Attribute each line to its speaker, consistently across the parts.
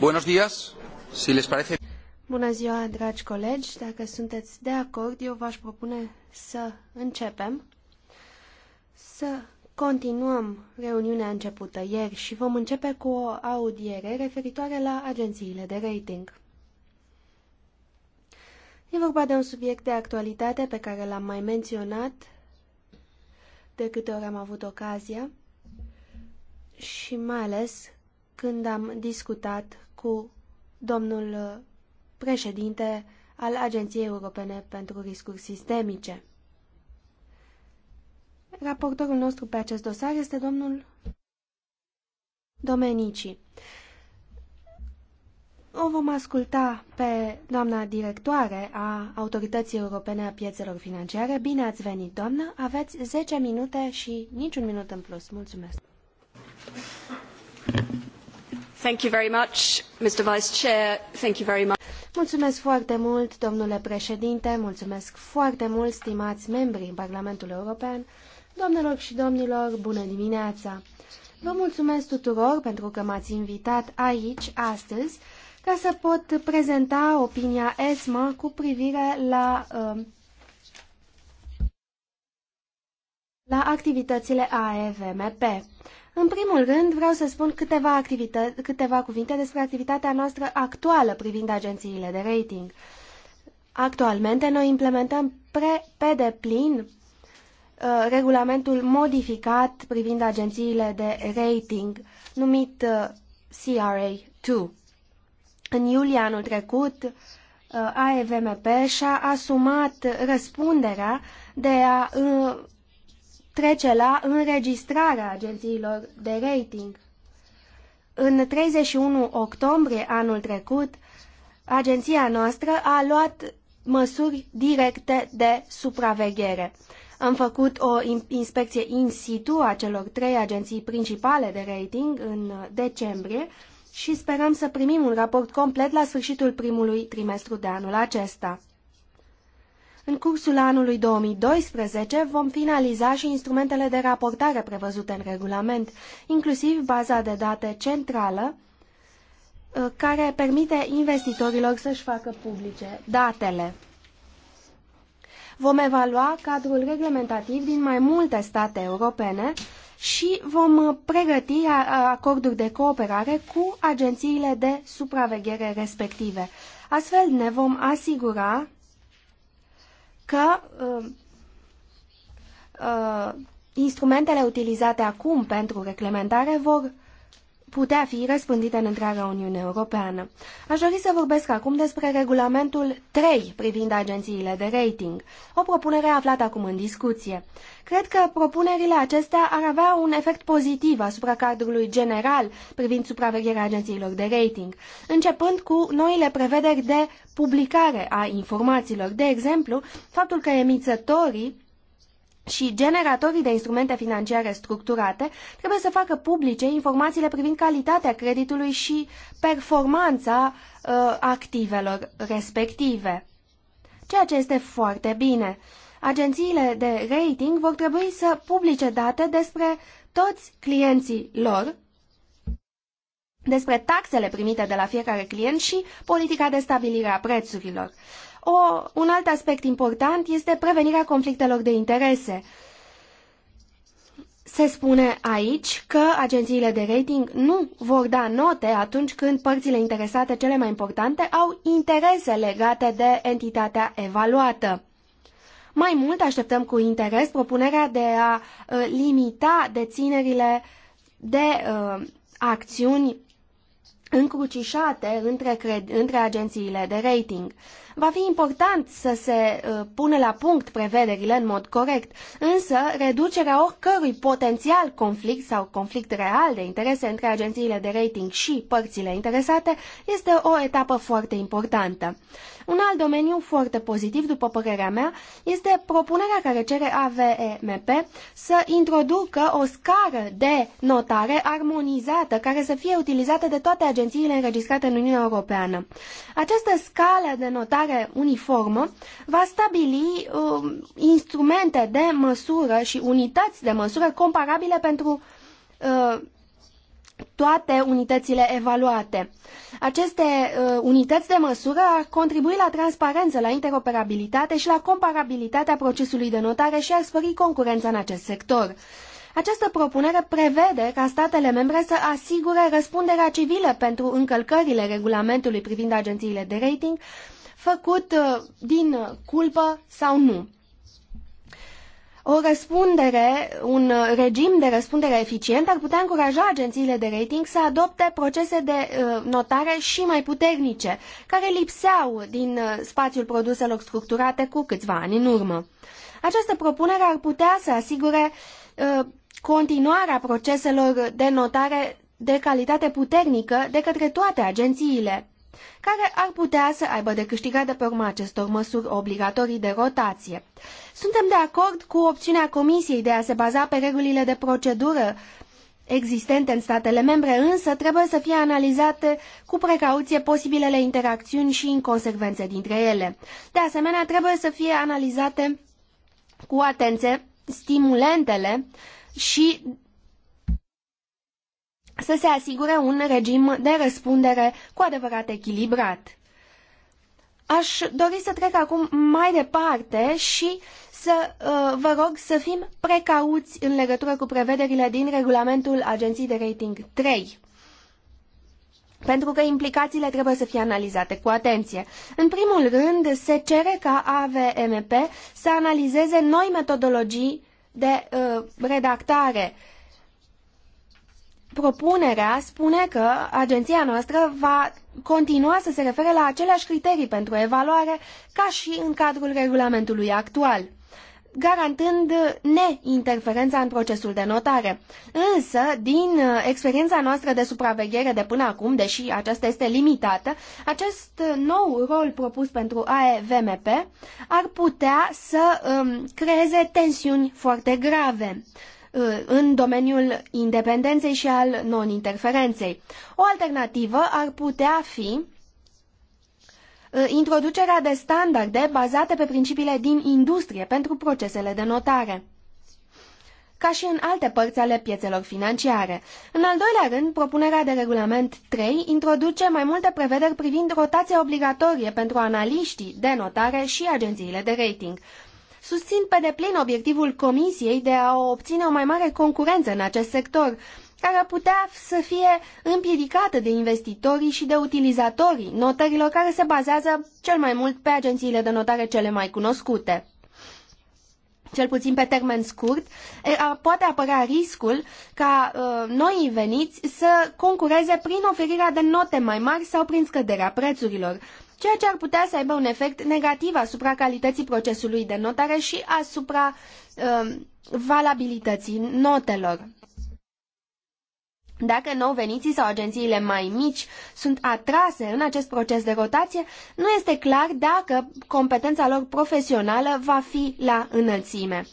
Speaker 1: Buenos días. Si les parece...
Speaker 2: Bună ziua, dragi colegi. Dacă sunteți de acord, eu v-aș propune să începem, să continuăm reuniunea începută ieri și vom începe cu o audiere referitoare la agențiile de rating. E vorba de un subiect de actualitate pe care l-am mai menționat de câte ori am avut ocazia și mai ales când am discutat cu domnul președinte al Agenției Europene pentru Riscuri Sistemice. Raportorul nostru pe acest dosar este domnul Domenici. O vom asculta pe doamna directoare a Autorității Europene a Piețelor Financiare. Bine ați venit, doamnă. Aveți 10 minute și niciun minut în plus. Mulțumesc. Mulțumesc foarte mult, domnule președinte, mulțumesc foarte mult, stimați membri în Parlamentul European, doamnelor și domnilor, bună dimineața! Vă mulțumesc tuturor pentru că m-ați invitat aici, astăzi, ca să pot prezenta opinia ESMA cu privire la, um, la activitățile AEVMP. În primul rând, vreau să spun câteva, câteva cuvinte despre activitatea noastră actuală privind agențiile de rating. Actualmente, noi implementăm pre, pe deplin uh, regulamentul modificat privind agențiile de rating, numit uh, CRA2. În iulie anul trecut, uh, AEVMP și-a asumat răspunderea de a trece la înregistrarea agențiilor de rating. În 31 octombrie anul trecut, agenția noastră a luat măsuri directe de supraveghere. Am făcut o inspecție in situ a celor trei agenții principale de rating în decembrie și sperăm să primim un raport complet la sfârșitul primului trimestru de anul acesta. În cursul anului 2012 vom finaliza și instrumentele de raportare prevăzute în regulament, inclusiv baza de date centrală, ă, care permite investitorilor să-și facă publice datele. Vom evalua cadrul reglementativ din mai multe state europene și vom pregăti acorduri de cooperare cu agențiile de supraveghere respective. Astfel ne vom asigura că uh, uh, instrumentele utilizate acum pentru reglementare vor putea fi răspândită în întreaga Uniune Europeană. Aș dori să vorbesc acum despre regulamentul 3 privind agențiile de rating, o propunere aflată acum în discuție. Cred că propunerile acestea ar avea un efect pozitiv asupra cadrului general privind supravegherea agențiilor de rating, începând cu noile prevederi de publicare a informațiilor, de exemplu, faptul că emițătorii și generatorii de instrumente financiare structurate trebuie să facă publice informațiile privind calitatea creditului și performanța uh, activelor respective. Ceea ce este foarte bine. Agențiile de rating vor trebui să publice date despre toți clienții lor, despre taxele primite de la fiecare client și politica de stabilire a prețurilor o, un alt aspect important este prevenirea conflictelor de interese. Se spune aici că agențiile de rating nu vor da note atunci când părțile interesate cele mai importante au interese legate de entitatea evaluată. Mai mult așteptăm cu interes propunerea de a uh, limita deținerile de uh, acțiuni încrucișate între, cred, între agențiile de rating. Uh, Va fi important să se uh, pune la punct prevederile în mod corect, însă reducerea oricărui potențial conflict sau conflict real de interese între agențiile de rating și părțile interesate este o etapă foarte importantă. Un alt domeniu foarte pozitiv, după părerea mea, este propunerea care cere AVMP să introducă o scară de notare armonizată care să fie utilizată de toate agențiile înregistrate în Uniunea Europeană. Această scală de notare abordare uniformă va stabili uh, instrumente de măsură și unități de măsură comparabile pentru uh, toate unitățile evaluate. Aceste uh, unități de măsură ar contribui la transparență, la interoperabilitate și la comparabilitatea procesului de notare și ar spări concurența în acest sector. Această propunere prevede ca statele membre să asigure răspunderea civilă pentru încălcările regulamentului privind agențiile de rating făcut uh, din culpă sau nu. O răspundere, un regim de răspundere eficient ar putea încuraja agențiile de rating să adopte procese de uh, notare și mai puternice, care lipseau din uh, spațiul produselor structurate cu câțiva ani în urmă. Această propunere ar putea să asigure continuarea proceselor de notare de calitate puternică de către toate agențiile care ar putea să aibă de câștigat de pe urma acestor măsuri obligatorii de rotație. Suntem de acord cu opțiunea Comisiei de a se baza pe regulile de procedură existente în statele membre, însă trebuie să fie analizate cu precauție posibilele interacțiuni și inconsecvențe dintre ele. De asemenea, trebuie să fie analizate cu atenție stimulentele și să se asigure un regim de răspundere cu adevărat echilibrat. Aș dori să trec acum mai departe și să uh, vă rog să fim precauți în legătură cu prevederile din regulamentul agenției de rating 3 pentru că implicațiile trebuie să fie analizate cu atenție. În primul rând, se cere ca AVMP să analizeze noi metodologii de uh, redactare uh, Propunerea spune că agenția noastră va continua să se refere la aceleași criterii pentru evaluare ca și în cadrul regulamentului actual garantând neinterferența în procesul de notare. Însă, din uh, experiența noastră de supraveghere de până acum, deși aceasta este limitată, acest uh, nou rol propus pentru AEVMP ar putea să um, creeze tensiuni foarte grave. Uh, în domeniul independenței și al non-interferenței. O alternativă ar putea fi uh, introducerea de standarde bazate pe principiile din industrie pentru procesele de notare ca și în alte părți ale piețelor financiare. În al doilea rând, propunerea de regulament 3 introduce mai multe prevederi privind rotația obligatorie pentru analiștii de notare și agențiile de rating. Susțin pe deplin obiectivul Comisiei de a obține o mai mare concurență în acest sector, care putea să fie împiedicată de investitorii și de utilizatorii notărilor care se bazează cel mai mult pe agențiile de notare cele mai cunoscute cel puțin pe termen scurt, poate apărea riscul ca uh, noi veniți să concureze prin oferirea de note mai mari sau prin scăderea prețurilor ceea ce ar putea să aibă un efect negativ asupra calității procesului de notare și asupra uh, valabilității notelor. Dacă nou veniții sau agențiile mai mici sunt atrase în acest proces de rotație, nu este clar dacă competența lor profesională va fi la înălțime.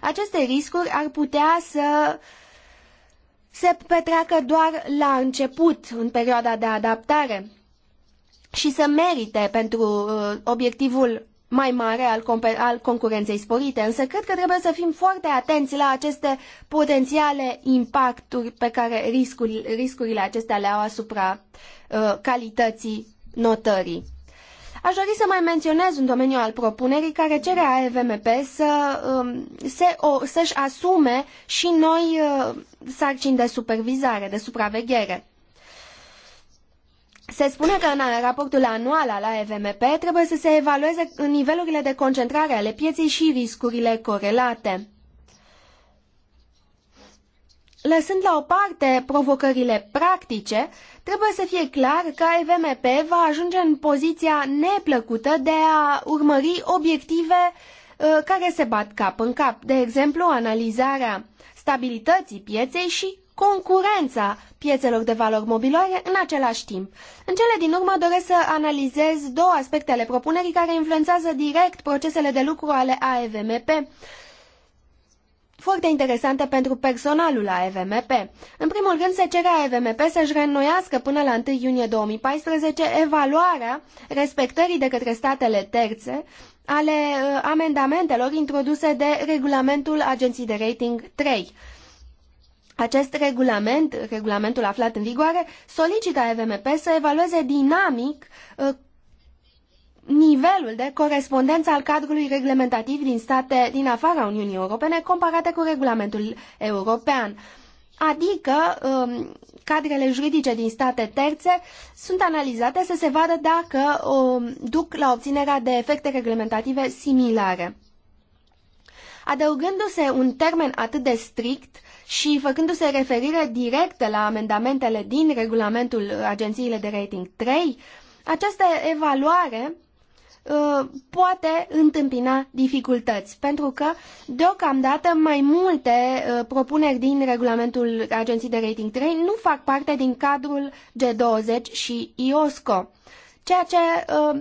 Speaker 2: Aceste riscuri ar putea să se petreacă doar la început, în perioada de adaptare, și să merite pentru uh, obiectivul mai mare al, al concurenței sporite, însă cred că trebuie să fim foarte atenți la aceste potențiale impacturi pe care riscurile acestea le au asupra uh, calității notării. Aș dori să mai menționez un domeniu al propunerii care cere AEVMP să, um, se, o, să-și asume și noi uh, sarcini de supervizare, de supraveghere se spune că în raportul anual al AFMP trebuie să se evalueze nivelurile de concentrare ale pieței și riscurile corelate. Lăsând la o parte provocările practice, trebuie să fie clar că AFMP va ajunge în poziția neplăcută de a urmări obiective uh, care se bat cap în cap, de exemplu analizarea stabilității pieței și concurența piețelor de valori mobiloare în același timp. În cele din urmă doresc să analizez două aspecte ale propunerii care influențează direct procesele de lucru ale AEVMP, foarte interesante pentru personalul AEVMP. În primul rând, se cere AEVMP să-și reînnoiască până la 1 iunie 2014 evaluarea respectării de către statele terțe ale uh, amendamentelor introduse de regulamentul Agenției de Rating 3 acest regulament, regulamentul aflat în vigoare, solicită AVMP să evalueze dinamic uh, nivelul de corespondență al cadrului reglementativ din state din afara Uniunii Europene comparate cu regulamentul european. Adică um, cadrele juridice din state terțe sunt analizate să se vadă dacă um, duc la obținerea de efecte reglementative similare adăugându-se un termen atât de strict și făcându-se referire directă la amendamentele din regulamentul agențiile de rating 3, această evaluare uh, poate întâmpina dificultăți, pentru că deocamdată mai multe uh, propuneri din regulamentul agenției de rating 3 nu fac parte din cadrul G20 și IOSCO, ceea ce uh,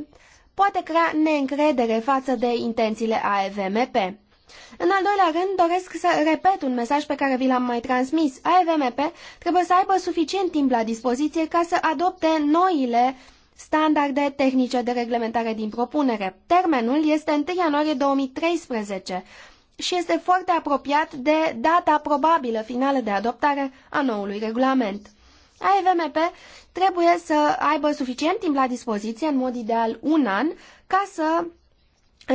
Speaker 2: poate crea neîncredere față de intențiile AFMP. În al doilea rând, doresc să repet un mesaj pe care vi l-am mai transmis. AFMP trebuie să aibă suficient timp la dispoziție ca să adopte noile standarde tehnice de reglementare din propunere. Termenul este 1 ianuarie 2013 și este foarte apropiat de data probabilă finală de adoptare a noului regulament. AFMP trebuie să aibă suficient timp la dispoziție, în mod ideal un an, ca să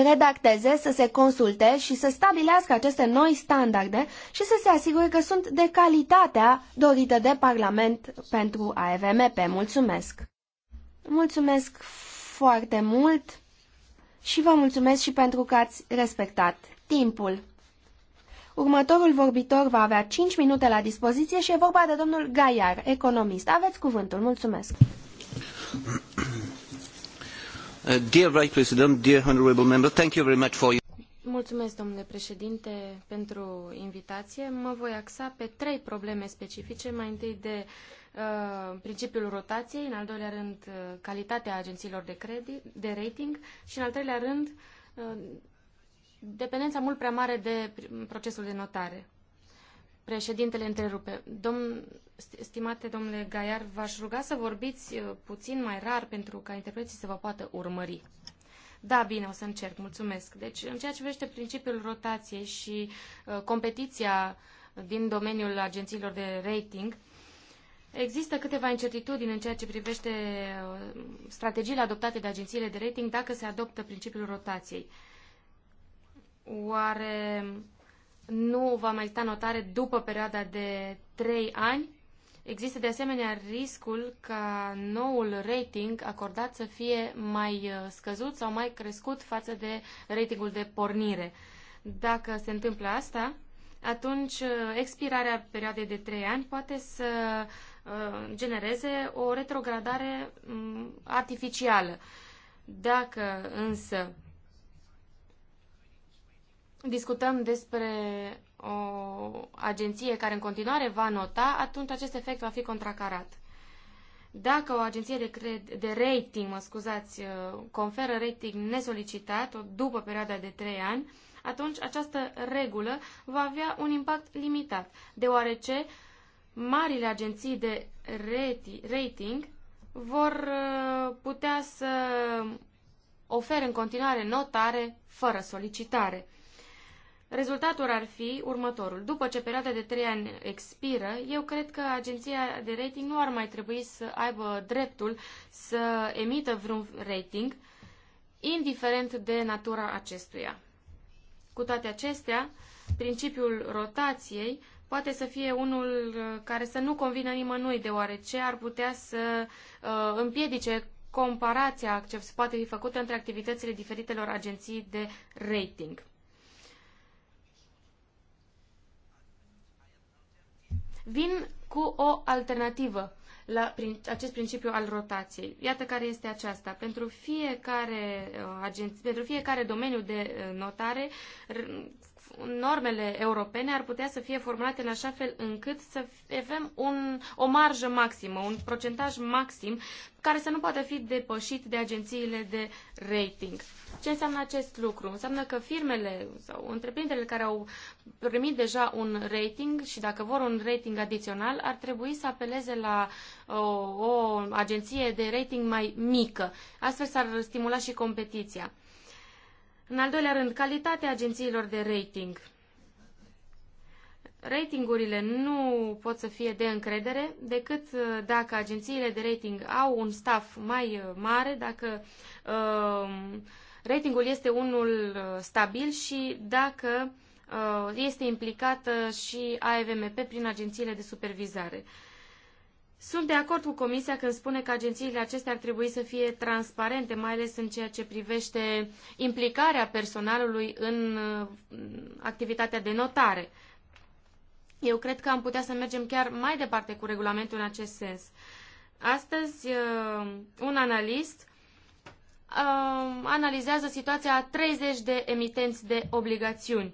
Speaker 2: redacteze, să se consulte și să stabilească aceste noi standarde și să se asigure că sunt de calitatea dorită de Parlament pentru AFMP. Mulțumesc! Mulțumesc foarte mult și vă mulțumesc și pentru că ați respectat timpul. Următorul vorbitor va avea 5 minute la dispoziție și e vorba de domnul Gaiar, economist. Aveți cuvântul. Mulțumesc!
Speaker 1: Uh, dear Vice President, dear
Speaker 3: Mulțumesc, domnule președinte, pentru invitație. Mă voi axa pe trei probleme specifice. Mai întâi de uh, principiul rotației, în al doilea rând uh, calitatea agențiilor de, credit, de rating și în al treilea rând uh, dependența mult prea mare de procesul de notare. Președintele întrerupe. Domn, Stimate domnule Gaiar, v-aș ruga să vorbiți uh, puțin mai rar pentru ca interpreții să vă poată urmări. Da, bine, o să încerc, mulțumesc. Deci, în ceea ce privește principiul rotației și uh, competiția din domeniul agențiilor de rating, există câteva incertitudini în ceea ce privește uh, strategiile adoptate de agențiile de rating dacă se adoptă principiul rotației. Oare nu va mai sta notare după perioada de 3 ani Există de asemenea riscul ca noul rating acordat să fie mai uh, scăzut sau mai crescut față de ratingul de pornire. Dacă se întâmplă asta, atunci uh, expirarea perioadei de 3 ani poate să uh, genereze o retrogradare mm, artificială. Dacă însă discutăm despre o agenție care în continuare va nota, atunci acest efect va fi contracarat. Dacă o agenție de, cred, de rating, mă scuzați, uh, conferă rating nesolicitat după perioada de 3 ani, atunci această regulă va avea un impact limitat, deoarece marile agenții de rating vor uh, putea să ofere în continuare notare fără solicitare. Rezultatul ar fi următorul. După ce perioada de trei ani expiră, eu cred că agenția de rating nu ar mai trebui să aibă dreptul să emită vreun rating, indiferent de natura acestuia. Cu toate acestea, principiul rotației poate să fie unul uh, care să nu convină nimănui, deoarece ar putea să uh, împiedice comparația ce poate fi făcută între activitățile diferitelor agenții de rating. vin cu o alternativă la acest principiu al rotației. Iată care este aceasta. Pentru fiecare, uh, agenț, pentru fiecare domeniu de uh, notare, normele europene ar putea să fie formulate în așa fel încât să avem un, o marjă maximă, un procentaj maxim care să nu poată fi depășit de agențiile de rating. Ce înseamnă acest lucru? Înseamnă că firmele sau întreprinderile care au primit deja un rating și dacă vor un rating adițional, ar trebui să apeleze la o, o agenție de rating mai mică. Astfel s-ar stimula și competiția. În al doilea rând, calitatea agențiilor de rating. Ratingurile nu pot să fie de încredere decât uh, dacă agențiile de rating au un staff mai uh, mare, dacă uh, ratingul este unul uh, stabil și dacă uh, este implicată și AVMP prin agențiile de supervizare. Uh, sunt de acord cu Comisia când spune că agențiile acestea ar trebui să fie transparente, mai ales în ceea ce privește implicarea personalului în uh, activitatea de notare. Eu cred că am putea să mergem chiar mai departe cu regulamentul în acest sens. Astăzi, uh, un analist uh, analizează situația a 30 de emitenți de obligațiuni.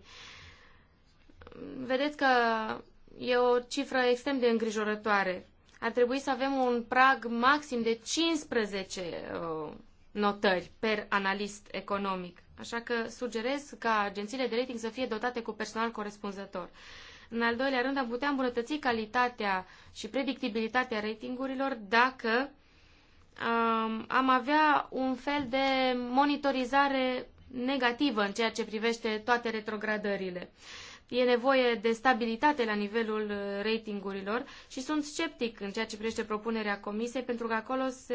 Speaker 3: Vedeți că e o cifră extrem de îngrijorătoare ar trebui să avem un prag maxim de 15 uh, notări per analist economic. Așa că sugerez ca agențiile de rating să fie dotate cu personal corespunzător. În al doilea rând, am putea îmbunătăți calitatea și predictibilitatea ratingurilor dacă um, am avea un fel de monitorizare negativă în ceea ce privește toate retrogradările. Uh, E nevoie de stabilitate la nivelul uh, ratingurilor și sunt sceptic în ceea ce privește propunerea Comisiei, pentru că acolo se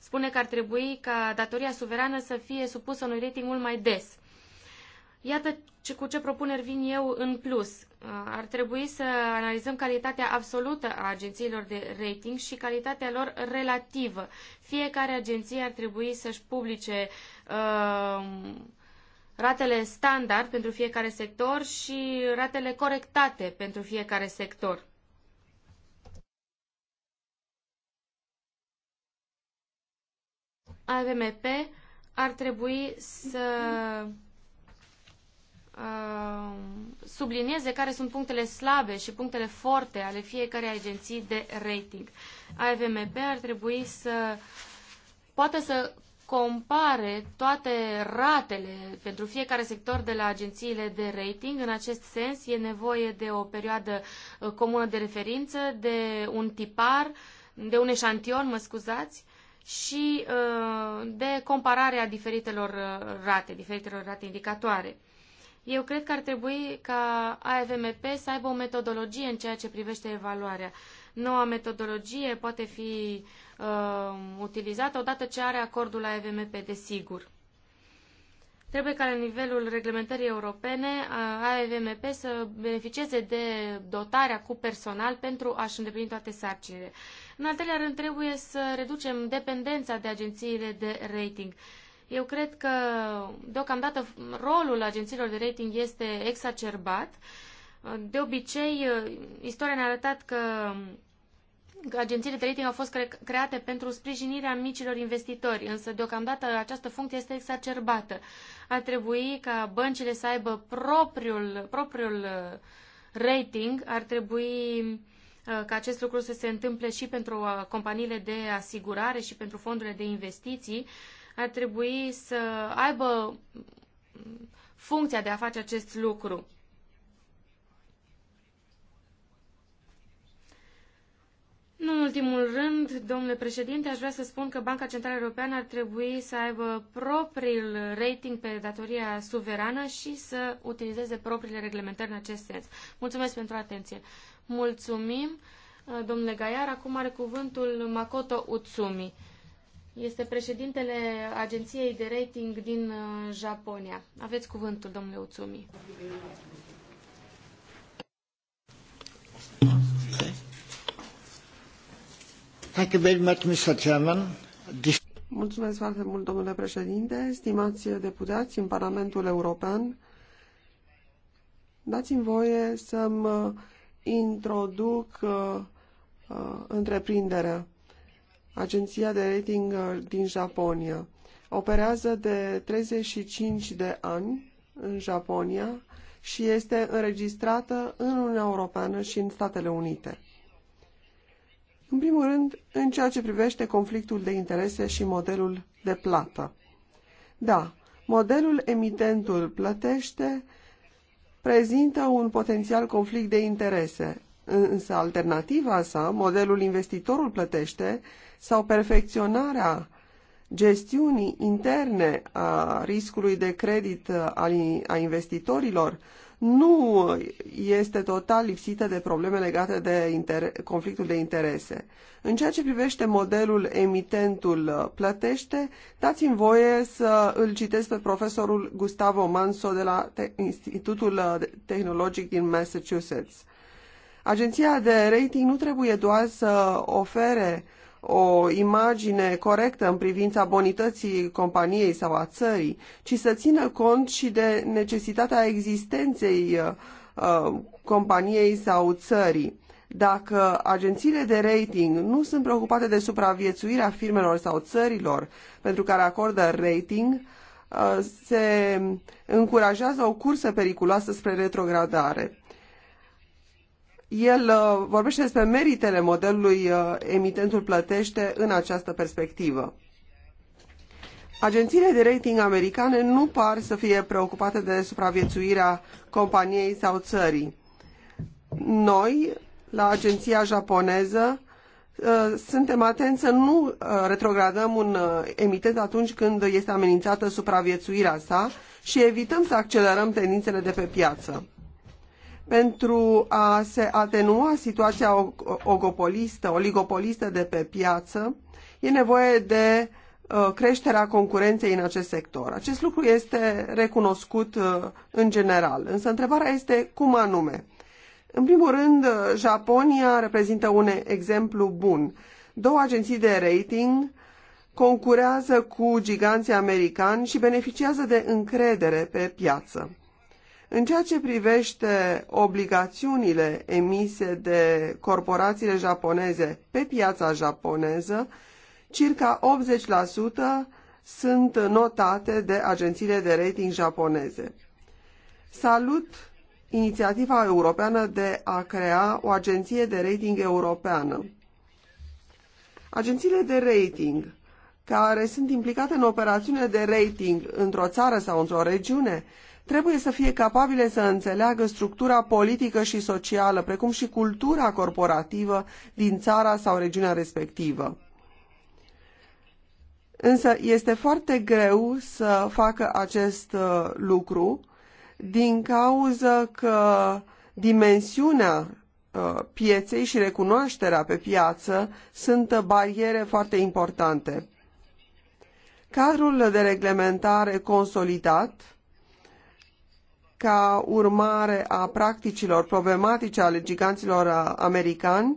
Speaker 3: spune că ar trebui ca datoria suverană să fie supusă unui rating mult mai des. Iată ce, cu ce propuneri vin eu în plus. Uh, ar trebui să analizăm calitatea absolută a agențiilor de rating și calitatea lor relativă. Fiecare agenție ar trebui să-și publice uh, ratele standard pentru fiecare sector și ratele corectate pentru fiecare sector. AVMP ar trebui să uh, sublinieze care sunt punctele slabe și punctele forte ale fiecarei agenții de rating. AVMP ar trebui să poată să compare toate ratele pentru fiecare sector de la agențiile de rating. În acest sens e nevoie de o perioadă uh, comună de referință, de un tipar, de un eșantion, mă scuzați, și uh, de compararea diferitelor uh, rate, diferitelor rate indicatoare. Eu cred că ar trebui ca AFMP să aibă o metodologie în ceea ce privește evaluarea. Noua metodologie poate fi uh, uh, utilizată odată ce are acordul la EVMP, desigur. Trebuie ca la nivelul reglementării europene uh, AEVMP să beneficieze de dotarea cu personal pentru a-și îndeplini toate sarcinile. În al treilea rând, trebuie să reducem dependența de agențiile de rating. Eu cred că, deocamdată, rolul agențiilor de rating este exacerbat. De obicei, uh, istoria ne-a arătat că agențiile de rating au fost cre create pentru sprijinirea micilor investitori, însă deocamdată această funcție este exacerbată. Ar trebui ca băncile să aibă propriul, propriul uh, rating, ar trebui uh, ca acest lucru să se întâmple și pentru uh, companiile de asigurare și pentru fondurile de investiții, ar trebui să aibă funcția de a face acest lucru. Nu în ultimul rând, domnule președinte, aș vrea să spun că Banca Centrală Europeană ar trebui să aibă propriul rating pe datoria suverană și să utilizeze propriile reglementări în acest sens. Mulțumesc pentru atenție. Mulțumim, uh, domnule Gaiar. Acum are cuvântul Makoto Utsumi. Este președintele agenției de rating din uh, Japonia. Aveți cuvântul, domnule Utsumi.
Speaker 2: Okay.
Speaker 1: Mulțumesc foarte mult, domnule președinte, stimați deputați în Parlamentul European. Dați-mi voie să-mi uh, introduc uh, uh, întreprinderea. Agenția de rating uh, din Japonia. Operează de 35 de ani în Japonia și este înregistrată în Uniunea Europeană și în Statele Unite. În primul rând, în ceea ce privește conflictul de interese și modelul de plată. Da, modelul emitentul plătește prezintă un potențial conflict de interese, însă alternativa sa, modelul investitorul plătește sau perfecționarea gestiunii interne a riscului de credit a investitorilor nu este total lipsită de probleme legate de conflictul de interese. În ceea ce privește modelul emitentul uh, plătește, dați-mi voie să îl citesc pe profesorul Gustavo Manso de la Institutul uh, Tehnologic din Massachusetts. Agenția de rating nu trebuie doar să ofere o imagine corectă în privința bonității companiei sau a țării, ci să țină cont și de necesitatea existenței uh, uh, companiei sau țării. Dacă agențiile de rating nu sunt preocupate de supraviețuirea firmelor sau țărilor pentru care acordă rating, uh, se încurajează o cursă periculoasă spre retrogradare. El uh, vorbește despre meritele modelului uh, emitentul plătește în această perspectivă. Agențiile de rating americane nu par să fie preocupate de supraviețuirea companiei sau țării. Noi, la agenția japoneză, uh, suntem atenți să nu retrogradăm un emitent atunci când este amenințată supraviețuirea sa și evităm să accelerăm tendințele de pe piață pentru a se atenua situația oligopolistă, oligopolistă de pe piață, e nevoie de uh, creșterea concurenței în acest sector. Acest lucru este recunoscut uh, în general, însă întrebarea este cum anume. În primul rând, uh, Japonia reprezintă un exemplu bun. Două agenții de rating concurează cu giganții americani și beneficiază de încredere pe piață. În ceea ce privește obligațiunile emise de corporațiile japoneze pe piața japoneză, circa 80% sunt notate de agențiile de rating japoneze. Salut inițiativa europeană de a crea o agenție de rating europeană. Agențiile de rating care sunt implicate în operațiune de rating într-o țară sau într-o regiune trebuie să fie capabile să înțeleagă structura politică și socială, precum și cultura corporativă din țara sau regiunea respectivă. Însă este foarte greu să facă acest uh, lucru din cauza că dimensiunea uh, pieței și recunoașterea pe piață sunt bariere foarte importante. Cadrul de reglementare consolidat ca urmare a practicilor problematice ale giganților uh, americani,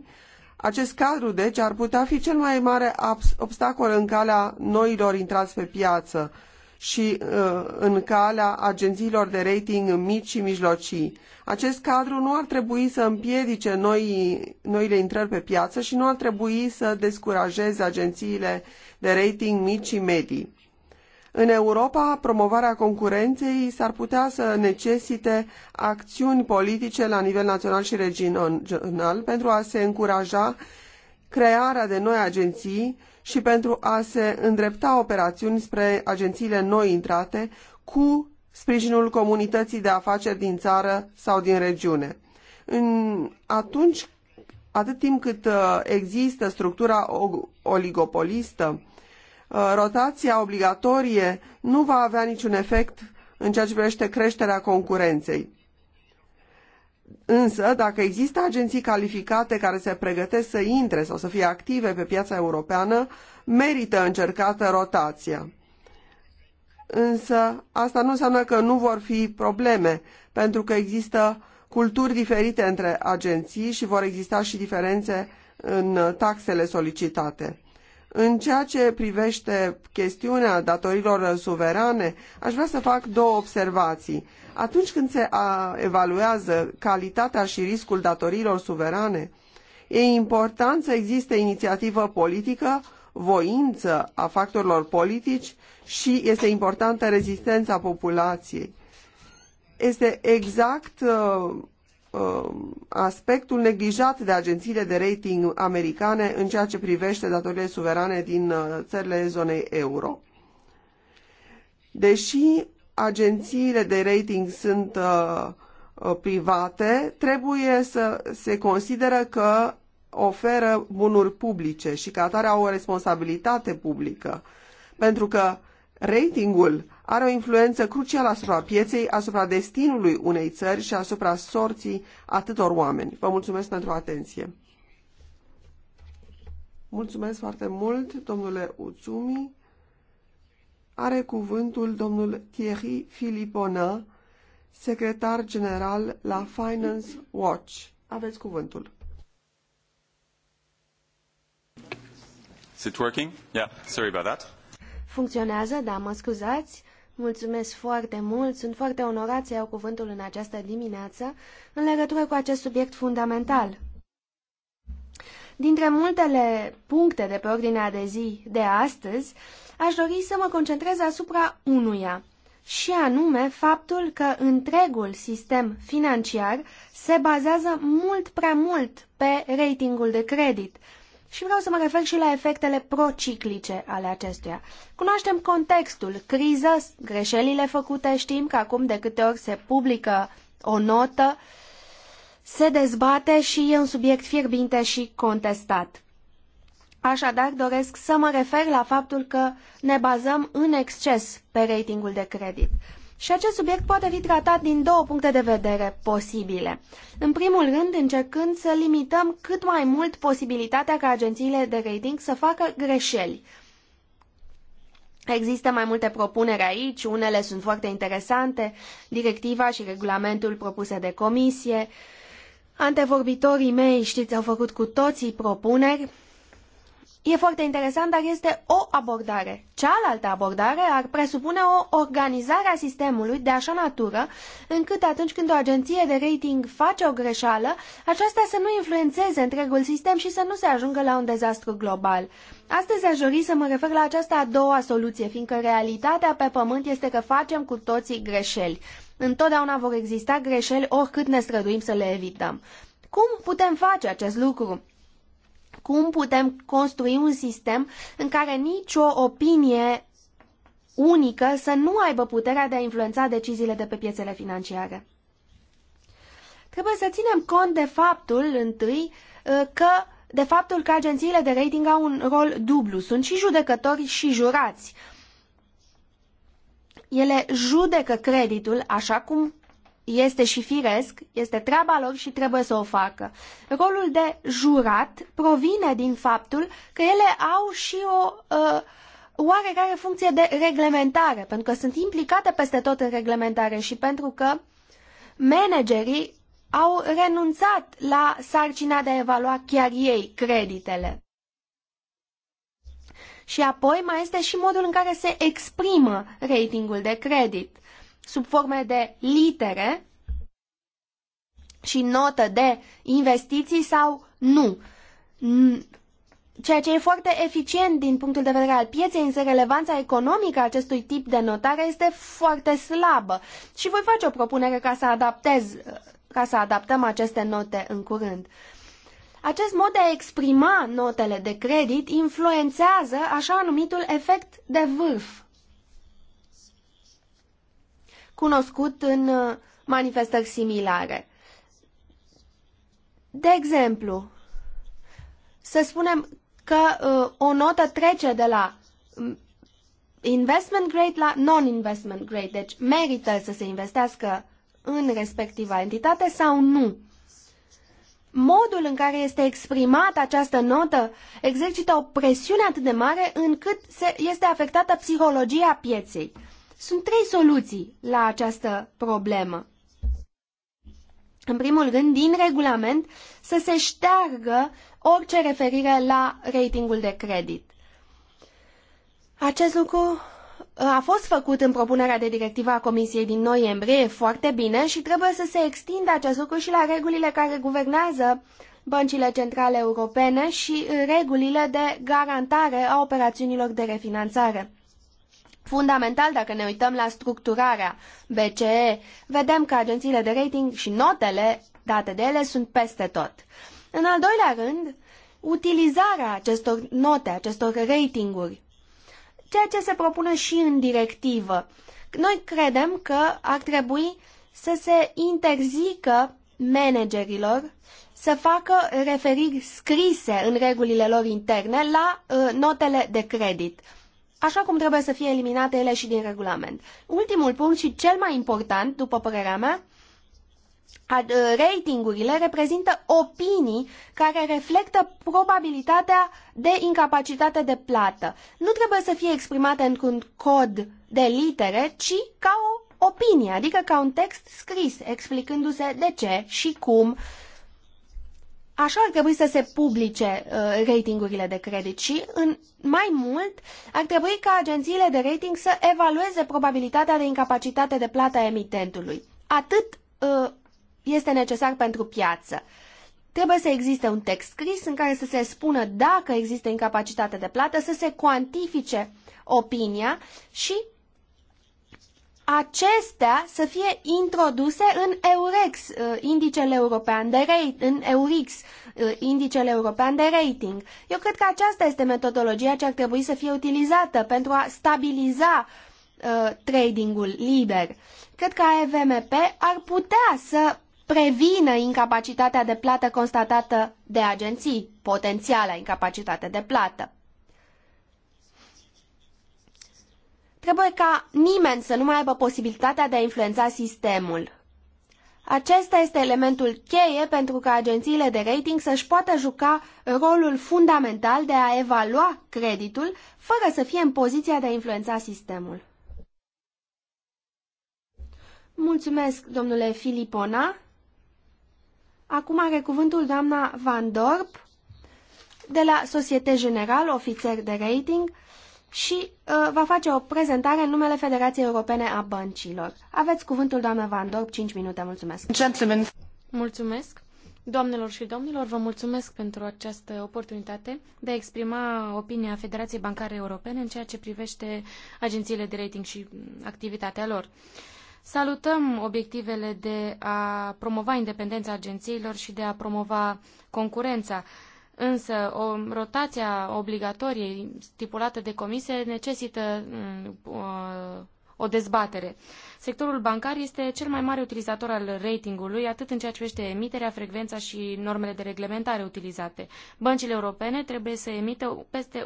Speaker 1: acest cadru, deci, ar putea fi cel mai mare obstacol în calea noilor intrați pe piață și uh, în calea agențiilor de rating mici și mijlocii. Acest cadru nu ar trebui să împiedice noi, noile intrări pe piață și nu ar trebui să descurajeze agențiile de rating mici și medii. În Europa, promovarea concurenței s-ar putea să necesite acțiuni politice la nivel național și regional pentru a se încuraja crearea de noi agenții și pentru a se îndrepta operațiuni spre agențiile noi intrate cu sprijinul comunității de afaceri din țară sau din regiune. În, atunci, atât timp cât uh, există structura oligopolistă, Uh, rotația obligatorie nu va avea niciun efect în ceea ce privește creșterea concurenței. Însă, dacă există agenții calificate care se pregătesc să intre sau să fie active pe piața europeană, merită încercată rotația. Însă, asta nu înseamnă că nu vor fi probleme, pentru că există culturi diferite între agenții și vor exista și diferențe în taxele solicitate. În ceea ce privește chestiunea datorilor suverane, aș vrea să fac două observații. Atunci când se evaluează calitatea și riscul datorilor suverane, e important să existe inițiativă politică, voință a factorilor politici și este importantă rezistența populației. Este exact uh, Uh, aspectul neglijat de agențiile de rating americane în ceea ce privește datorile suverane din uh, țările zonei euro. Deși agențiile de rating sunt uh, private, trebuie să se consideră că oferă bunuri publice și că atare au o responsabilitate publică, pentru că ratingul are o influență crucială asupra pieței, asupra destinului unei țări și asupra sorții atâtor oameni. Vă mulțumesc pentru atenție. Mulțumesc foarte mult, domnule Uțumi. Are cuvântul domnul Thierry Filipona, secretar general la Finance Watch. Aveți cuvântul. Is it working? Yeah, sorry about that.
Speaker 2: Funcționează, da, mă scuzați. Mulțumesc foarte mult, sunt foarte onorat să iau cuvântul în această dimineață în legătură cu acest subiect fundamental. Dintre multele puncte de pe ordinea de zi de astăzi, aș dori să mă concentrez asupra unuia, și anume faptul că întregul sistem financiar se bazează mult prea mult pe ratingul de credit, și vreau să mă refer și la efectele prociclice ale acestuia. Cunoaștem contextul, criză, greșelile făcute, știm că acum de câte ori se publică o notă, se dezbate și e un subiect fierbinte și contestat. Așadar, doresc să mă refer la faptul că ne bazăm în exces pe ratingul de credit. Și acest subiect poate fi tratat din două puncte de vedere posibile. În primul rând, încercând să limităm cât mai mult posibilitatea ca agențiile de rating să facă greșeli. Există mai multe propuneri aici, unele sunt foarte interesante, directiva și regulamentul propuse de comisie. Antevorbitorii mei, știți, au făcut cu toții propuneri E foarte interesant, dar este o abordare. Cealaltă abordare ar presupune o organizare a sistemului de așa natură încât atunci când o agenție de rating face o greșeală, aceasta să nu influențeze întregul sistem și să nu se ajungă la un dezastru global. Astăzi aș dori să mă refer la această a doua soluție, fiindcă realitatea pe pământ este că facem cu toții greșeli. Întotdeauna vor exista greșeli oricât ne străduim să le evităm. Cum putem face acest lucru? cum putem construi un sistem în care nicio opinie unică să nu aibă puterea de a influența deciziile de pe piețele financiare. Trebuie să ținem cont de faptul, întâi, uh, că de faptul că agențiile de rating au un rol dublu. Sunt și judecători și jurați. Ele judecă creditul așa cum este și firesc, este treaba lor și trebuie să o facă. Rolul de jurat provine din faptul că ele au și o uh, oarecare funcție de reglementare, pentru că sunt implicate peste tot în reglementare și pentru că managerii au renunțat la sarcina de a evalua chiar ei creditele. Și apoi mai este și modul în care se exprimă ratingul de credit sub forme de litere și notă de investiții sau nu. Ceea ce e foarte eficient din punctul de vedere al pieței, însă relevanța economică a acestui tip de notare este foarte slabă. Și voi face o propunere ca să adaptez, ca să adaptăm aceste note în curând. Acest mod de a exprima notele de credit influențează așa numitul efect de vârf cunoscut în uh, manifestări similare. De exemplu, să spunem că uh, o notă trece de la mm, investment grade la non-investment grade, deci merită să se investească în respectiva entitate sau nu. Modul în care este exprimată această notă exercită o presiune atât de mare încât se, este afectată psihologia pieței. Sunt trei soluții la această problemă. În primul rând, din regulament, să se șteargă orice referire la ratingul de credit. Acest lucru uh, a fost făcut în propunerea de directivă a Comisiei din noiembrie, foarte bine și trebuie să se extindă acest lucru și la regulile care guvernează băncile centrale europene și uh, regulile de garantare a operațiunilor de refinanțare. Fundamental, dacă ne uităm la structurarea BCE, vedem că agențiile de rating și notele date de ele sunt peste tot. În al doilea rând, utilizarea acestor note, acestor ratinguri, ceea ce se propune și în directivă. Noi credem că ar trebui să se interzică managerilor să facă referiri scrise în regulile lor interne la uh, notele de credit așa cum trebuie să fie eliminate ele și din regulament. Ultimul punct și cel mai important, după părerea mea, uh, ratingurile reprezintă opinii care reflectă probabilitatea de incapacitate de plată. Nu trebuie să fie exprimate într-un cod de litere, ci ca o opinie, adică ca un text scris, explicându-se de ce și cum uh, Așa ar trebui să se publice uh, ratingurile de credit și, în, mai mult, ar trebui ca agențiile de rating să evalueze probabilitatea de incapacitate de plată a emitentului. Atât uh, este necesar pentru piață. Trebuie să existe un text scris în care să se spună dacă există incapacitate de plată, să se cuantifice opinia și acestea să fie introduse în Eurex, uh, indicele european de rating, în Eurix, uh, indicele european de rating. Eu cred că aceasta este metodologia ce ar trebui să fie utilizată pentru a stabiliza uh, tradingul liber. Cred că AEVMP ar putea să prevină incapacitatea de plată constatată de agenții, potențiala incapacitate de plată. Trebuie ca nimeni să nu mai aibă posibilitatea de a influența sistemul. Acesta este elementul cheie pentru ca agențiile de rating să-și poată juca rolul fundamental de a evalua creditul fără să fie în poziția de a influența sistemul. Mulțumesc, domnule Filipona. Acum are cuvântul doamna Van Dorp de la Societe General, ofițer de rating, și uh, va face o prezentare în numele Federației Europene a Băncilor. Aveți cuvântul, doamna Van Dorp, 5 minute, mulțumesc. Gentlemen.
Speaker 3: Mulțumesc. Doamnelor și domnilor, vă mulțumesc pentru această oportunitate de a exprima opinia Federației Bancare Europene în ceea ce privește agențiile de rating și mm, activitatea lor. Salutăm obiectivele de a promova independența agențiilor și de a promova concurența. Însă o rotația obligatorie stipulată de comisie necesită mm, o dezbatere. Sectorul bancar este cel mai mare utilizator al ratingului, atât în ceea ce privește emiterea, frecvența și normele de reglementare utilizate. Băncile europene trebuie să emită peste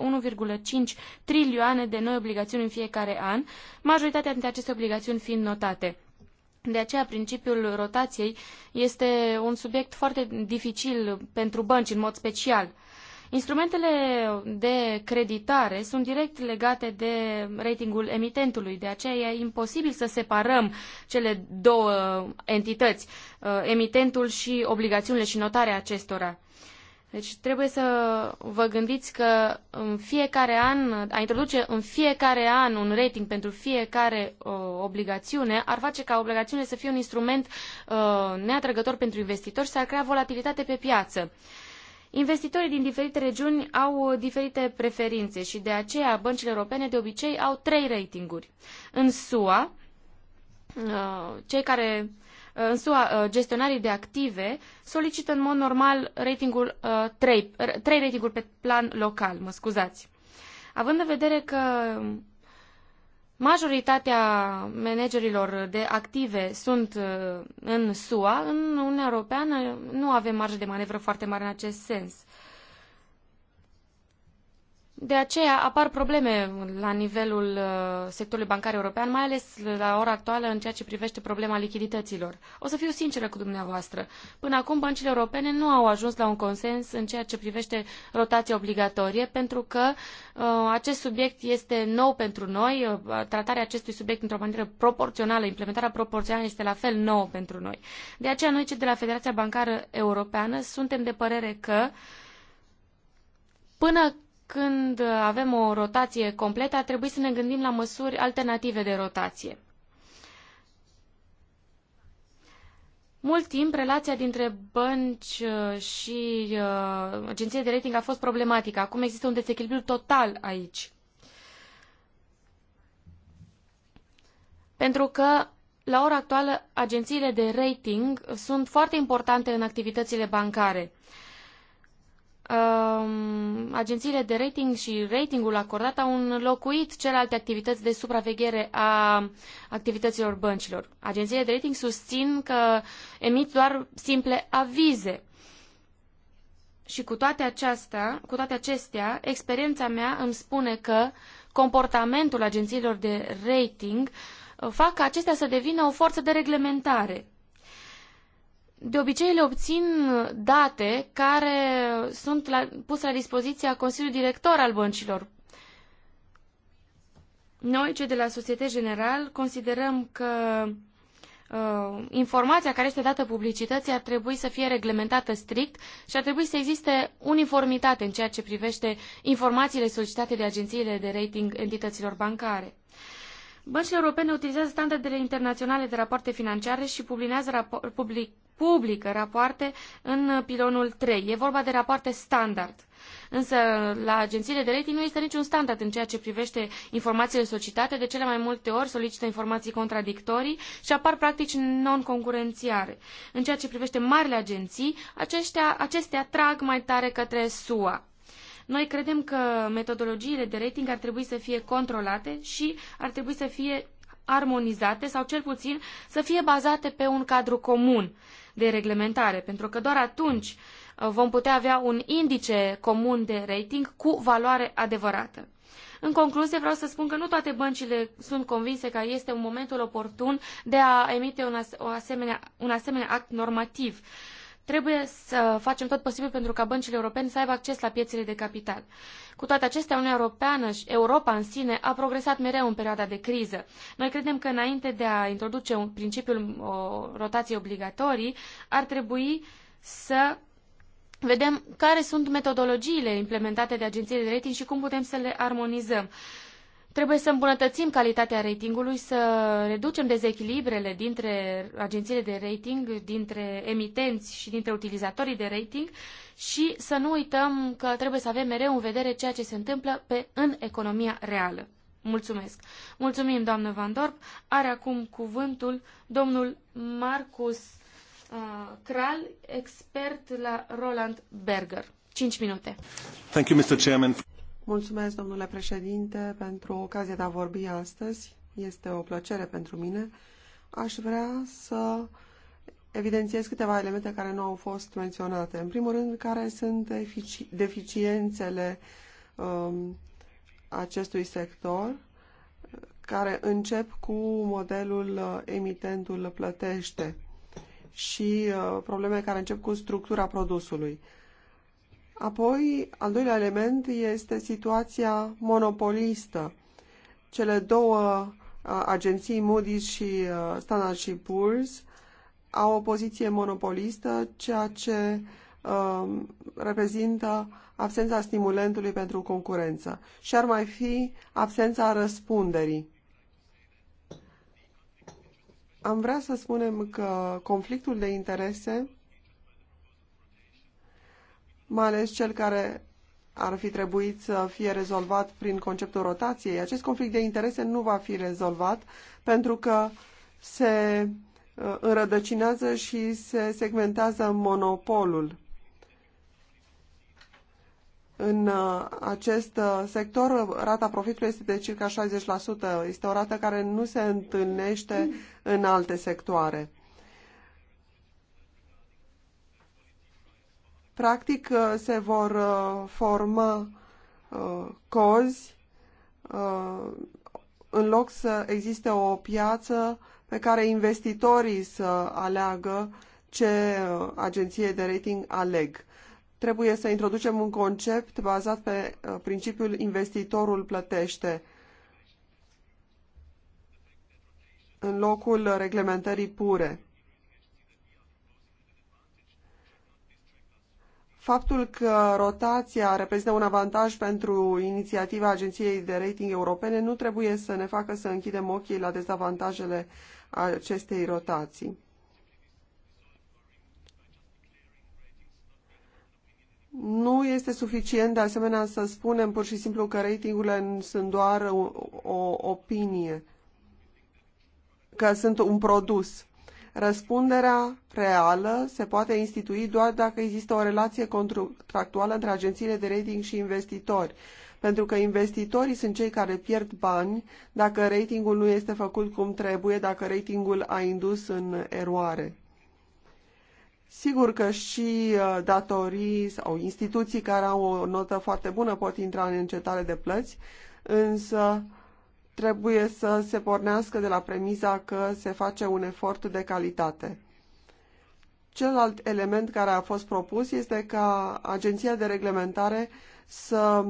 Speaker 3: 1,5 trilioane de noi obligațiuni în fiecare an, majoritatea dintre aceste obligațiuni fiind notate. De aceea, principiul rotației este un subiect foarte dificil pentru bănci în mod special. Instrumentele de creditare sunt direct legate de ratingul emitentului, de aceea e imposibil să separăm cele două entități, uh, emitentul și obligațiunile și notarea acestora. Deci trebuie să vă gândiți că în fiecare an, a introduce în fiecare an un rating pentru fiecare uh, obligațiune ar face ca obligațiune să fie un instrument uh, neatrăgător pentru investitori și să ar crea volatilitate pe piață. Investitorii din diferite regiuni au uh, diferite preferințe și de aceea băncile europene de obicei au trei ratinguri. În SUA, uh, cei care uh, în SUA uh, gestionarii de active solicită în mod normal ratingul 3, uh, 3 ratinguri pe plan local, mă scuzați. Având în vedere că majoritatea managerilor de active sunt uh, în SUA, în Uniunea Europeană nu avem marjă de manevră foarte mare în acest sens. De aceea apar probleme la nivelul uh, sectorului bancar european, mai ales la ora actuală în ceea ce privește problema lichidităților. O să fiu sinceră cu dumneavoastră. Până acum, băncile europene nu au ajuns la un consens în ceea ce privește rotația obligatorie, pentru că uh, acest subiect este nou pentru noi. Uh, tratarea acestui subiect într-o manieră proporțională, implementarea proporțională este la fel nouă pentru noi. De aceea, noi, cei de la Federația Bancară Europeană, suntem de părere că până când avem o rotație completă, ar trebui să ne gândim la măsuri alternative de rotație. Mult timp, relația dintre bănci uh, și uh, agenții de rating a fost problematică. Acum există un dezechilibru total aici. Pentru că, la ora actuală, agențiile de rating sunt foarte importante în activitățile bancare. Uh, um, agențiile de rating și ratingul acordat au înlocuit celelalte activități de supraveghere a activităților băncilor. Agențiile de rating susțin că emit doar simple avize. Și cu toate, aceasta, cu toate acestea, experiența mea îmi spune că comportamentul agențiilor de rating uh, fac ca acestea să devină o forță de reglementare de obicei le obțin date care sunt la, puse la dispoziția Consiliului Director al băncilor. Noi, cei de la Societe General, considerăm că uh, informația care este dată publicității ar trebui să fie reglementată strict și ar trebui să existe uniformitate în ceea ce privește informațiile solicitate de agențiile de rating entităților bancare. Băncile europene utilizează standardele internaționale de rapoarte financiare și rapo public publică rapoarte în pilonul 3. E vorba de rapoarte standard. Însă la agențiile de rating nu este niciun standard în ceea ce privește informațiile solicitate. De cele mai multe ori solicită informații contradictorii și apar practici non-concurențiare. În ceea ce privește marile agenții, aceștia, acestea trag mai tare către SUA. Noi credem că metodologiile de rating ar trebui să fie controlate și ar trebui să fie armonizate sau cel puțin să fie bazate pe un cadru comun de reglementare, pentru că doar atunci uh, vom putea avea un indice comun de rating cu valoare adevărată. În concluzie, vreau să spun că nu toate băncile sunt convinse că este un momentul oportun de a emite un, asemenea, un asemenea act normativ. Uh, Trebuie să facem tot posibil pentru ca băncile europene să aibă acces la piețele de capital. Cu toate acestea, Uniunea Europeană și Europa în sine a progresat mereu în perioada de criză. Noi credem că înainte de a introduce un principiul rotației obligatorii, ar trebui să vedem care sunt metodologiile implementate de agențiile de rating și cum putem să le armonizăm. Uh, Trebuie să îmbunătățim calitatea ratingului, să reducem dezechilibrele dintre agențiile de rating, dintre emitenți și dintre utilizatorii de rating și să nu uităm că trebuie să avem mereu în vedere ceea ce se întâmplă pe, în economia reală. Mulțumesc. Mulțumim, doamnă Van Dorp. Are acum cuvântul domnul Marcus uh, Kral, expert la Roland
Speaker 1: Berger. 5 minute. Thank you, Mr. Chairman. Mulțumesc, domnule președinte, pentru ocazia de a vorbi astăzi. Este o plăcere pentru mine. Aș vrea să evidențiez câteva elemente care nu au fost menționate. În primul rând, care sunt deficiențele um, acestui sector, care încep cu modelul uh, emitentul plătește și uh, probleme care încep cu structura produsului. Apoi, al doilea element este situația monopolistă. Cele două uh, agenții, Moody's și uh, Standard și Poor's, au o poziție monopolistă, ceea ce uh, reprezintă absența stimulentului pentru concurență și ar mai fi absența răspunderii. Am vrea să spunem că conflictul de interese mai ales cel care ar fi trebuit să fie rezolvat prin conceptul rotației. Acest conflict de interese nu va fi rezolvat pentru că se uh, înrădăcinează și se segmentează monopolul. În uh, acest uh, sector, rata profitului este de circa 60%. Este o rată care nu se întâlnește în alte sectoare. Practic uh, se vor uh, forma uh, cozi în loc să existe o piață pe care investitorii să aleagă ce agenție de rating aleg. Trebuie să introducem un concept bazat pe principiul investitorul plătește în locul reglementării pure. Faptul că rotația reprezintă un avantaj pentru inițiativa Agenției de Rating Europene nu trebuie să ne facă să închidem ochii la dezavantajele acestei rotații. Nu este suficient, de asemenea, să spunem pur și simplu că ratingurile sunt doar o, o opinie, că sunt un produs. Răspunderea reală se poate institui doar dacă există o relație contractuală între agențiile de rating și investitori, pentru că investitorii sunt cei care pierd bani dacă ratingul nu este făcut cum trebuie, dacă ratingul a indus în eroare. Sigur că și uh, datorii sau instituții care au o notă foarte bună pot intra în încetare de plăți, însă trebuie să se pornească de la premiza că se face un efort de calitate. Celălalt element care a fost propus este ca agenția de reglementare să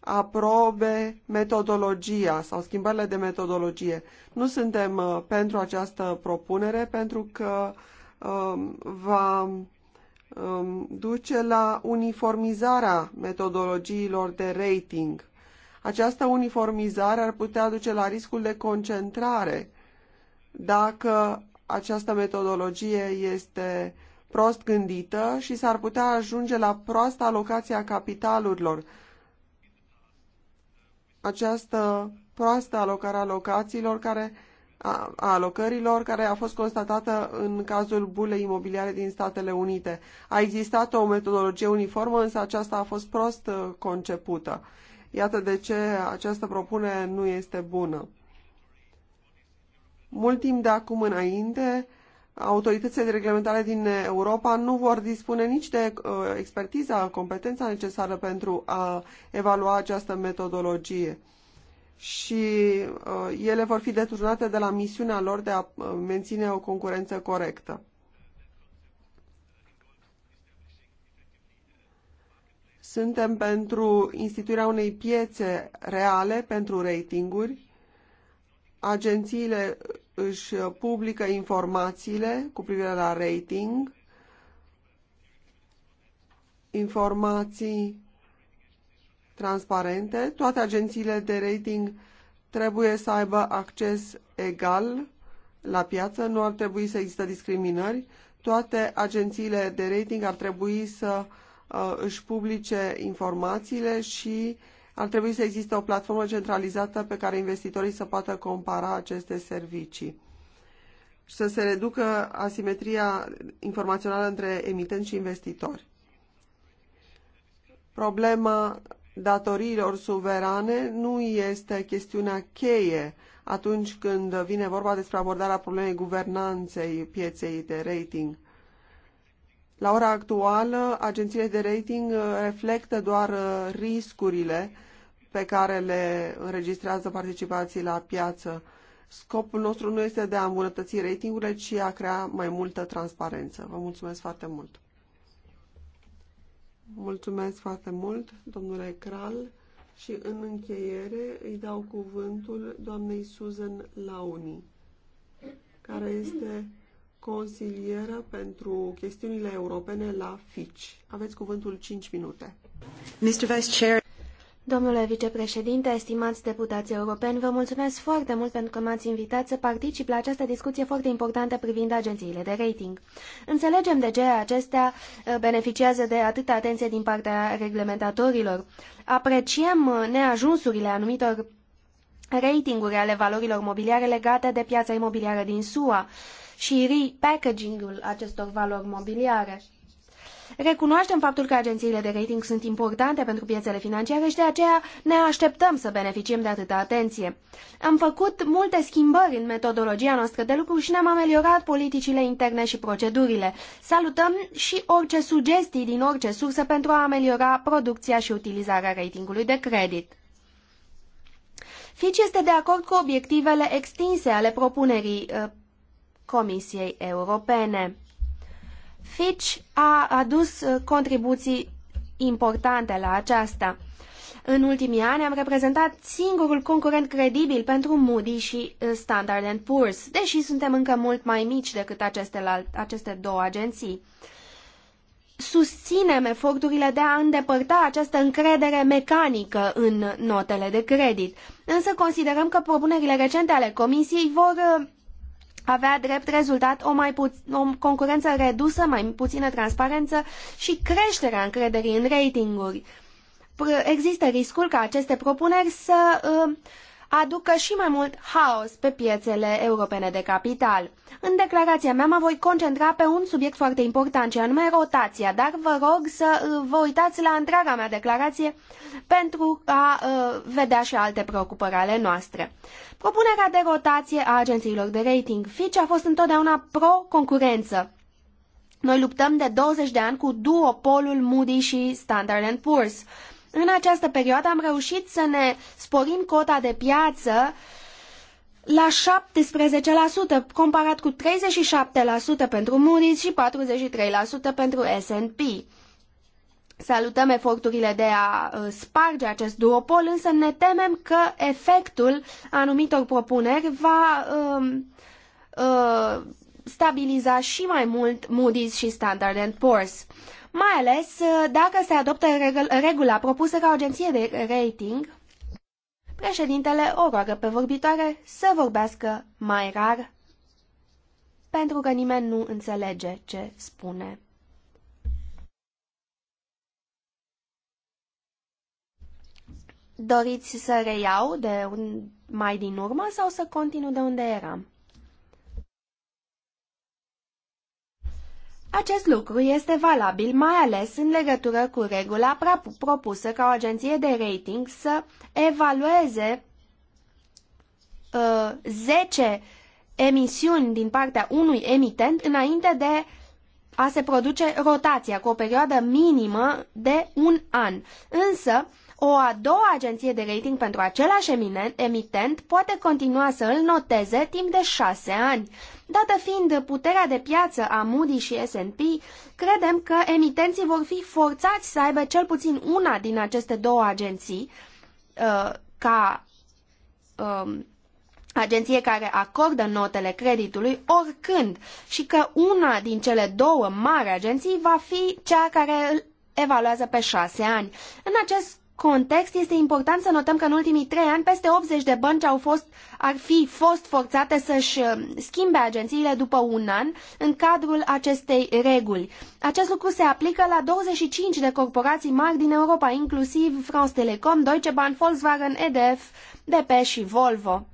Speaker 1: aprobe metodologia sau schimbările de metodologie. Nu suntem uh, pentru această propunere pentru că um, va um, duce la uniformizarea metodologiilor de rating. Această uniformizare ar putea duce la riscul de concentrare dacă această metodologie este prost gândită și s-ar putea ajunge la proasta alocație a capitalurilor. Această proastă alocare a locațiilor care a alocărilor care a fost constatată în cazul bulei imobiliare din Statele Unite. A existat o metodologie uniformă, însă aceasta a fost prost uh, concepută. Iată de ce această propunere nu este bună. Mult timp de acum înainte, autoritățile de reglementare din Europa nu vor dispune nici de uh, expertiza, competența necesară pentru a evalua această metodologie. Și uh, ele vor fi deturnate de la misiunea lor de a uh, menține o concurență corectă. Suntem pentru instituirea unei piețe reale pentru ratinguri. Agențiile își publică informațiile cu privire la rating, informații transparente. Toate agențiile de rating trebuie să aibă acces egal la piață, nu ar trebui să există discriminări. Toate agențiile de rating ar trebui să uh, Uh, își publice informațiile și ar trebui să existe o platformă centralizată pe care investitorii să poată compara aceste servicii și să se reducă asimetria informațională între emitenți și investitori. Problema datoriilor suverane nu este chestiunea cheie atunci când vine vorba despre abordarea problemei guvernanței pieței de rating. La ora actuală, agențiile de rating uh, reflectă doar uh, riscurile pe care le înregistrează participații la piață. Scopul nostru nu este de a îmbunătăți ratingurile, ci a crea mai multă transparență. Vă mulțumesc foarte mult! Mulțumesc foarte mult, domnule Kral, și în încheiere îi dau cuvântul doamnei Susan Launi, care este consilieră pentru chestiunile europene la FICI. Aveți cuvântul 5 minute.
Speaker 2: Mr. Vice Chair. Domnule vicepreședinte, estimați deputați europeni, vă mulțumesc foarte mult pentru că m-ați invitat să particip la această discuție foarte importantă privind agențiile de rating. Înțelegem de ce acestea uh, beneficiază de atâta atenție din partea reglementatorilor. Apreciem uh, neajunsurile anumitor ratinguri ale valorilor mobiliare legate de piața imobiliară din SUA și repackaging-ul acestor valori mobiliare. Recunoaștem faptul că agențiile de rating sunt importante pentru piețele financiare și de aceea ne așteptăm să beneficiem de atâta atenție. Am făcut multe schimbări în metodologia noastră de lucru și ne-am ameliorat politicile interne și procedurile. Salutăm și orice sugestii din orice sursă pentru a ameliora producția și utilizarea ratingului de credit. Fitch este de acord cu obiectivele extinse ale propunerii uh, Comisiei Europene. Fitch a adus uh, contribuții importante la aceasta. În ultimii ani am reprezentat singurul concurent credibil pentru Moody și uh, Standard Poor's, deși suntem încă mult mai mici decât aceste, aceste două agenții. Susținem eforturile de a îndepărta această încredere mecanică în notele de credit, însă considerăm că propunerile recente ale Comisiei vor uh, avea drept rezultat o, mai o concurență redusă, mai puțină transparență și creșterea încrederii în ratinguri. Există riscul ca aceste propuneri să uh, aducă și mai mult haos pe piețele europene de capital. În declarația mea mă voi concentra pe un subiect foarte important, ce anume rotația, dar vă rog să uh, vă uitați la întreaga mea declarație pentru a uh, vedea și alte preocupări ale noastre. Propunerea de rotație a agențiilor de rating Fitch a fost întotdeauna pro-concurență. Noi luptăm de 20 de ani cu duopolul Moody și Standard Poor's în această perioadă am reușit să ne sporim cota de piață la 17%, comparat cu 37% pentru Moody's și 43% pentru S&P. Salutăm eforturile de a uh, sparge acest duopol, însă ne temem că efectul anumitor propuneri va uh, uh, stabiliza și mai mult Moody's și Standard Poor's mai ales uh, dacă se adoptă regula propusă ca o agenție de rating. Președintele o roagă pe vorbitoare să vorbească mai rar, pentru că nimeni nu înțelege ce spune. Doriți să reiau de un... mai din urmă sau să continu de unde eram? Acest lucru este valabil mai ales în legătură cu regula propusă ca o agenție de rating să evalueze uh, 10 emisiuni din partea unui emitent înainte de a se produce rotația cu o perioadă minimă de un an. Însă, uh, o a doua agenție de rating pentru același eminent emitent poate continua să îl noteze timp de șase ani. Dată fiind puterea de piață a Moody și S&P, credem că emitenții vor fi forțați să aibă cel puțin una din aceste două agenții uh, ca um, agenție care acordă notele creditului oricând și că una din cele două mari agenții va fi cea care îl evaluează pe șase ani. În acest context, este important să notăm că în ultimii trei ani peste 80 de bănci au fost, ar fi fost forțate să-și uh, schimbe agențiile după un an în cadrul acestei reguli. Acest lucru se aplică la 25 de corporații mari din Europa, inclusiv France Telecom, Deutsche Bank, Volkswagen, EDF, DP și Volvo.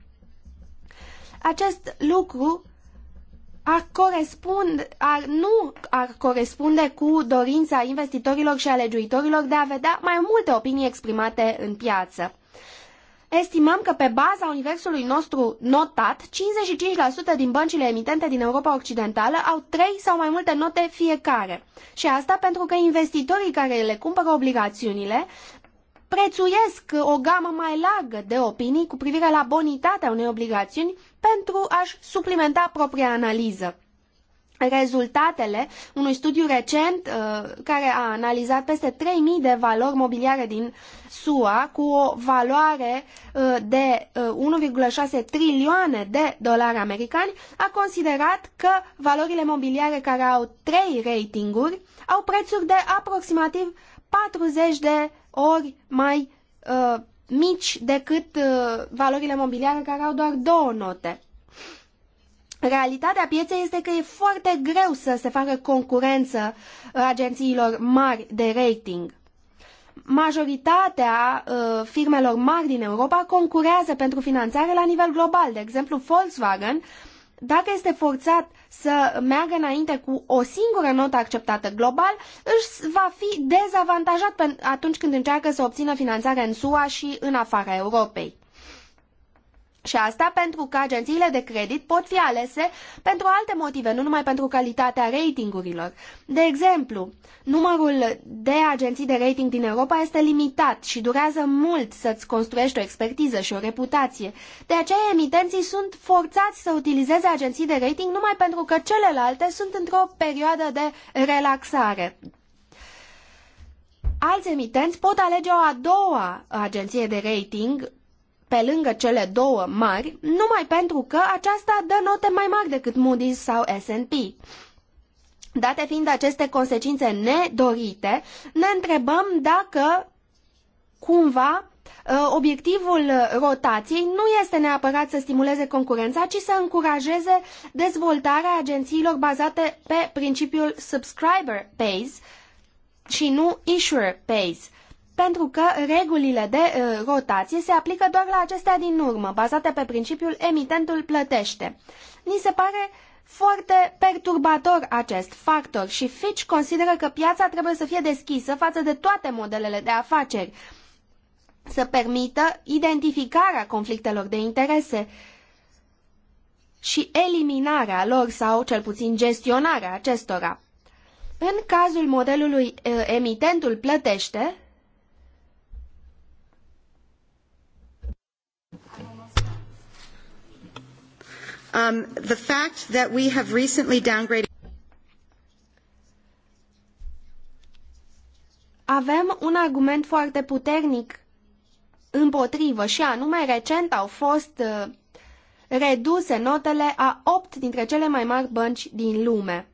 Speaker 2: Acest lucru a corespund, a, nu ar corespunde cu dorința investitorilor și alegiuitorilor de a vedea mai multe opinii exprimate în piață. Estimăm că pe baza universului nostru notat, 55% din băncile emitente din Europa Occidentală au trei sau mai multe note fiecare. Și asta pentru că investitorii care le cumpără obligațiunile prețuiesc o gamă mai largă de opinii cu privire la bonitatea unei obligațiuni pentru a-și suplimenta propria analiză. Rezultatele unui studiu recent uh, care a analizat peste 3.000 de valori mobiliare din SUA cu o valoare uh, de 1,6 uh, trilioane de dolari americani a considerat că valorile mobiliare care au trei ratinguri au prețuri de aproximativ 40 de ori mai uh, mici decât uh, valorile mobiliare care au doar două note. Realitatea pieței este că e foarte greu să se facă concurență uh, agențiilor mari de rating. Majoritatea uh, firmelor mari din Europa concurează pentru finanțare la nivel global. De exemplu, Volkswagen dacă este forțat să meargă înainte cu o singură notă acceptată global, își va fi dezavantajat atunci când încearcă să obțină finanțare în SUA și în afara Europei. Și asta pentru că agențiile de credit pot fi alese pentru alte motive, nu numai pentru calitatea ratingurilor. De exemplu, numărul de agenții de rating din Europa este limitat și durează mult să-ți construiești o expertiză și o reputație. De aceea, emitenții sunt forțați să utilizeze agenții de rating numai pentru că celelalte sunt într-o perioadă de relaxare. Alți emitenți pot alege o a doua agenție de rating pe lângă cele două mari, numai pentru că aceasta dă note mai mari decât Moody's sau S&P. Date fiind aceste consecințe nedorite, ne întrebăm dacă cumva ă, obiectivul rotației nu este neapărat să stimuleze concurența, ci să încurajeze dezvoltarea agențiilor bazate pe principiul subscriber pays și nu issuer pays pentru că regulile de uh, rotație se aplică doar la acestea din urmă, bazate pe principiul emitentul plătește. Ni se pare foarte perturbator acest factor și Fitch consideră că piața trebuie să fie deschisă față de toate modelele de afaceri, să permită identificarea conflictelor de interese și eliminarea lor sau cel puțin gestionarea acestora. În cazul modelului uh, emitentul plătește, Um, the fact that we have recently downgraded Avem un argument foarte puternic împotrivă și anume recent au fost uh, reduse notele a opt dintre cele mai mari bănci din lume.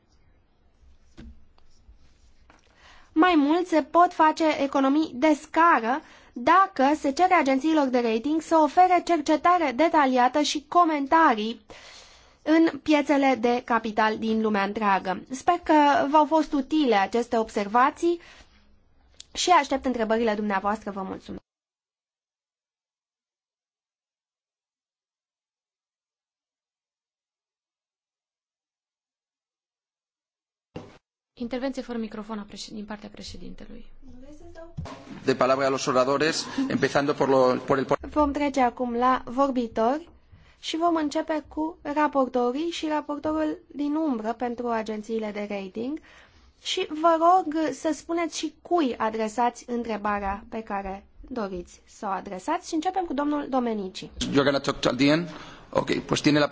Speaker 2: Mai mult se pot face economii de scară dacă se cere agențiilor de rating să ofere cercetare detaliată și comentarii în piețele de capital din lumea întreagă. Sper că v-au fost utile aceste observații și aștept întrebările dumneavoastră. Vă mulțumesc!
Speaker 3: Intervenție fără microfon din partea președintelui
Speaker 1: de palabra a los oradores, empezando por, lo, por el...
Speaker 3: Vom trece acum la
Speaker 2: vorbitori și vom începe cu raportorii și raportorul din umbră pentru agențiile de rating și vă rog să spuneți și cui adresați întrebarea pe care doriți să o adresați și începem cu domnul Domenici.
Speaker 1: You're gonna talk to Ok, pues tiene la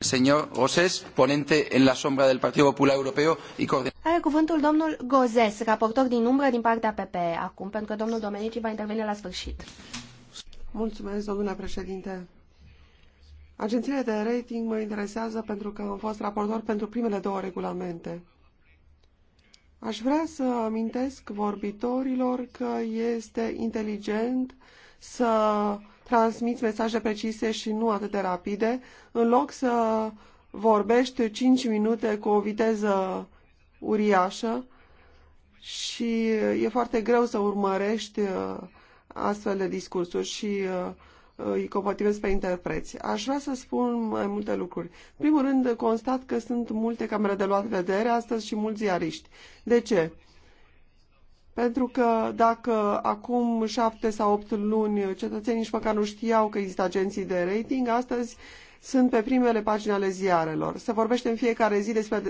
Speaker 1: Señor Gosses, ponente en la sombra del Partido Popular Europeo y
Speaker 2: Are cuvântul domnul Gozes, raportor din umbră
Speaker 1: din partea PPE acum, pentru că domnul Domenici va interveni la sfârșit. Mulțumesc, domnule președinte. Agențiile de rating mă interesează pentru că am fost raportor pentru primele două regulamente. Aș vrea să amintesc vorbitorilor că este inteligent să transmiți mesaje precise și nu atât de rapide, în loc să vorbești 5 minute cu o viteză uriașă și uh, e foarte greu să urmărești uh, astfel de discursuri și uh, îi compatibilez pe interpreți. Aș vrea să spun mai multe lucruri. În primul rând, constat că sunt multe camere de luat vedere astăzi și mulți ziariști. De ce? Pentru că dacă acum șapte sau opt luni cetățenii nici măcar nu știau că există agenții de rating, astăzi sunt pe primele pagini ale ziarelor. Se vorbește în fiecare zi despre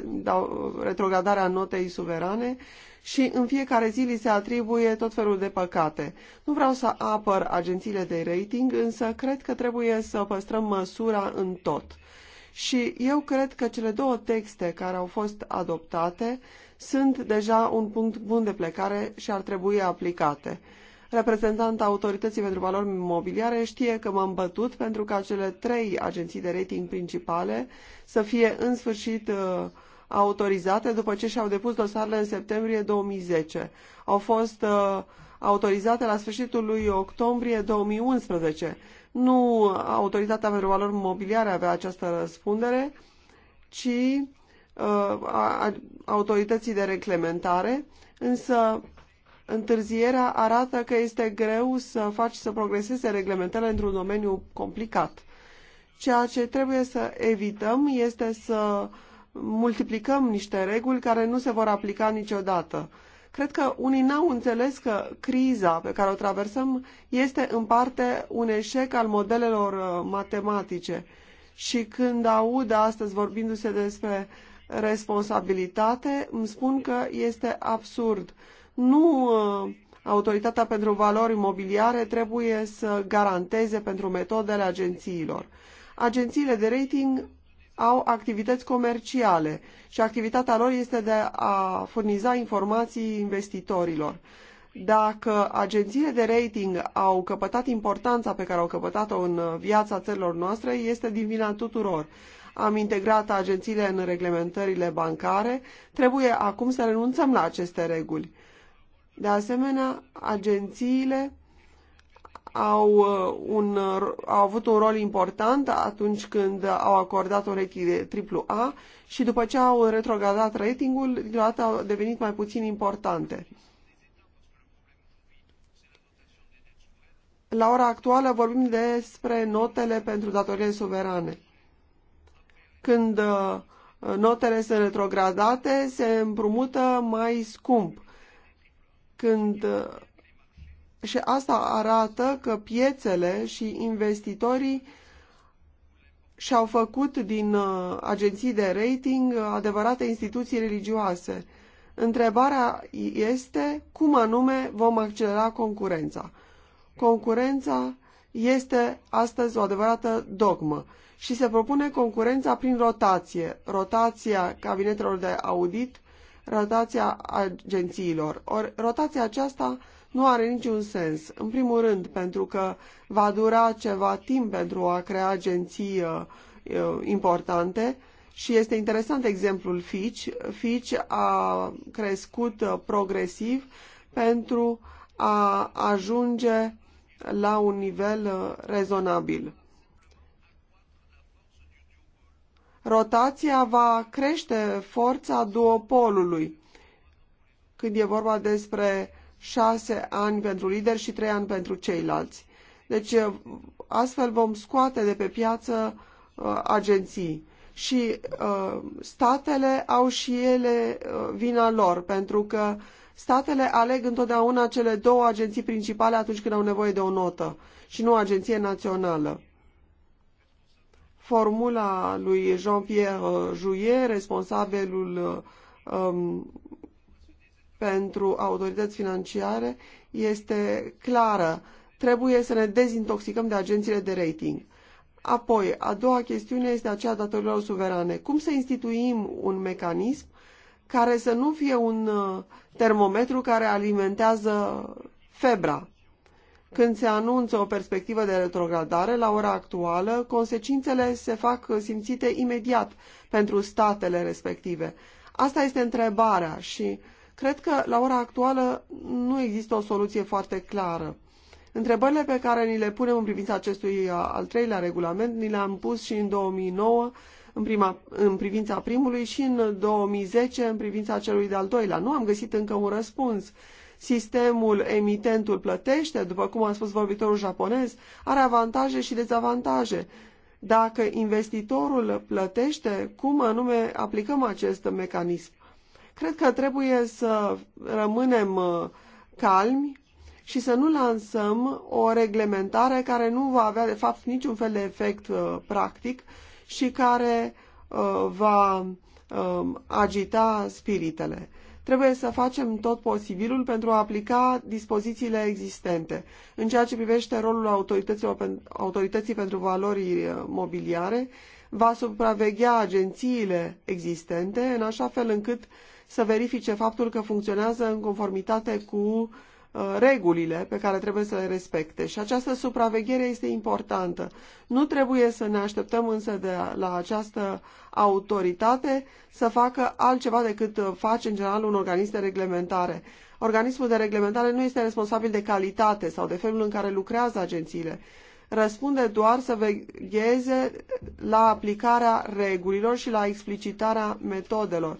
Speaker 1: retrogradarea notei suverane și în fiecare zi li se atribuie tot felul de păcate. Nu vreau să apăr agențiile de rating, însă cred că trebuie să păstrăm măsura în tot și eu cred că cele două texte care au fost adoptate sunt deja un punct bun de plecare și ar trebui aplicate. Reprezentanta Autorității pentru Valori Mobiliare știe că m-am bătut pentru ca cele trei agenții de rating principale să fie în sfârșit uh, autorizate după ce și-au depus dosarele în septembrie 2010. Au fost uh, autorizate la sfârșitul lui octombrie 2011 nu autoritatea pentru valori mobiliare avea această răspundere, ci uh, autorității de reglementare, însă întârzierea arată că este greu să faci să progreseze reglementarea într-un domeniu complicat. Ceea ce trebuie să evităm este să multiplicăm niște reguli care nu se vor aplica niciodată. Cred că unii n-au înțeles că criza pe care o traversăm este în parte un eșec al modelelor uh, matematice. Și când aud astăzi vorbindu-se despre responsabilitate, îmi spun că este absurd. Nu uh, Autoritatea pentru Valori Imobiliare trebuie să garanteze pentru metodele agențiilor. Agențiile de rating au activități comerciale și activitatea lor este de a furniza informații investitorilor. Dacă agențiile de rating au căpătat importanța pe care au căpătat-o în viața țărilor noastre, este din vina tuturor. Am integrat agențiile în reglementările bancare, trebuie acum să renunțăm la aceste reguli. De asemenea, agențiile au, uh, un, uh, au avut un rol important atunci când au acordat o rating de AAA și după ce au retrogradat ratingul, dată au devenit mai puțin importante. La ora actuală vorbim despre notele pentru datorile suverane. Când uh, notele sunt retrogradate, se împrumută mai scump. Când și asta arată că piețele și investitorii și-au făcut din uh, agenții de rating adevărate instituții religioase. Întrebarea este cum anume vom accelera concurența. Concurența este astăzi o adevărată dogmă și se propune concurența prin rotație, rotația cabinetelor de audit, rotația agențiilor. Or, rotația aceasta nu are niciun sens. În primul rând, pentru că va dura ceva timp pentru a crea agenții uh, uh, importante și este interesant exemplul Fitch. Fitch a crescut uh, progresiv pentru a ajunge la un nivel uh, rezonabil. Rotația va crește forța duopolului. Când e vorba despre șase ani pentru lideri și trei ani pentru ceilalți. Deci astfel vom scoate de pe piață uh, agenții. Și uh, statele au și ele uh, vina lor, pentru că statele aleg întotdeauna cele două agenții principale atunci când au nevoie de o notă și nu agenție națională. Formula lui Jean-Pierre Jouyer, responsabilul um, pentru autorități financiare este clară. Trebuie să ne dezintoxicăm de agențiile de rating. Apoi, a doua chestiune este aceea datorilor suverane. Cum să instituim un mecanism care să nu fie un uh, termometru care alimentează febra? Când se anunță o perspectivă de retrogradare, la ora actuală, consecințele se fac simțite imediat pentru statele respective. Asta este întrebarea și uh, Cred că la ora actuală nu există o soluție foarte clară. Întrebările pe care ni le punem în privința acestui uh, al treilea regulament ni le-am pus și în 2009 în, prima, în privința primului și în 2010 în privința celui de-al doilea. Nu am găsit încă un răspuns. Sistemul emitentul plătește, după cum a spus vorbitorul japonez, are avantaje și dezavantaje. Dacă investitorul plătește, cum anume aplicăm acest mecanism? Cred că trebuie să rămânem uh, calmi și să nu lansăm o reglementare care nu va avea, de fapt, niciun fel de efect uh, practic și care uh, va um, agita spiritele trebuie să facem tot posibilul pentru a aplica dispozițiile existente. În ceea ce privește rolul autorităților, autorității pentru valori mobiliare, va supraveghea agențiile existente în așa fel încât să verifice faptul că funcționează în conformitate cu uh, regulile pe care trebuie să le respecte. Și această supraveghere este importantă. Nu trebuie să ne așteptăm însă de la această autoritate să facă altceva decât uh, face în general un organism de reglementare. Organismul de reglementare nu este responsabil de calitate sau de felul în care lucrează agențiile. Răspunde doar să vegheze la aplicarea regulilor și la explicitarea metodelor.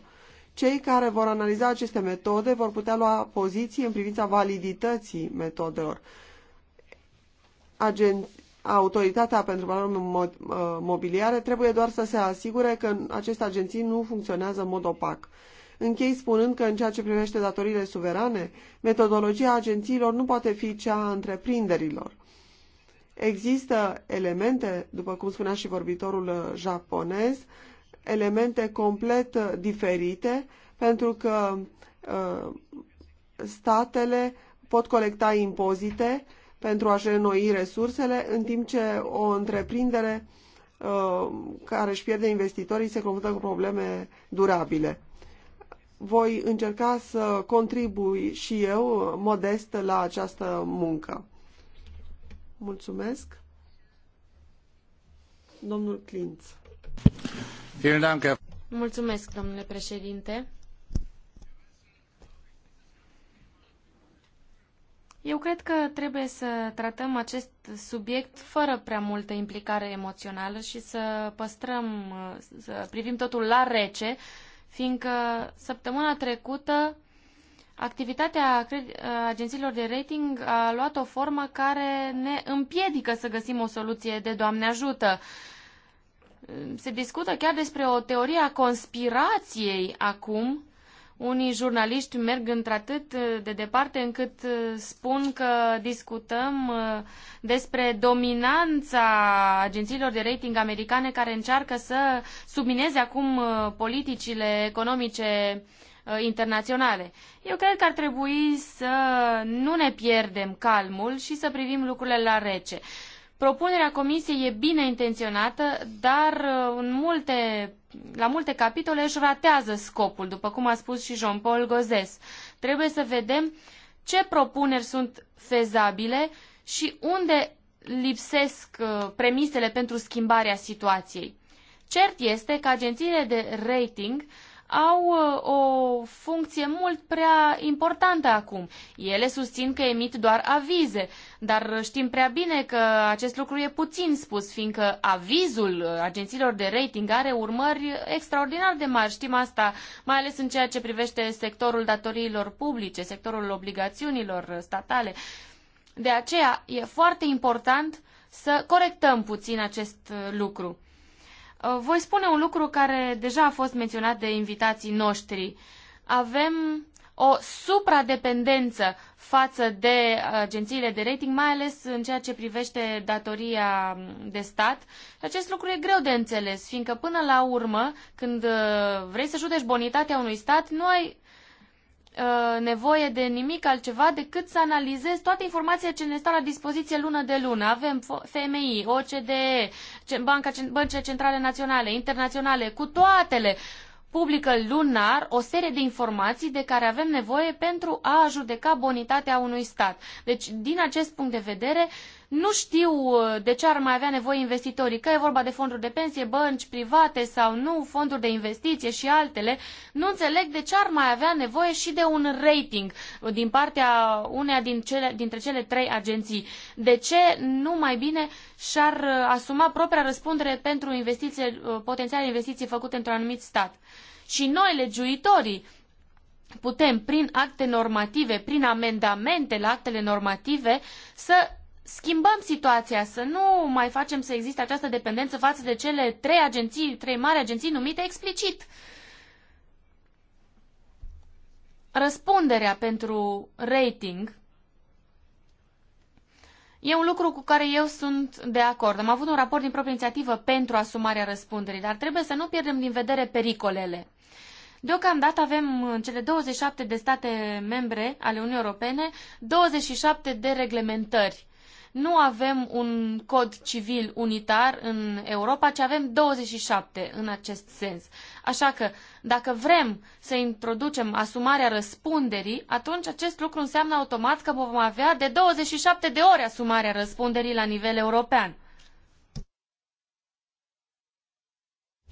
Speaker 1: Cei care vor analiza aceste metode vor putea lua poziții în privința validității metodelor. Agen... Autoritatea pentru valori uh, mobiliare trebuie doar să se asigure că aceste agenții nu funcționează în mod opac. Închei spunând că în ceea ce privește datoriile suverane, metodologia agențiilor nu poate fi cea a întreprinderilor. Există elemente, după cum spunea și vorbitorul uh, japonez, elemente complet uh, diferite, pentru că uh, statele pot colecta impozite pentru a-și renoi resursele, în timp ce o întreprindere uh, care își pierde investitorii se confruntă cu probleme durabile. Voi încerca să contribui și eu modest la această muncă. Mulțumesc. Domnul Clinț. Mulțumesc,
Speaker 3: domnule președinte. Eu cred că trebuie să tratăm acest subiect fără prea multă implicare emoțională și să păstrăm, să privim totul la rece, fiindcă săptămâna trecută activitatea agențiilor de rating a luat o formă care ne împiedică să găsim o soluție de Doamne ajută. Uh, se discută chiar despre o teorie a conspirației acum. Unii jurnaliști merg într-atât de departe încât uh, spun că discutăm uh, despre dominanța agențiilor de rating americane care încearcă să submineze acum uh, politicile economice internaționale. Eu cred că ar trebui să nu ne pierdem calmul și să privim lucrurile la rece. Propunerea comisiei e bine intenționată, dar uh, în multe, la multe capitole își ratează scopul, după cum a spus și Jean-Paul Gozes. Trebuie să vedem ce propuneri sunt fezabile și unde lipsesc uh, premisele pentru schimbarea situației. Cert este că agențiile de rating au uh, o funcție mult prea importantă acum. Ele susțin că emit doar avize, dar știm prea bine că acest lucru e puțin spus, fiindcă avizul uh, agențiilor de rating are urmări extraordinar de mari. Știm asta, mai ales în ceea ce privește sectorul datoriilor publice, sectorul obligațiunilor uh, statale. De aceea e foarte important să corectăm puțin acest lucru. Uh, voi spune un lucru care deja a fost menționat de invitații noștri. Avem o supradependență față de agențiile de rating, mai ales în ceea ce privește datoria de stat. Acest lucru e greu de înțeles, fiindcă până la urmă, când uh, vrei să judești bonitatea unui stat, nu ai Uh, nevoie de nimic altceva decât să analizezi toate informațiile ce ne stau la dispoziție lună de lună. Avem FMI, OCDE, Banca, Băncile Centrale Naționale, Internaționale, cu toatele publică lunar o serie de informații de care avem nevoie pentru a judeca bonitatea unui stat. Deci, din acest punct de vedere, uh, nu știu uh, de ce ar mai avea nevoie investitorii, că e vorba de fonduri de pensie, bănci private sau nu, fonduri de investiție și altele. Nu înțeleg de ce ar mai avea nevoie și de un rating din partea uneia din cele, dintre cele trei agenții. De ce nu mai bine și-ar uh, asuma propria răspundere pentru investiții, uh, potențiale investiții făcute într-un anumit stat? Și noi, legiuitorii, putem, prin acte normative, prin amendamente la actele normative, să schimbăm situația, să nu mai facem să existe această dependență față de cele trei agenții, trei mari agenții numite explicit. Răspunderea pentru rating e un lucru cu care eu sunt de acord. Am avut un raport din proprie inițiativă pentru asumarea răspunderii, dar trebuie să nu pierdem din vedere pericolele. Deocamdată avem în cele 27 de state membre ale Uniunii Europene 27 de reglementări nu avem un cod civil unitar în Europa, ci avem 27 în acest sens. Așa că, dacă vrem să introducem asumarea răspunderii, atunci acest lucru înseamnă automat că vom avea de 27 de ori asumarea răspunderii la nivel european.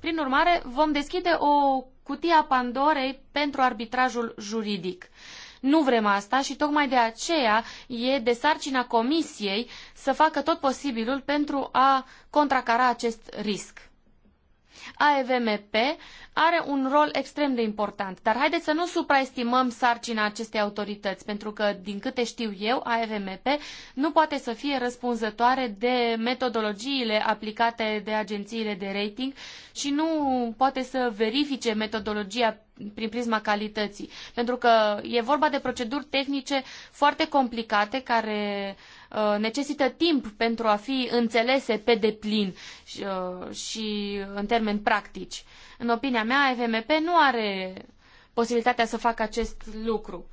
Speaker 3: Prin urmare, vom deschide o cutie a Pandorei pentru arbitrajul juridic. Nu vrem asta și tocmai de aceea e de sarcina Comisiei să facă tot posibilul pentru a contracara acest risc. AEVMP are un rol extrem de important, dar haideți să nu supraestimăm sarcina acestei autorități, pentru că, din câte știu eu, AEVMP nu poate să fie răspunzătoare de metodologiile aplicate de agențiile de rating și nu poate să verifice metodologia prin prisma calității, pentru că e vorba de proceduri tehnice foarte complicate care Uh, necesită timp pentru a fi înțelese pe deplin și, uh, și în termeni practici. În opinia mea, FMP nu are posibilitatea să facă acest lucru.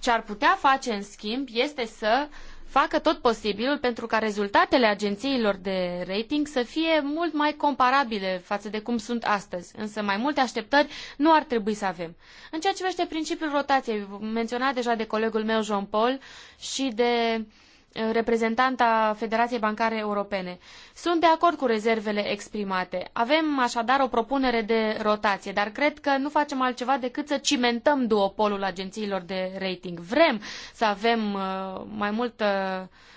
Speaker 3: Ce ar putea face, în schimb, este să facă tot posibilul pentru ca rezultatele agențiilor de rating să fie mult mai comparabile față de cum sunt astăzi. Însă mai multe așteptări nu ar trebui să avem. În ceea ce privește principiul rotației, menționat deja de colegul meu Jean Paul și de uh, reprezentanta Federației Bancare Europene. Sunt de acord cu rezervele exprimate. Avem așadar o propunere de rotație, dar cred că nu facem altceva decât să cimentăm duopolul agențiilor de rating. Vrem să avem uh, mai multă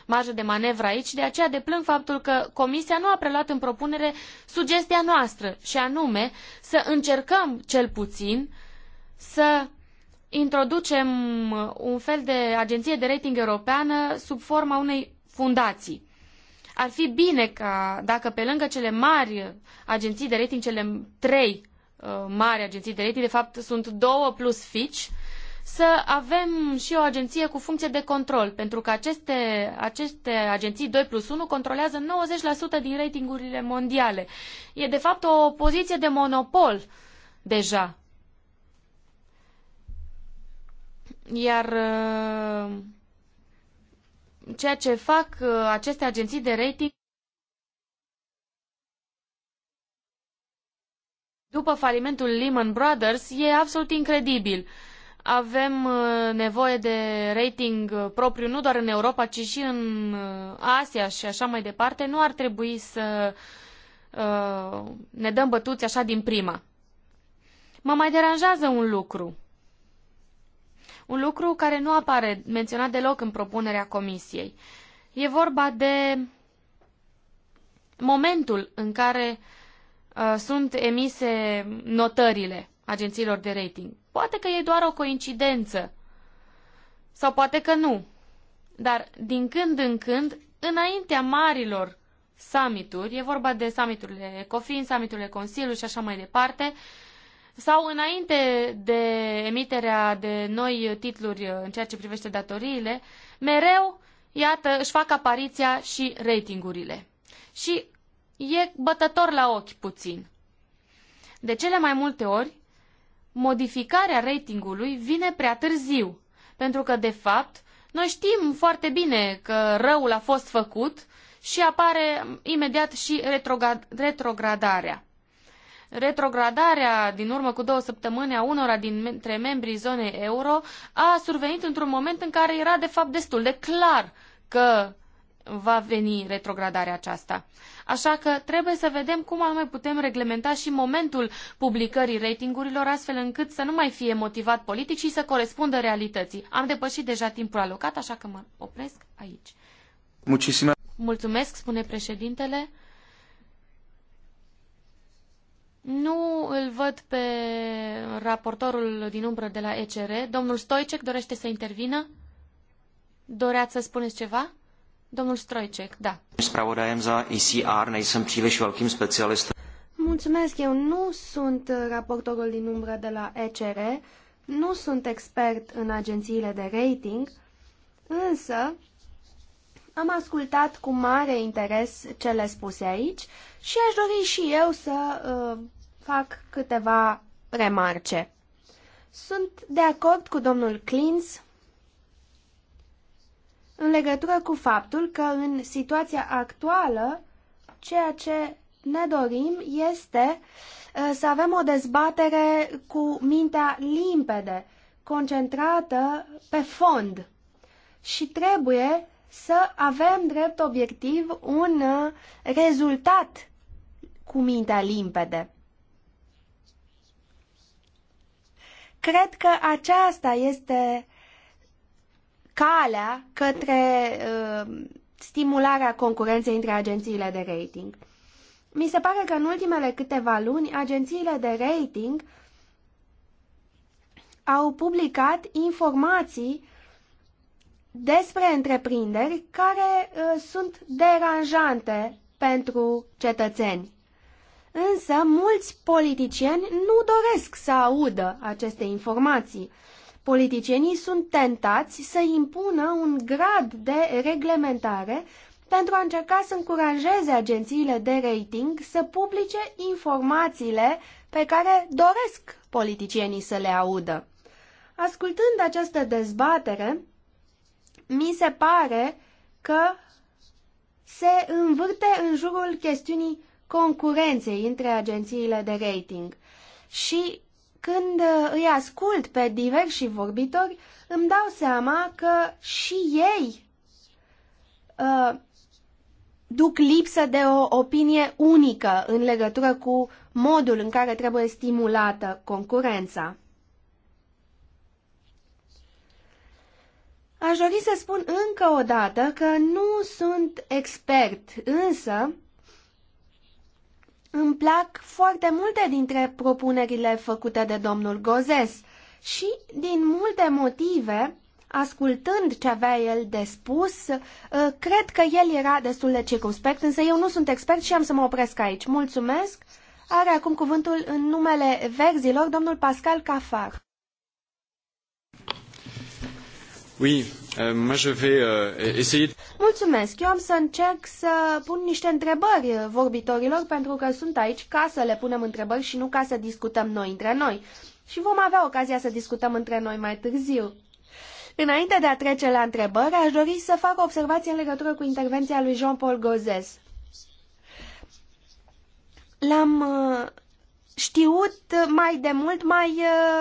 Speaker 3: marjă de manevră aici, de aceea deplâng faptul că Comisia nu a preluat în propunere sugestia noastră, și anume să încercăm cel puțin să introducem un fel de agenție de rating europeană sub forma unei fundații. Ar fi bine ca dacă pe lângă cele mari agenții de rating, cele trei uh, mari agenții de rating, de fapt sunt două plus Fitch, să avem și o agenție cu funcție de control, pentru că aceste, aceste agenții 2 plus 1 controlează 90% din ratingurile mondiale. E de fapt o poziție de monopol deja. Iar uh, ceea ce fac uh, aceste agenții de rating după falimentul Lehman Brothers e absolut incredibil. Avem uh, nevoie de rating propriu nu doar în Europa, ci și în Asia și așa mai departe. Nu ar trebui să ne dăm bătuți așa din prima. Mă mai deranjează un lucru. Un lucru care nu apare menționat deloc în propunerea comisiei. E vorba de momentul în care uh, sunt emise notările agențiilor de rating. Poate că e doar o coincidență sau poate că nu. Dar din când în când, înaintea marilor summituri, e vorba de summiturile COFIN, summiturile Consiliului și așa mai departe, uh, sau înainte de emiterea de noi titluri uh, în ceea ce privește datoriile, mereu, iată, își fac apariția și ratingurile. Și e bătător la ochi puțin. De cele mai multe ori, modificarea ratingului vine prea târziu, pentru că, de fapt, noi știm foarte bine că răul a fost făcut și apare imediat și retrogradarea. Retrogradarea din urmă cu două săptămâni a unora dintre membrii zonei euro a survenit într-un moment în care era de fapt destul de clar că va veni retrogradarea aceasta. Așa că trebuie să vedem cum anume putem reglementa și momentul publicării ratingurilor astfel încât să nu mai fie motivat politic și să corespundă realității. Am depășit deja timpul alocat, așa că mă opresc aici. Mulțumesc spune președintele. Nu îl văd pe raportorul din umbră de la ECR. Domnul Stoicec dorește să intervină? Doreați să spuneți ceva? Domnul Stoicec, da. Spravodajem za ECR,
Speaker 2: nejsem příliš velkým specialistem. Mulțumesc, eu nu sunt raportorul din umbră de la ECR, nu sunt expert în agențiile de rating, însă am ascultat cu mare interes cele spuse aici și aș dori și eu să uh, fac câteva remarce. Sunt de acord cu domnul Clins în legătură cu faptul că în situația actuală ceea ce ne dorim este uh, să avem o dezbatere cu mintea limpede, concentrată pe fond. Și trebuie să avem drept obiectiv un uh, rezultat cu mintea limpede. Cred că aceasta este calea către uh, stimularea concurenței între agențiile de rating. Mi se pare că în ultimele câteva luni agențiile de rating au publicat informații despre întreprinderi care uh, sunt deranjante pentru cetățeni. Însă, mulți politicieni nu doresc să audă aceste informații. Politicienii sunt tentați să impună un grad de reglementare pentru a încerca să încurajeze agențiile de rating să publice informațiile pe care doresc politicienii să le audă. Ascultând această dezbatere, mi se pare că se învârte în jurul chestiunii concurenței între agențiile de rating. Și când îi ascult pe diversi vorbitori, îmi dau seama că și ei uh, duc lipsă de o opinie unică în legătură cu modul în care trebuie stimulată concurența. Aș dori să spun încă o dată că nu sunt expert, însă îmi plac foarte multe dintre propunerile făcute de domnul Gozes și, din multe motive, ascultând ce avea el de spus, ă, cred că el era destul de circumspect, însă eu nu sunt expert și am să mă opresc aici. Mulțumesc! Are acum cuvântul în numele verzilor domnul Pascal Cafar.
Speaker 1: Oui, euh, moi je vais euh, essayer...
Speaker 2: Mulțumesc, eu am să încerc să pun niște întrebări vorbitorilor pentru că sunt aici ca să le punem întrebări și nu ca să discutăm noi între noi. Și vom avea ocazia să discutăm între noi mai târziu. Înainte de a trece la întrebări, aș dori să fac o observație în legătură cu intervenția lui Jean-Paul Gozes. L-am uh, știut mai de mult, mai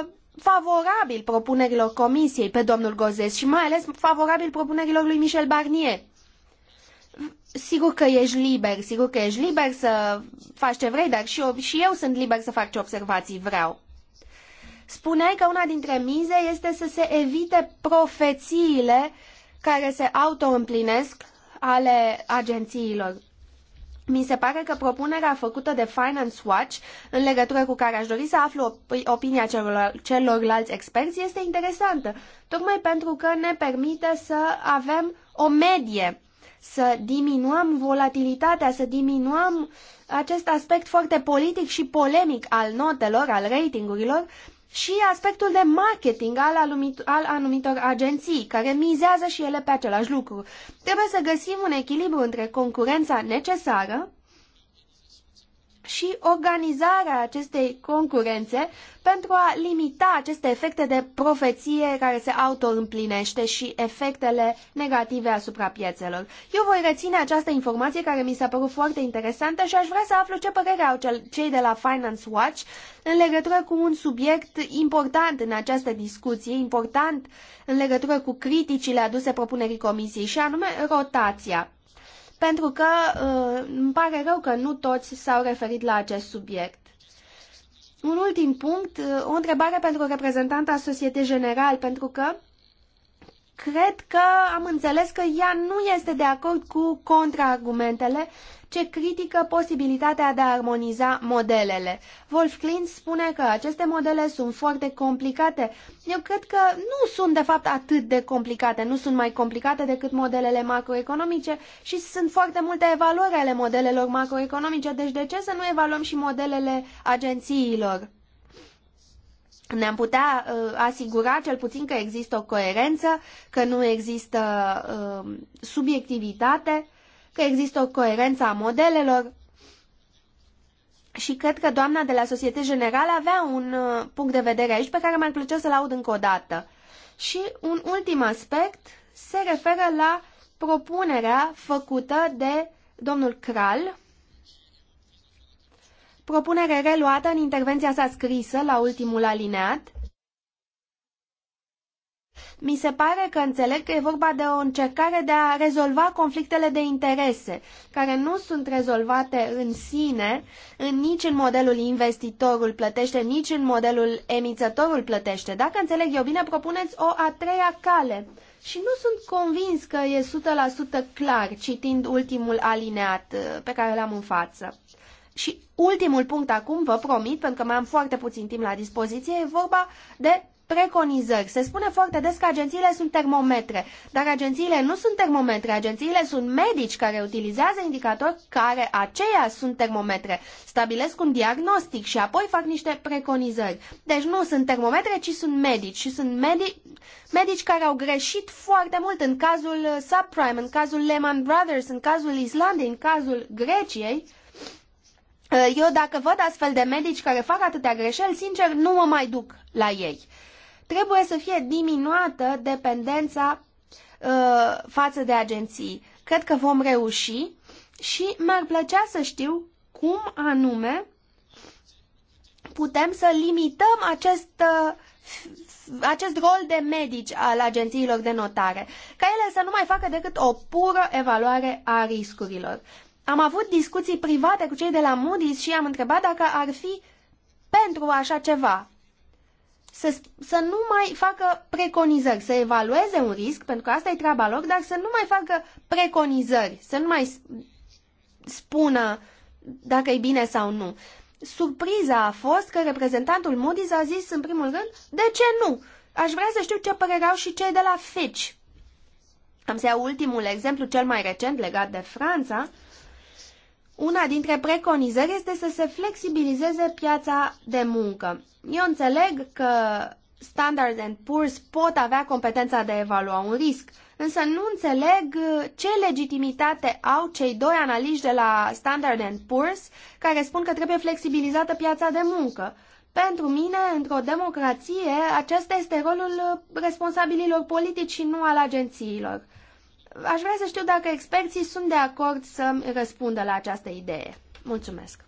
Speaker 2: uh, favorabil propunerilor comisiei pe domnul Gozes și mai ales favorabil propunerilor lui Michel Barnier. Sigur că ești liber, sigur că ești liber să faci ce vrei, dar și eu, și eu sunt liber să fac ce observații vreau. Spuneai că una dintre mize este să se evite profețiile care se autoîmplinesc ale agențiilor. Mi se pare că propunerea făcută de Finance Watch, în legătură cu care aș dori să aflu op- opinia celor, celorlalți experți, este interesantă, tocmai pentru că ne permite să avem o medie, să diminuăm volatilitatea, să diminuăm acest aspect foarte politic și polemic al notelor, al ratingurilor, și aspectul de marketing al, al anumitor agenții, care mizează și ele pe același lucru. Trebuie să găsim un echilibru între concurența necesară și organizarea acestei concurențe pentru a limita aceste efecte de profeție care se autoîmplinește și efectele negative asupra piețelor. Eu voi reține această informație care mi s-a părut foarte interesantă și aș vrea să aflu ce părere au cei de la Finance Watch în legătură cu un subiect important în această discuție, important în legătură cu criticile aduse propunerii comisiei și anume rotația pentru că uh, îmi pare rău că nu toți s-au referit la acest subiect. Un ultim punct, uh, o întrebare pentru reprezentanta Societe General, pentru că cred că am înțeles că ea nu este de acord cu contraargumentele ce critică posibilitatea de a armoniza modelele. Wolf Klintz spune că aceste modele sunt foarte complicate. Eu cred că nu sunt de fapt atât de complicate, nu sunt mai complicate decât modelele macroeconomice și sunt foarte multe evaluări ale modelelor macroeconomice, deci de ce să nu evaluăm și modelele agențiilor? ne-am putea uh, asigura cel puțin că există o coerență, că nu există uh, subiectivitate că există o coerență a modelelor și cred că doamna de la Societe Generală avea un uh, punct de vedere aici pe care mi-ar plăcea să-l aud încă o dată. Și un ultim aspect se referă la propunerea făcută de domnul Kral, propunere reluată în intervenția sa scrisă la ultimul alineat, mi se pare că înțeleg că e vorba de o încercare de a rezolva conflictele de interese, care nu sunt rezolvate în sine, în, nici în modelul investitorul plătește, nici în modelul emițătorul plătește. Dacă înțeleg eu bine, propuneți o a treia cale. Și nu sunt convins că e 100% clar citind ultimul alineat uh, pe care l-am în față. Și ultimul punct acum, vă promit, pentru că mai am foarte puțin timp la dispoziție, e vorba de preconizări. Se spune foarte des că agențiile sunt termometre, dar agențiile nu sunt termometre, agențiile sunt medici care utilizează indicatori care aceia sunt termometre. Stabilesc un diagnostic și apoi fac niște preconizări. Deci nu sunt termometre, ci sunt medici și sunt medici, medici care au greșit foarte mult în cazul subprime, în cazul Lehman Brothers, în cazul Islandei, în cazul Greciei. Eu dacă văd astfel de medici care fac atâtea greșeli, sincer, nu mă mai duc la ei trebuie să fie diminuată dependența uh, față de agenții. Cred că vom reuși și mi-ar plăcea să știu cum anume putem să limităm acest, uh, acest rol de medici al agențiilor de notare, ca ele să nu mai facă decât o pură evaluare a riscurilor. Am avut discuții private cu cei de la Moody's și am întrebat dacă ar fi pentru așa ceva să, să nu mai facă preconizări, să evalueze un risc, pentru că asta e treaba lor, dar să nu mai facă preconizări, să nu mai spună dacă e bine sau nu. Surpriza a fost că reprezentantul Moody's a zis în primul rând, de ce nu? Aș vrea să știu ce părere au și cei de la Fitch. Am să iau ultimul exemplu, cel mai recent, legat de Franța. Una dintre preconizări este să se flexibilizeze piața de muncă. Eu înțeleg că Standard and Poor's pot avea competența de a evalua un risc, însă nu înțeleg ce legitimitate au cei doi analiști de la Standard and Poor's care spun că trebuie flexibilizată piața de muncă. Pentru mine, într-o democrație, acesta este rolul responsabililor politici și nu al agențiilor. Aș vrea să știu dacă experții sunt de acord să răspundă la această idee. Mulțumesc!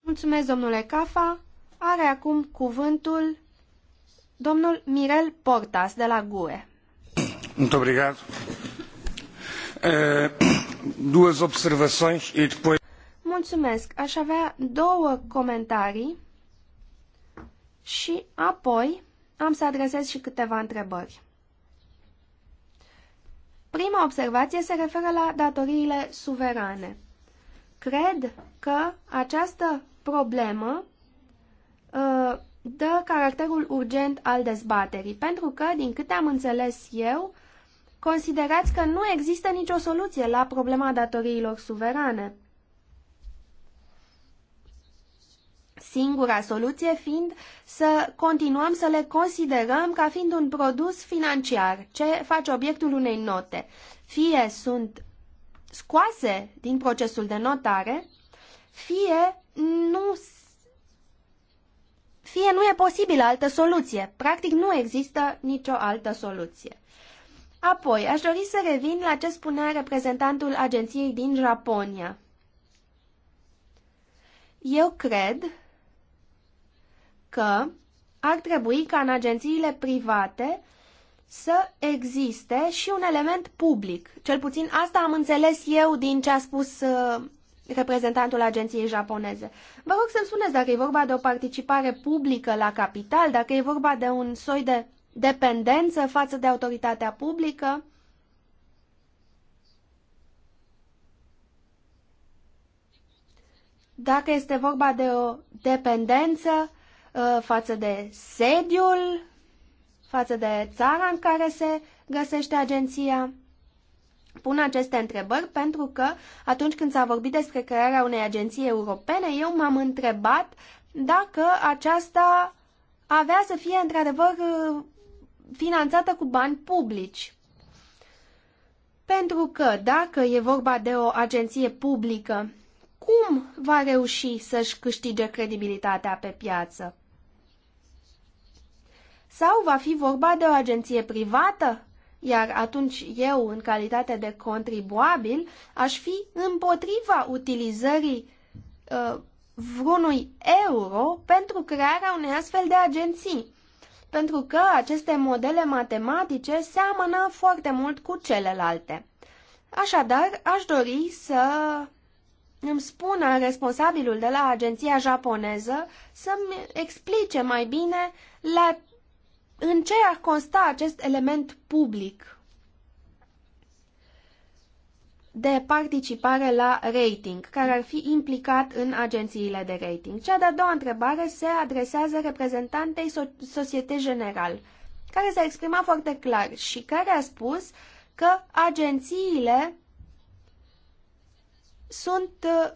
Speaker 2: Mulțumesc, domnule Cafa. Are acum cuvântul domnul Mirel Portas de la GUE.
Speaker 1: Muito obrigado. Uh, duas observações e depois...
Speaker 2: Mulțumesc. Aș avea două comentarii și apoi am să adresez și câteva întrebări. Prima observație se referă la datoriile suverane. Cred că această problemă uh, dă caracterul urgent al dezbaterii, pentru că, din câte am înțeles eu, considerați că nu există nicio soluție la problema datoriilor suverane. Singura soluție fiind să continuăm să le considerăm ca fiind un produs financiar ce face obiectul unei note. Fie sunt scoase din procesul de notare, fie nu fie nu e posibilă altă soluție. Practic nu există nicio altă soluție. Apoi, aș dori să revin la ce spunea reprezentantul agenției din Japonia. Eu cred că ar trebui ca în agențiile private să existe și un element public. Cel puțin asta am înțeles eu din ce a spus uh, reprezentantul agenției japoneze. Vă rog să-mi spuneți dacă e vorba de o participare publică la capital, dacă e vorba de un soi de dependență față de autoritatea publică. Dacă este vorba de o dependență Uh, față de sediul, față de țara în care se găsește agenția? Pun aceste întrebări pentru că atunci când s-a vorbit despre crearea unei agenții europene, eu m-am întrebat dacă aceasta avea să fie într-adevăr finanțată cu bani publici. Pentru că dacă e vorba de o agenție publică, cum va reuși să-și câștige credibilitatea pe piață? Sau va fi vorba de o agenție privată? Iar atunci eu, în calitate de contribuabil, aș fi împotriva utilizării uh, vreunui euro pentru crearea unei astfel de agenții. Pentru că aceste modele matematice seamănă foarte mult cu celelalte. Așadar, aș dori să îmi spună responsabilul de la agenția japoneză să-mi explice mai bine la în ce ar consta acest element public de participare la rating, care ar fi implicat în agențiile de rating. Cea de-a doua întrebare se adresează reprezentantei so- Societe General, care s-a exprimat foarte clar și care a spus că agențiile sunt uh,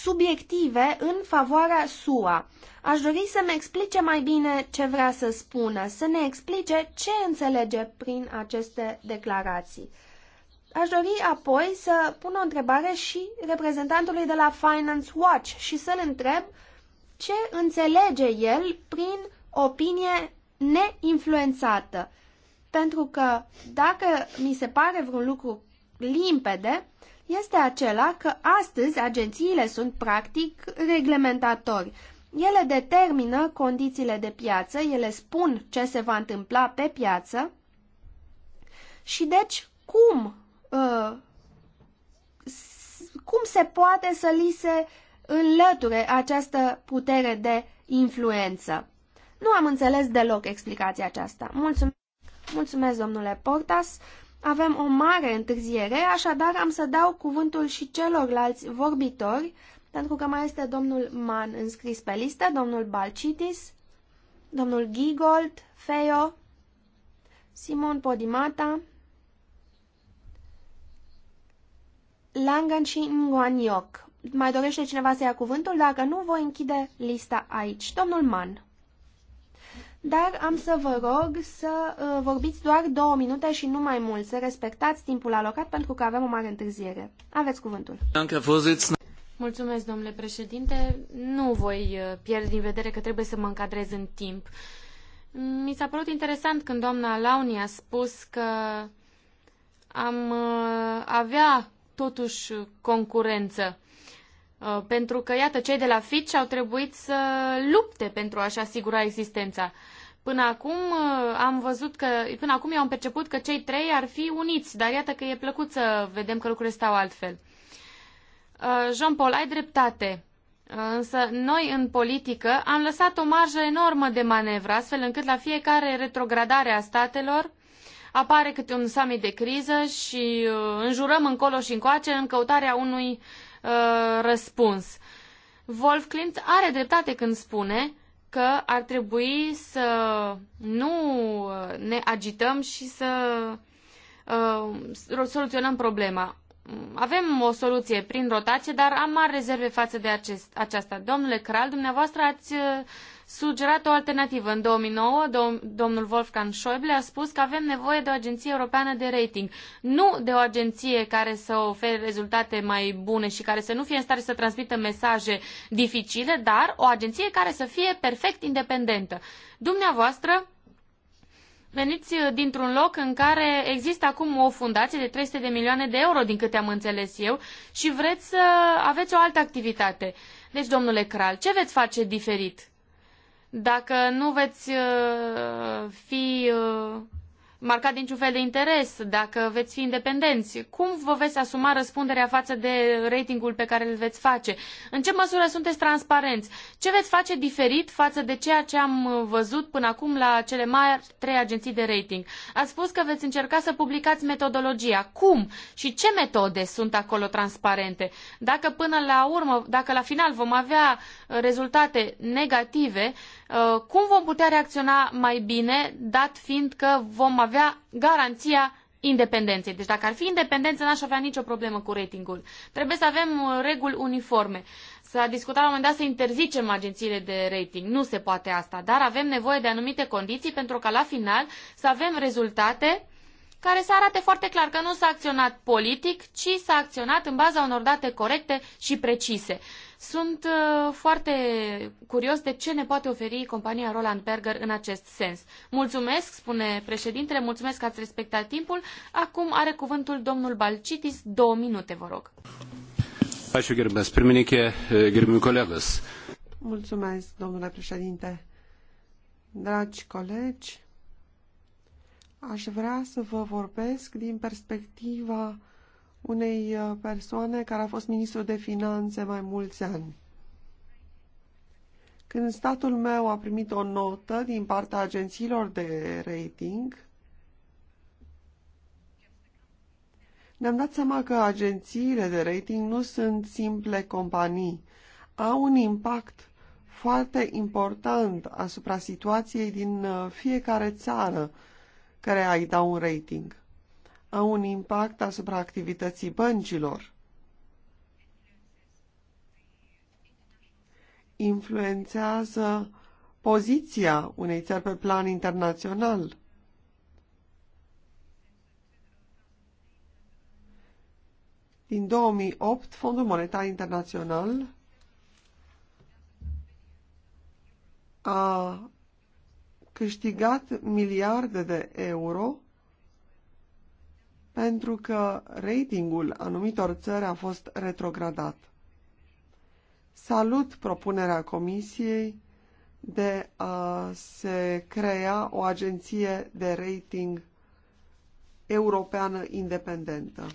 Speaker 2: subiective în favoarea SUA. Aș dori să-mi explice mai bine ce vrea să spună, să ne explice ce înțelege prin aceste declarații. Aș dori apoi să pun o întrebare și reprezentantului de la Finance Watch și să-l întreb ce înțelege el prin opinie neinfluențată. Pentru că dacă mi se pare vreun lucru limpede, este acela că astăzi agențiile sunt practic reglementatori. Ele determină condițiile de piață, ele spun ce se va întâmpla pe piață și deci cum, uh, cum se poate să li se înlăture această putere de influență. Nu am înțeles deloc explicația aceasta. Mulțumesc, Mulțumesc domnule Portas. Avem o mare întârziere, așadar am să dau cuvântul și celorlalți vorbitori, pentru că mai este domnul Man înscris pe listă, domnul Balcitis, domnul Gigold, Feo, Simon Podimata, Langan și Nguaniok. Mai dorește cineva să ia cuvântul? Dacă nu, voi închide lista aici. Domnul Mann dar am să vă rog să uh, vorbiți doar două minute și nu mai mult, să respectați timpul alocat pentru că avem o mare întârziere. Aveți cuvântul.
Speaker 3: Mulțumesc, domnule președinte. Nu voi uh, pierde din vedere că trebuie să mă încadrez în timp. Mi s-a părut interesant când doamna Launi a spus că am uh, avea totuși concurență Uh, pentru că, iată, cei de la Fitch au trebuit să lupte pentru a-și asigura existența. Până acum uh, am văzut că, până acum eu am perceput că cei trei ar fi uniți, dar iată că e plăcut să vedem că lucrurile stau altfel. Uh, Jean-Paul, ai dreptate. Însă noi în politică am lăsat o marjă enormă de manevră, astfel încât la fiecare retrogradare a statelor apare câte un summit de criză și înjurăm încolo și încoace în căutarea unui uh, Uh, răspuns. Wolf Klimt are dreptate când spune că ar trebui să nu ne agităm și să uh, soluționăm problema. Avem o soluție prin rotație, dar am mari rezerve față de acest, aceasta. Domnule Kral, dumneavoastră ați uh, sugerat o alternativă. În 2009, dom domnul Wolfgang Schäuble a spus că avem nevoie de o agenție europeană de rating, nu de o agenție care să ofere rezultate mai bune și care să nu fie în stare să transmită mesaje dificile, dar o agenție care să fie perfect independentă. Dumneavoastră, Veniți uh, dintr-un loc în care există acum o fundație de 300 de milioane de euro, din câte am înțeles eu, și vreți să aveți o altă activitate. Deci, domnule Kral, ce veți face diferit? dacă nu veți uh, fi uh, marcat niciun fel de interes, dacă veți fi independenți, cum vă veți asuma răspunderea față de ratingul pe care îl veți face? În ce măsură sunteți transparenți? Ce veți face diferit față de ceea ce am uh, văzut până acum la cele mai trei agenții de rating? Ați spus că veți încerca să publicați metodologia. Cum și ce metode sunt acolo transparente? Dacă până la urmă, dacă la final vom avea rezultate negative, Uh, cum vom putea reacționa mai bine, dat fiind că vom avea garanția independenței. Deci dacă ar fi independență, n-aș avea nicio problemă cu ratingul. Trebuie să avem uh, reguli uniforme. S-a discutat la un moment dat să interzicem agențiile de rating. Nu se poate asta, dar avem nevoie de anumite condiții pentru ca la final să avem rezultate care să arate foarte clar că nu s-a acționat politic, ci s-a acționat în baza unor date corecte și precise. Sunt uh, foarte curios de ce ne poate oferi compania Roland Berger în acest sens. Mulțumesc, spune președintele, mulțumesc că ați respectat timpul. Acum are cuvântul domnul Balcitis, două minute, vă rog.
Speaker 1: Mulțumesc, domnule președinte. Dragi colegi, aș vrea să vă vorbesc din perspectiva unei uh, persoane care a fost ministru de finanțe mai mulți ani. Când statul meu a primit o notă din partea agențiilor de rating, ne-am dat seama că agențiile de rating nu sunt simple companii. Au un impact foarte important asupra situației din uh, fiecare țară care ai da un rating au un impact asupra activității băncilor. Influențează poziția unei țări pe plan internațional. Din 2008, Fondul Monetar Internațional a câștigat miliarde de euro pentru că ratingul anumitor țări a fost retrogradat. Salut propunerea Comisiei de a se crea o agenție de rating europeană independentă.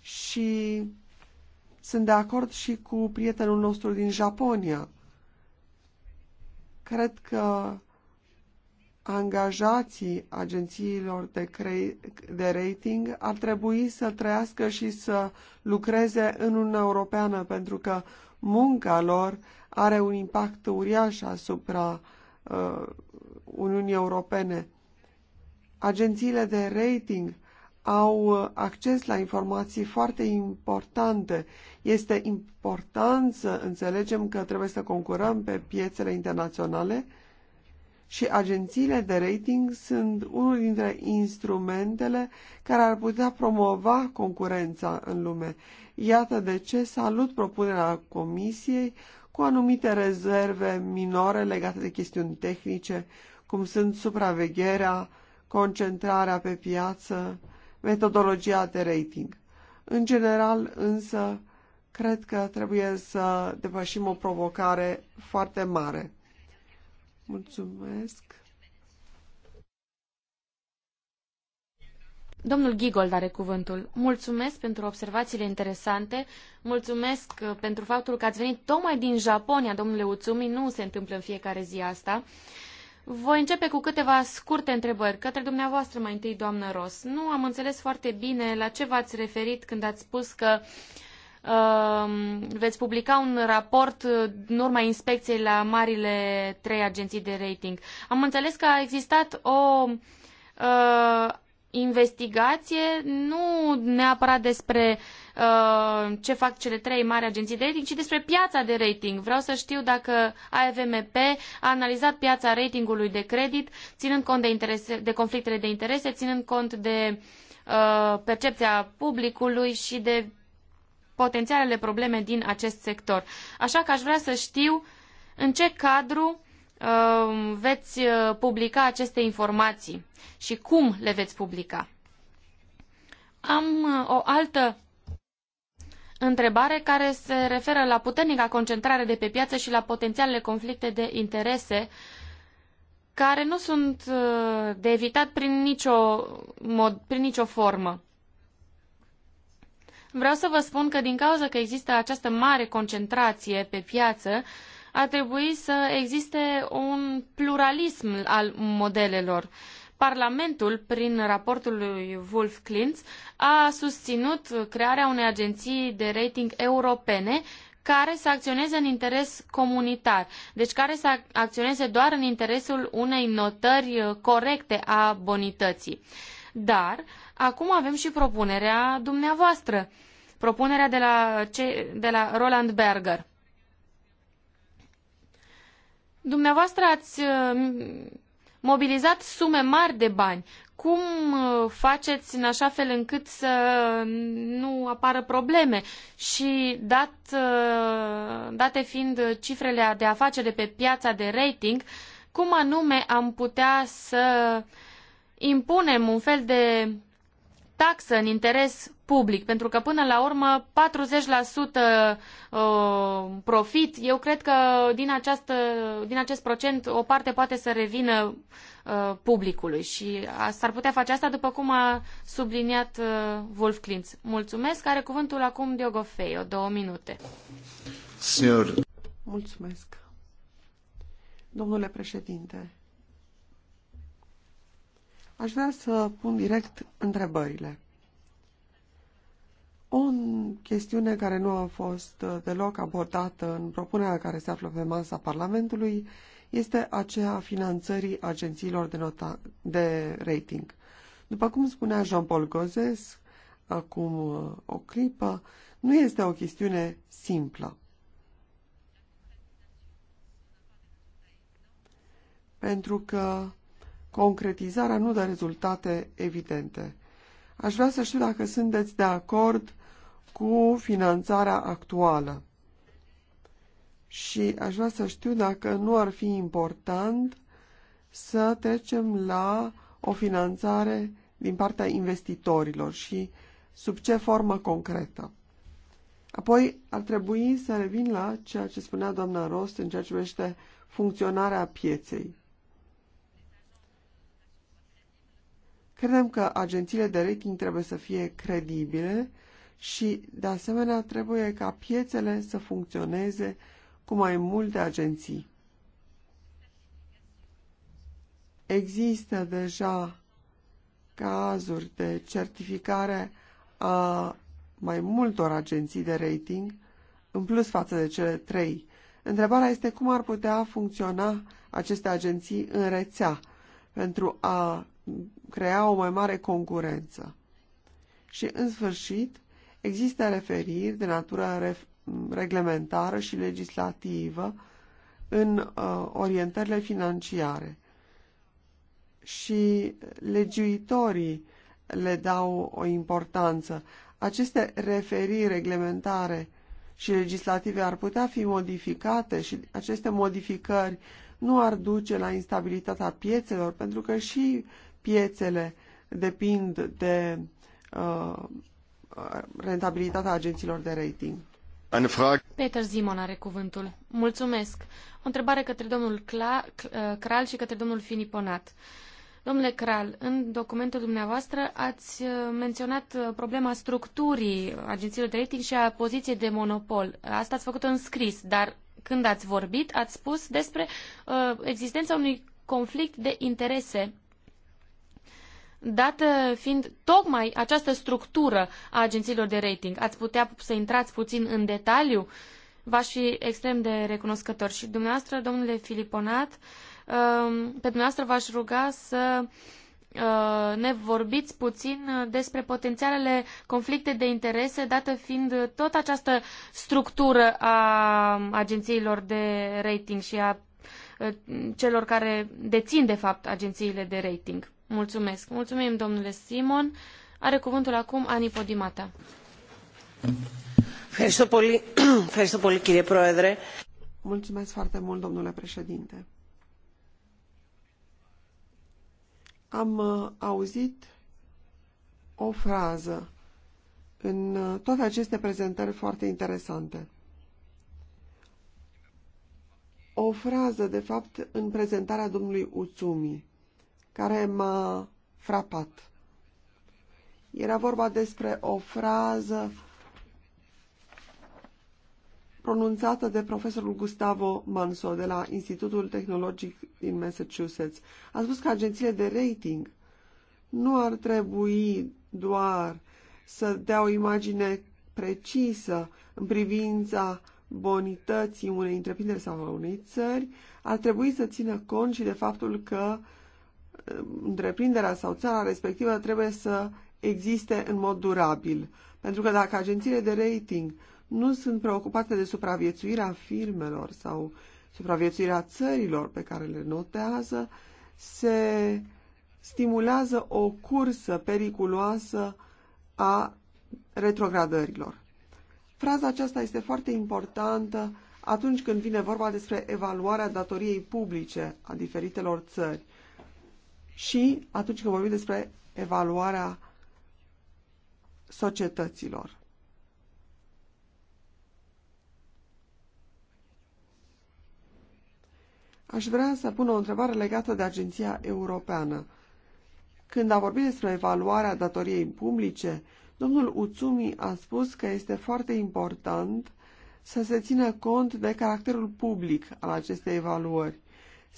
Speaker 1: Și sunt de acord și cu prietenul nostru din Japonia. Cred că angajații agențiilor de, de rating ar trebui să trăiască și să lucreze în Uniunea Europeană, pentru că munca lor are un impact uriaș asupra uh, Uniunii Europene. Agențiile de rating au uh, acces la informații foarte importante. Este important să înțelegem că trebuie să concurăm pe piețele internaționale și agențiile de rating sunt unul dintre instrumentele care ar putea promova concurența în lume. Iată de ce salut propunerea Comisiei cu anumite rezerve minore legate de chestiuni tehnice, cum sunt supravegherea, concentrarea pe piață, metodologia de rating. În general, însă, cred că trebuie să depășim o provocare foarte mare. Mulțumesc.
Speaker 3: Domnul Gigold are cuvântul. Mulțumesc pentru observațiile interesante, mulțumesc uh, pentru faptul că ați venit tocmai din Japonia, domnule Utsumi, nu se întâmplă în fiecare zi asta. Voi începe cu câteva scurte întrebări către dumneavoastră mai întâi, doamnă Ros. Nu am înțeles foarte bine la ce v-ați referit când ați spus că uh, Um, veți publica un raport în urma inspecției la marile trei agenții de rating. Am înțeles că a existat o uh, investigație, nu neapărat despre uh, ce fac cele trei mari agenții de rating, ci despre piața de rating. Vreau să știu dacă AFMP a analizat piața ratingului de credit, ținând cont de, interese, de conflictele de interese, ținând cont de uh, percepția publicului și de potențialele probleme din acest sector. Așa că aș vrea să știu în ce cadru uh, veți uh, publica aceste informații și cum le veți publica. Am uh, o altă întrebare care se referă la puternica concentrare de pe piață și la potențialele conflicte de interese care nu sunt de evitat prin nicio, mod, prin nicio formă. Vreau să vă spun că din cauza că există această mare concentrație pe piață, ar trebui să existe un pluralism al modelelor. Parlamentul, prin raportul lui Wolf Klintz, a susținut crearea unei agenții de rating europene care să acționeze în interes comunitar, deci care să acționeze doar în interesul unei notări corecte a bonității. Dar acum avem și propunerea dumneavoastră propunerea de la, ce, de la Roland Berger. Dumneavoastră ați uh, mobilizat sume mari de bani. Cum uh, faceți în așa fel încât să nu apară probleme? Și dat, uh, date fiind cifrele de afacere pe piața de rating, cum anume am putea să impunem un fel de taxă în interes public, pentru că până la urmă 40% uh, profit, eu cred că din, această, din acest procent o parte poate să revină uh, publicului și s-ar putea face asta după cum a subliniat uh, Wolf Klintz. Mulțumesc, are cuvântul acum Diogo Feio,
Speaker 1: două minute. Senior. Mulțumesc. Domnule președinte, Aș vrea să pun direct întrebările. O chestiune care nu a fost uh, deloc abordată în propunerea care se află pe masa Parlamentului este aceea a finanțării agențiilor de, nota, de rating. După cum spunea Jean-Paul Gozes acum uh, o clipă, nu este o chestiune simplă. Pentru că concretizarea nu dă rezultate evidente. Aș vrea să știu dacă sunteți de acord cu finanțarea actuală. Și aș vrea să știu dacă nu ar fi important să trecem la o finanțare din partea investitorilor și sub ce formă concretă. Apoi ar trebui să revin la ceea ce spunea doamna Rost în ceea ce privește funcționarea pieței. Credem că agențiile de rating trebuie să fie credibile și, de asemenea, trebuie ca piețele să funcționeze cu mai multe agenții. Există deja cazuri de certificare a mai multor agenții de rating, în plus față de cele trei. Întrebarea este cum ar putea funcționa aceste agenții în rețea pentru a crea o mai mare concurență. Și, în sfârșit, există referiri de natură reglementară și legislativă în uh, orientările financiare. Și legiuitorii le dau o importanță. Aceste referiri reglementare și legislative ar putea fi modificate și aceste modificări nu ar duce la instabilitatea piețelor, pentru că și uh, piețele depind de uh, rentabilitatea agențiilor de rating.
Speaker 3: Peter Zimon are cuvântul. Mulțumesc. O întrebare către domnul Cla, uh, Kral și către domnul Finiponat. Domnule Kral, în documentul dumneavoastră ați uh, menționat uh, problema structurii agențiilor de rating și a poziției de monopol. Asta ați făcut-o în scris, dar când ați vorbit, ați spus despre uh, existența unui conflict de interese dată fiind tocmai această structură a agențiilor de rating. Ați putea să intrați puțin în detaliu? V-aș fi extrem de recunoscător. Și dumneavoastră, domnule Filiponat, um, pe dumneavoastră v-aș ruga să uh, ne vorbiți puțin despre potențialele conflicte de interese, dată fiind tot această structură a agențiilor de rating și a uh, celor care dețin, de fapt, agențiile de rating. Mulțumesc. Mulțumim, domnule Simon. Are cuvântul acum Ani Podimata.
Speaker 1: Mulțumesc foarte mult, domnule președinte. Am uh, auzit o frază în uh, toate aceste prezentări foarte interesante. O frază, de fapt, în prezentarea domnului Utsumi care m-a frapat. Era vorba despre o frază pronunțată de profesorul Gustavo Manso de la Institutul Tehnologic din Massachusetts. A spus că agențiile de rating nu ar trebui doar să dea o imagine precisă în privința bonității unei întreprinderi sau a unei țări, ar trebui să țină cont și de faptul că uh, întreprinderea sau țara respectivă trebuie să existe în mod durabil. Pentru că dacă agențiile de rating nu sunt preocupate de supraviețuirea firmelor sau supraviețuirea țărilor pe care le notează, se stimulează o cursă periculoasă a retrogradărilor. Fraza aceasta este foarte importantă atunci când vine vorba despre evaluarea datoriei publice a diferitelor țări și atunci când vorbim despre evaluarea societăților. Aș vrea să pun o întrebare legată de Agenția Europeană. Când a vorbit despre evaluarea datoriei publice, domnul Utsumi a spus că este foarte important să se țină cont de caracterul public al acestei evaluări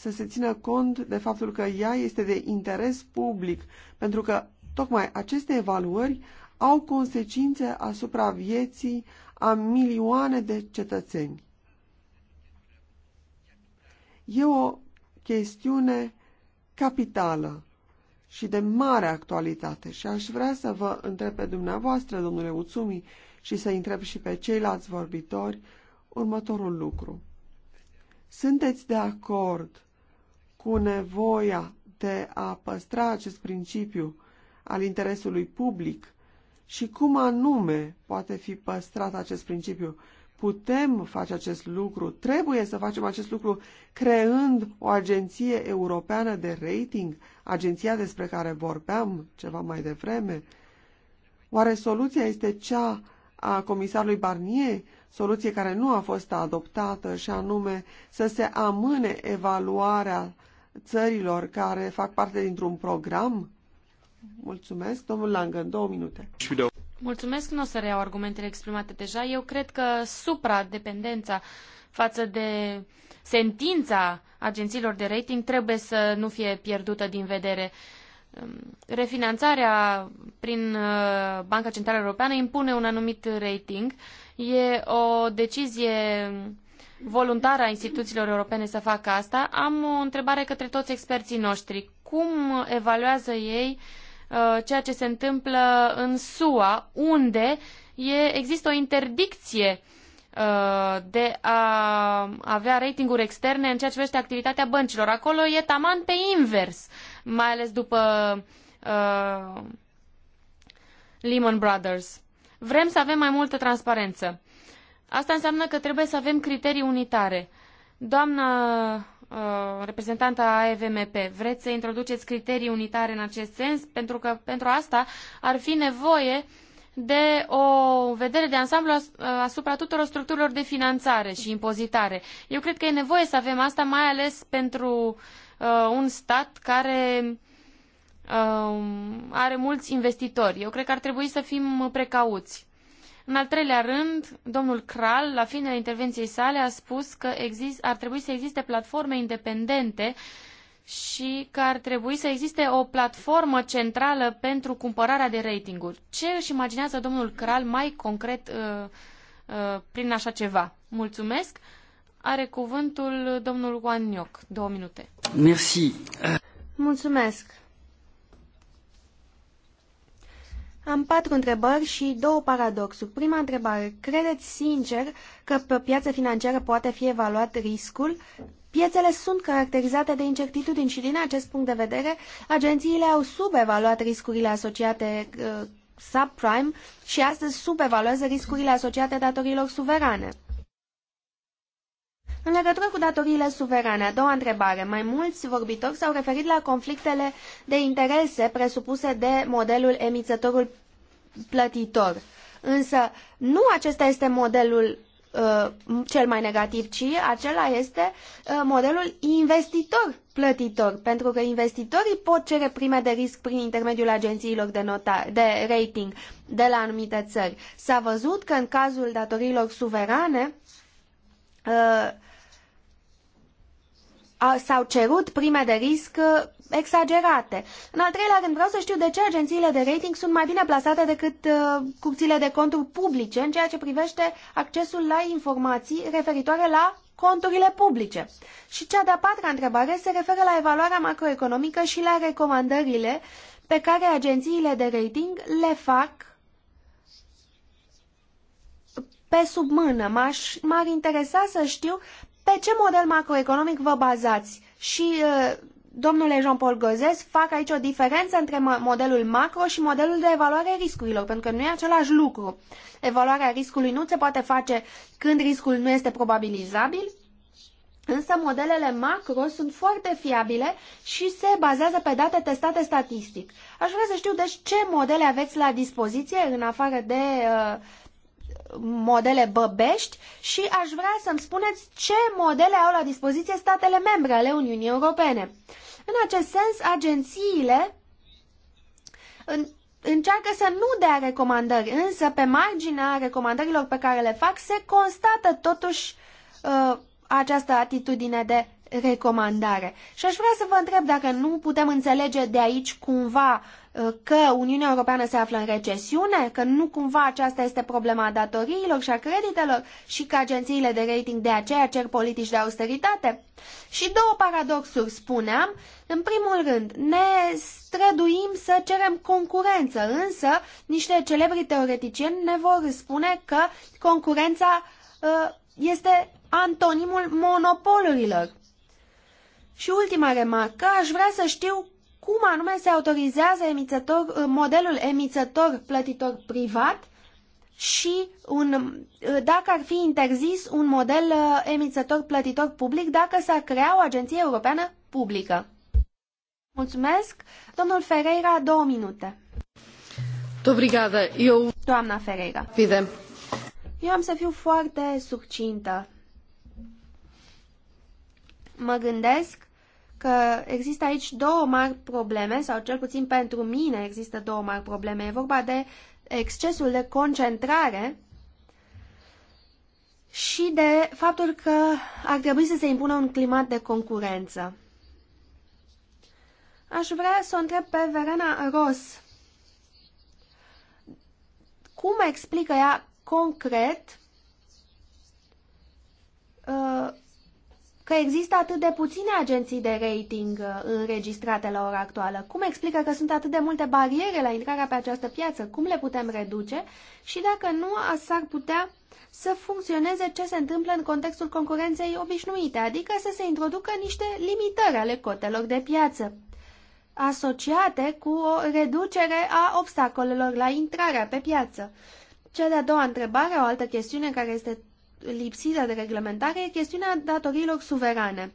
Speaker 1: să se țină cont de faptul că ea este de interes public, pentru că tocmai aceste evaluări au consecințe asupra vieții a milioane de cetățeni. E o chestiune capitală și de mare actualitate și aș vrea să vă întreb pe dumneavoastră, domnule Uțumi, și să întreb și pe ceilalți vorbitori următorul lucru. Sunteți de acord cu nevoia de a păstra acest principiu al interesului public și cum anume poate fi păstrat acest principiu. Putem face acest lucru, trebuie să facem acest lucru creând o agenție europeană de rating, agenția despre care vorbeam ceva mai devreme. Oare soluția este cea a comisarului Barnier, soluție care nu a fost adoptată și anume să se amâne evaluarea țărilor care fac parte dintr-un program? Mulțumesc. Domnul Langă, în două minute.
Speaker 3: Mulțumesc, nu o să reiau argumentele exprimate deja. Eu cred că supra dependența față de sentința agențiilor de rating trebuie să nu fie pierdută din vedere. Um, refinanțarea prin uh, Banca Centrală Europeană impune un anumit rating. E o decizie voluntară a instituțiilor europene să facă asta, am o întrebare către toți experții noștri. Cum evaluează ei uh, ceea ce se întâmplă în SUA, unde e, există o interdicție uh, de a avea ratinguri externe în ceea ce privește activitatea băncilor. Acolo e taman pe invers, mai ales după uh, Lehman Brothers. Vrem să avem mai multă transparență. Asta înseamnă că trebuie să avem criterii unitare. Doamna uh, reprezentanta AEVMP, vreți să introduceți criterii unitare în acest sens? Pentru că pentru asta ar fi nevoie de o vedere de ansamblu uh, asupra tuturor structurilor de finanțare și impozitare. Eu cred că e nevoie să avem asta, mai ales pentru uh, un stat care uh, are mulți investitori. Eu cred că ar trebui să fim precauți. În al treilea rând, domnul Kral, la finele intervenției sale, a spus că exist, ar trebui să existe platforme independente și că ar trebui să existe o platformă centrală pentru cumpărarea de ratinguri. Ce își imaginează domnul Kral mai concret uh, uh, prin așa ceva? Mulțumesc. Are cuvântul domnul Juan Nioc. Două minute. Merci. Mulțumesc.
Speaker 2: Am patru întrebări și două paradoxuri. Prima întrebare. Credeți sincer că pe o piață financiară poate fi evaluat riscul? Piețele sunt caracterizate de incertitudini și din acest punct de vedere, agențiile au subevaluat riscurile asociate uh, subprime și astăzi subevaluează riscurile asociate datorilor suverane. În legătură cu datoriile suverane, a doua întrebare, mai mulți vorbitori s-au referit la conflictele de interese presupuse de modelul emițătorul plătitor. Însă nu acesta este modelul uh, cel mai negativ, ci acela este uh, modelul investitor-plătitor, pentru că investitorii pot cere prime de risc prin intermediul agențiilor de, nota, de rating de la anumite țări. S-a văzut că în cazul datoriilor suverane, uh, s-au cerut prime de risc uh, exagerate. În al treilea rând, vreau să știu de ce agențiile de rating sunt mai bine plasate decât uh, curțile de conturi publice în ceea ce privește accesul la informații referitoare la conturile publice. Și cea de-a patra întrebare se referă la evaluarea macroeconomică și la recomandările pe care agențiile de rating le fac pe sub mână. m-ar interesa să știu pe ce model macroeconomic vă bazați? Și, domnule Jean-Paul Gozes, fac aici o diferență între modelul macro și modelul de evaluare a riscurilor, pentru că nu e același lucru. Evaluarea riscului nu se poate face când riscul nu este probabilizabil, Însă modelele macro sunt foarte fiabile și se bazează pe date testate statistic. Aș vrea să știu, deci, ce modele aveți la dispoziție în afară de uh, modele băbești și aș vrea să-mi spuneți ce modele au la dispoziție statele membre ale Uniunii Europene. În acest sens, agențiile în, încearcă să nu dea recomandări, însă pe marginea recomandărilor pe care le fac se constată totuși uh, această atitudine de recomandare. Și aș vrea să vă întreb dacă nu putem înțelege de aici cumva că Uniunea Europeană se află în recesiune, că nu cumva aceasta este problema datoriilor și a creditelor și că agențiile de rating de aceea cer politici de austeritate? Și două paradoxuri spuneam. În primul rând, ne străduim să cerem concurență, însă niște celebri teoreticieni ne vor spune că concurența ă, este antonimul monopolurilor. Și ultima remarcă, aș vrea să știu cum anume se autorizează emițător, uh, modelul emițător-plătitor privat și un, uh, dacă ar fi interzis un model uh, emițător-plătitor public dacă s-ar crea o agenție europeană publică. Mulțumesc. Domnul Ferreira, două minute. Obrigada. Eu... Doamna Ferreira. Pide. Eu am să fiu foarte succintă. Mă gândesc că există aici două mari probleme, sau cel puțin pentru mine există două mari probleme. E vorba de excesul de concentrare și de faptul că ar trebui să se impună un climat de concurență. Aș vrea să o întreb pe Verena Ros. Cum explică ea concret uh, că există atât de puține agenții de rating uh, înregistrate la ora actuală? Cum explică că sunt atât de multe bariere la intrarea pe această piață? Cum le putem reduce? Și dacă nu, s-ar putea să funcționeze ce se întâmplă în contextul concurenței obișnuite, adică să se introducă niște limitări ale cotelor de piață asociate cu o reducere a obstacolelor la intrarea pe piață. Cea de-a doua întrebare, o altă chestiune care este lipsită de reglementare e chestiunea datoriilor suverane.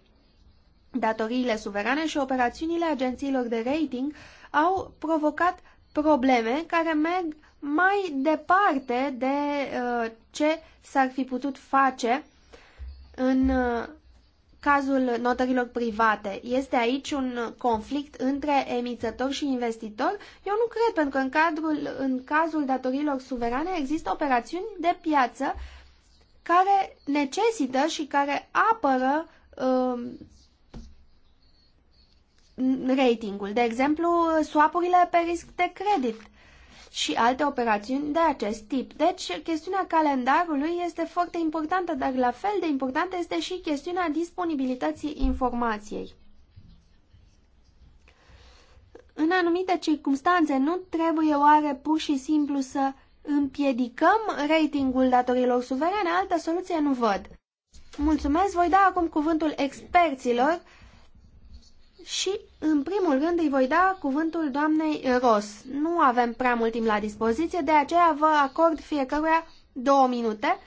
Speaker 2: Datoriile suverane și operațiunile agențiilor de rating au provocat probleme care merg mai departe de uh, ce s-ar fi putut face în uh, cazul notărilor private. Este aici un conflict între emițător și investitor? Eu nu cred, pentru că în, cadrul, în cazul datoriilor suverane există operațiuni de piață uh, care necesită și care apără uh, ratingul, de exemplu swapurile pe risc de credit și alte operațiuni de acest tip. Deci, chestiunea calendarului este foarte importantă, dar la fel de importantă este și chestiunea disponibilității informației. În anumite circunstanțe, nu trebuie oare pur și simplu să împiedicăm ratingul datorilor suverane, altă soluție nu văd. Mulțumesc, voi da acum cuvântul experților și, în primul rând, îi voi da cuvântul doamnei Ros. Nu avem prea mult timp la dispoziție, de aceea vă acord fiecăruia două minute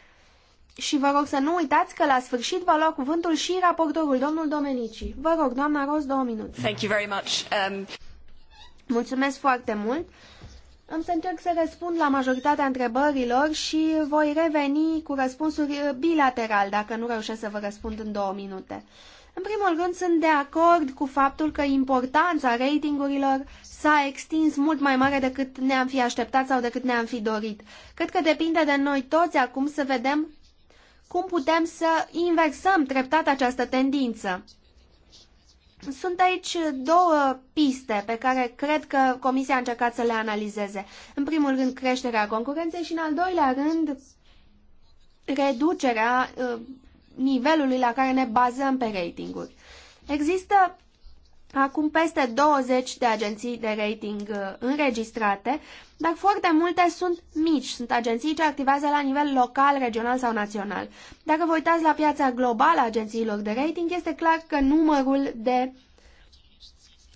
Speaker 2: și vă rog să nu uitați că la sfârșit va lua cuvântul și raportorul, domnul Domenici. Vă rog, doamna Ros, două minute. Thank you very much. Um... Mulțumesc foarte mult. Uh, am să încerc să răspund la majoritatea întrebărilor și voi reveni cu răspunsuri uh, bilateral dacă nu reușesc să vă răspund în două minute. În primul rând, sunt de acord cu faptul că importanța ratingurilor s-a extins mult mai mare decât ne-am fi așteptat sau decât ne-am fi dorit. Cred că depinde de noi toți acum să vedem cum putem să inversăm treptat această tendință. Sunt aici două piste pe care cred că Comisia a încercat să le analizeze. În primul rând, creșterea concurenței și, în al doilea rând, reducerea uh, nivelului la care ne bazăm pe ratinguri. Există acum peste 20 de agenții de rating uh, înregistrate, dar foarte multe sunt mici, sunt agenții ce activează la nivel local, regional sau național. Dacă vă uitați la piața globală a agențiilor de rating, este clar că numărul de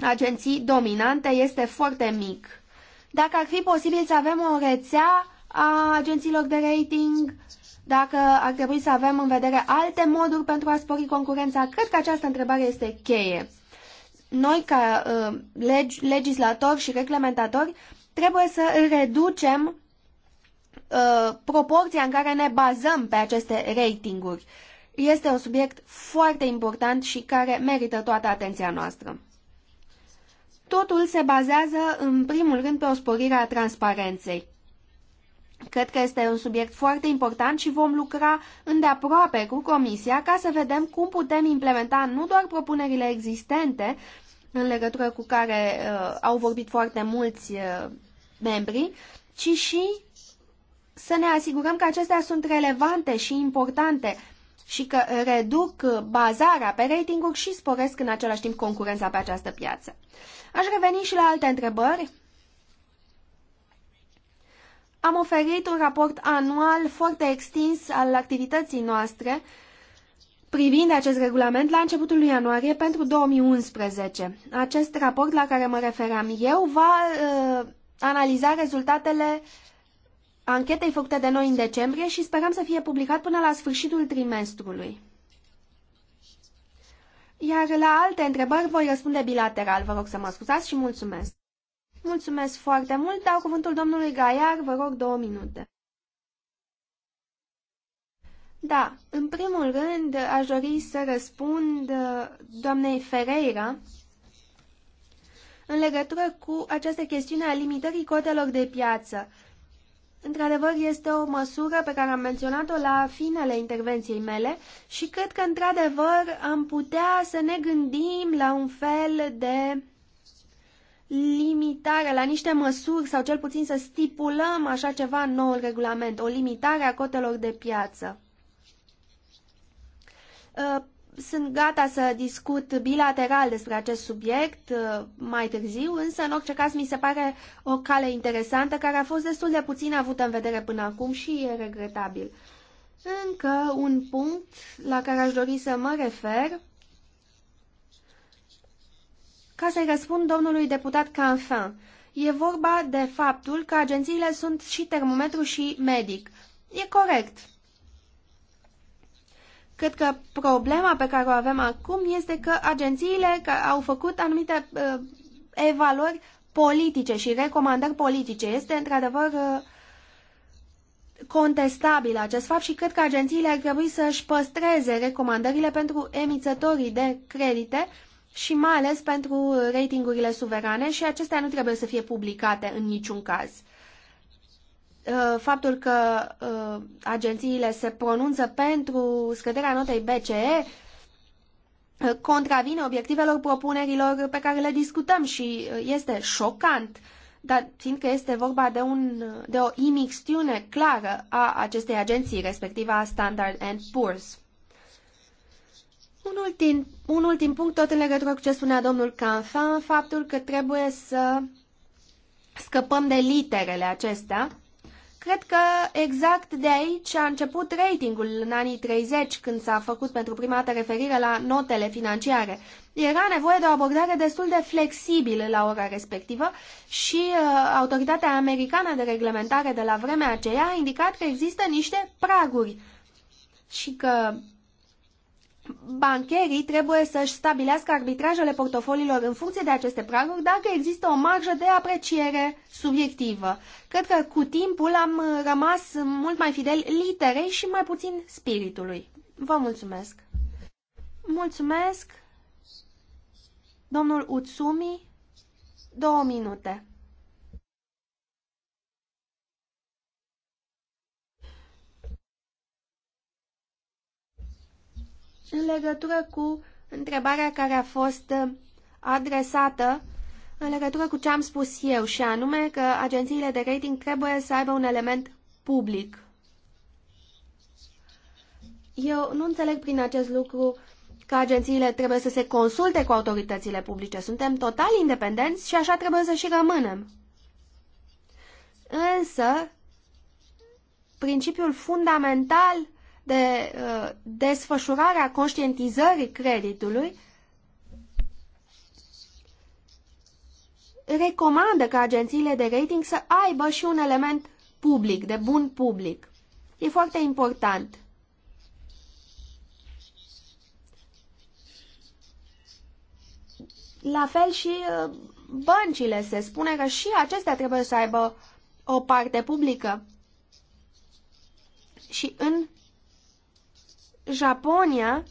Speaker 2: agenții dominante este foarte mic. Dacă ar fi posibil să avem o rețea a agențiilor de rating, dacă ar trebui să avem în vedere alte moduri pentru a spori concurența, cred că această întrebare este cheie noi ca ă, legislatori și reglementatori trebuie să reducem uh, proporția în care ne bazăm pe aceste ratinguri. Este un subiect foarte important și care merită toată atenția noastră. Totul se bazează în primul rând pe o sporire a transparenței. Cred că este un subiect foarte important și vom lucra îndeaproape cu Comisia ca să vedem cum putem implementa nu doar propunerile existente, în legătură cu care uh, au vorbit foarte mulți uh, membri, ci și să ne asigurăm că acestea sunt relevante și importante și că reduc bazarea pe rating și sporesc în același timp concurența pe această piață. Aș reveni și la alte întrebări am oferit un raport anual foarte extins al activității noastre privind acest regulament la începutul lui ianuarie pentru 2011. Acest raport la care mă refeream eu va uh, analiza rezultatele anchetei făcute de noi în decembrie și sperăm să fie publicat până la sfârșitul trimestrului. Iar la alte întrebări voi răspunde bilateral. Vă rog să mă scuzați și mulțumesc. Mulțumesc foarte mult. Dau cuvântul domnului Gaiar. Vă rog două minute. Da, în primul rând aș dori să răspund uh, doamnei Ferreira în legătură cu această chestiune a limitării cotelor de piață. Într-adevăr, este o măsură pe care am menționat-o la finele intervenției mele și cred că, într-adevăr, am putea să ne gândim la un fel de limitare la niște măsuri sau cel puțin să stipulăm așa ceva în noul regulament, o limitare a cotelor de piață. Uh, sunt gata să discut bilateral despre acest subiect uh, mai târziu, însă în orice caz mi se pare o cale interesantă care a fost destul de puțin avută în vedere până acum și e regretabil. Încă un punct la care aș dori să mă refer ca să-i răspund domnului deputat Canfin, e vorba de faptul că agențiile sunt și termometru și medic. E corect. Cred că problema pe care o avem acum este că agențiile au făcut anumite uh, evaluări politice și recomandări politice. Este într-adevăr uh, contestabil acest fapt și cred că agențiile ar trebui să-și păstreze recomandările pentru emițătorii de credite uh, și mai ales pentru ratingurile suverane și acestea nu trebuie să fie publicate în niciun caz. Uh, faptul că uh, agențiile se pronunță pentru scăderea notei BCE uh, contravine obiectivelor propunerilor pe care le discutăm și este șocant, dar fiindcă este vorba de, un, de o imixtiune clară a acestei agenții, respectiv a Standard Poor's. Un ultim, un ultim punct, tot în legătură cu ce spunea domnul Canfan, faptul că trebuie să scăpăm de literele acestea. Cred că exact de aici a început ratingul în anii 30, când s-a făcut pentru prima dată referire la notele financiare. Era nevoie de o abordare destul de flexibilă la ora respectivă și uh, autoritatea americană de reglementare de la vremea aceea a indicat că există niște praguri și că bancherii trebuie să-și stabilească arbitrajele portofoliilor în funcție de aceste praguri dacă există o marjă de apreciere subiectivă. Cred că cu timpul am rămas mult mai fidel literei și mai puțin spiritului. Vă mulțumesc! Mulțumesc! Domnul Utsumi, două minute. În legătură cu întrebarea care a fost uh, adresată în legătură cu ce am spus eu, și anume că agențiile de rating trebuie să aibă un element public. Eu nu înțeleg prin acest lucru că agențiile trebuie să se consulte cu autoritățile publice. Suntem total independenți și așa trebuie să și rămânem. Însă, principiul fundamental de uh, desfășurarea conștientizării creditului, recomandă ca agențiile de rating să aibă și un element public, de bun public. E foarte important. La fel și uh, băncile. Se spune că și acestea trebuie să aibă o parte publică. Și în Japonia,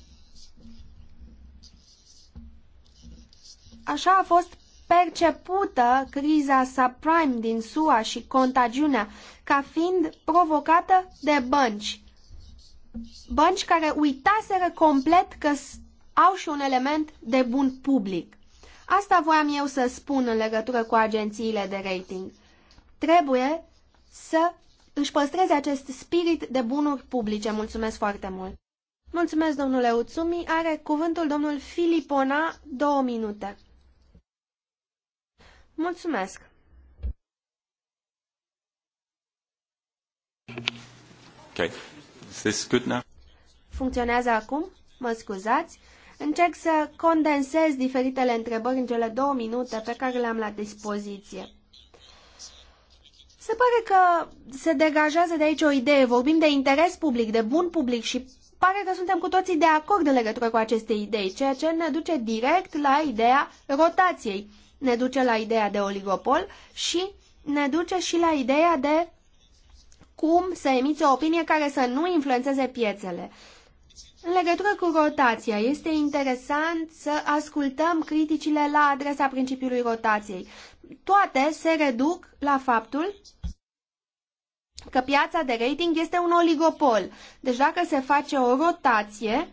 Speaker 2: așa a fost percepută criza subprime din SUA și contagiunea ca fiind provocată de bănci. Bănci care uitaseră complet că au și un element de bun public. Asta voiam eu să spun în legătură cu agențiile de rating. Trebuie să își păstreze acest spirit de bunuri publice. Mulțumesc foarte mult! Mulțumesc, domnule Utsumi. Are cuvântul domnul Filipona, două minute. Mulțumesc.
Speaker 1: Okay. Is this good now?
Speaker 2: Funcționează acum? Mă scuzați. Încerc să condensez diferitele întrebări în cele două minute pe care le-am la dispoziție. Se pare că se degajează de aici o idee. Vorbim de interes public, de bun public și pare că suntem cu toții de acord în legătură cu aceste idei, ceea ce ne duce direct la ideea rotației, ne duce la ideea de oligopol și ne duce și la ideea de cum să emiți o opinie care să nu influențeze piețele. În legătură cu rotația, este interesant să ascultăm criticile la adresa principiului rotației. Toate se reduc la faptul că piața de rating este un oligopol. Deci dacă se face o rotație,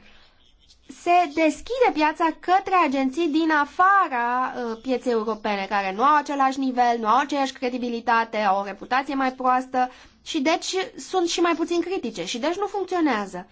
Speaker 2: se deschide piața către agenții din afara uh, pieței europene, care nu au același nivel, nu au aceeași credibilitate, au o reputație mai proastă și deci sunt și mai puțin critice și deci nu funcționează.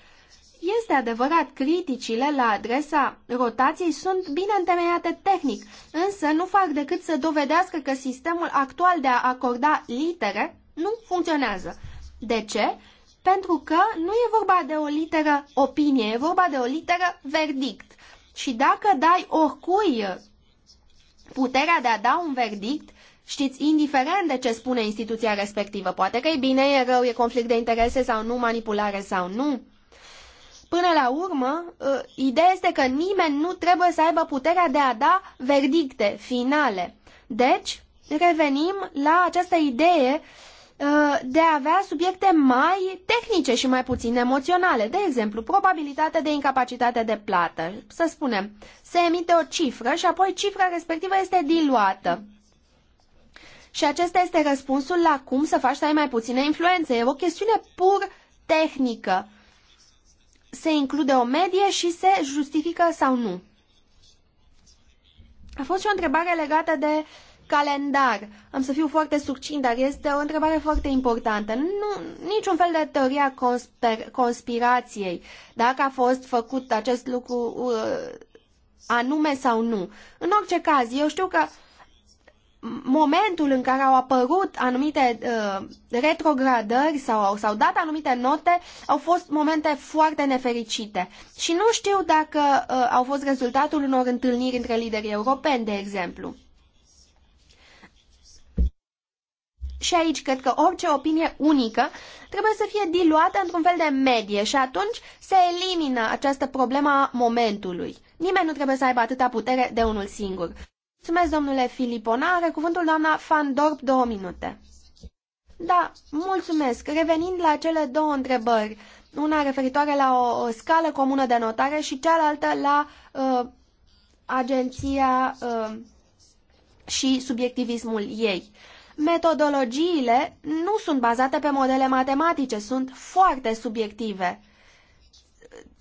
Speaker 2: Este adevărat, criticile la adresa rotației sunt bine întemeiate tehnic, însă nu fac decât să dovedească că sistemul actual de a acorda litere nu funcționează. De ce? Pentru că nu e vorba de o literă opinie, e vorba de o literă verdict. Și dacă dai oricui puterea de a da un verdict, știți, indiferent de ce spune instituția respectivă, poate că e bine, e rău, e conflict de interese sau nu, manipulare sau nu, Până la urmă, ă, ideea este că nimeni nu trebuie să aibă puterea de a da verdicte finale. Deci, revenim la această idee Uh, de a avea subiecte mai tehnice și mai puțin emoționale. De exemplu, probabilitatea de incapacitate de plată. Să spunem, se emite o cifră și apoi cifra respectivă este diluată. Și acesta este răspunsul la cum să faci să ai mai puține influențe. E o chestiune pur tehnică. Se include o medie și se justifică sau nu. A fost și o întrebare legată de uh, calendar. Am să fiu foarte succint, dar este o întrebare foarte importantă. Nu, niciun fel de teoria conspir, conspirației, dacă a fost făcut acest lucru uh, anume sau nu. În orice caz, eu știu că momentul în care au apărut anumite uh, retrogradări sau au, au dat anumite note au fost momente foarte nefericite. Și nu știu dacă uh, au fost rezultatul unor întâlniri între liderii europeni, de exemplu. și aici cred că orice opinie unică trebuie să fie diluată într-un fel de medie și atunci se elimină această problemă a momentului. Nimeni nu trebuie să aibă atâta putere de unul singur. Mulțumesc, domnule Filipona. Are cuvântul doamna Van Dorp două minute. Da, mulțumesc. Revenind la cele două întrebări, una referitoare la o, o scală comună de notare și cealaltă la uh, agenția uh, și subiectivismul ei. Uh, metodologiile nu sunt bazate pe modele matematice, sunt foarte subiective.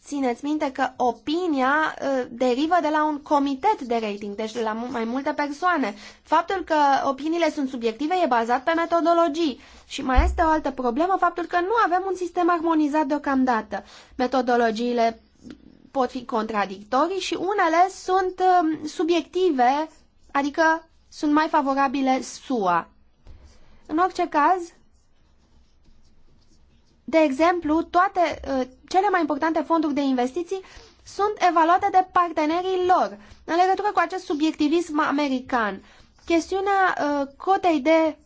Speaker 2: Țineți minte că opinia ă, derivă de la un comitet de rating, deci de la mai multe persoane. Faptul că opiniile sunt subiective e bazat pe metodologii. Și mai este o altă problemă, faptul că nu avem un sistem armonizat deocamdată. Metodologiile pot fi contradictorii și unele sunt ă, subiective, adică sunt mai favorabile SUA. În orice caz, de exemplu, toate uh, cele mai importante fonduri de investiții sunt evaluate de partenerii lor în legătură cu acest subiectivism american. Chestiunea uh, cotei de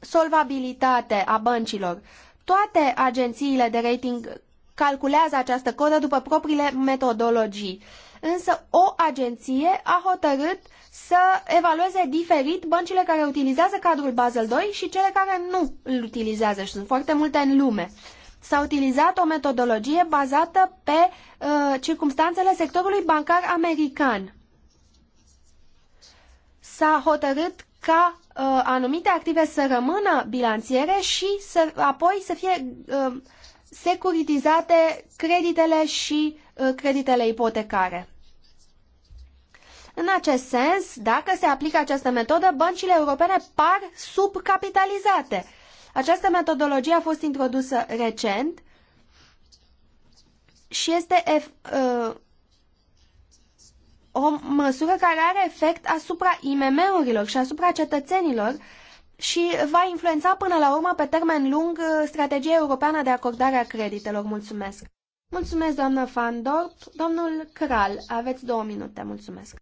Speaker 2: solvabilitate a băncilor. Toate agențiile de rating calculează această cotă după propriile metodologii. Însă o agenție a hotărât uh, să evalueze diferit băncile care utilizează cadrul Basel II și cele care nu îl utilizează și sunt foarte multe în lume. S-a utilizat o metodologie bazată pe uh, circumstanțele sectorului bancar american. S-a hotărât ca uh, anumite active să rămână bilanțiere și să, apoi să fie uh, securitizate creditele și uh, creditele ipotecare. În acest sens, dacă se aplică această metodă, băncile europene par subcapitalizate. Această metodologie a fost introdusă recent și este uh, o măsură care are efect asupra IMM-urilor și asupra cetățenilor și va influența până la urmă pe termen lung uh, strategia europeană de acordare a creditelor. Mulțumesc! Mulțumesc, doamnă Van Domnul Kral, aveți două minute. Mulțumesc!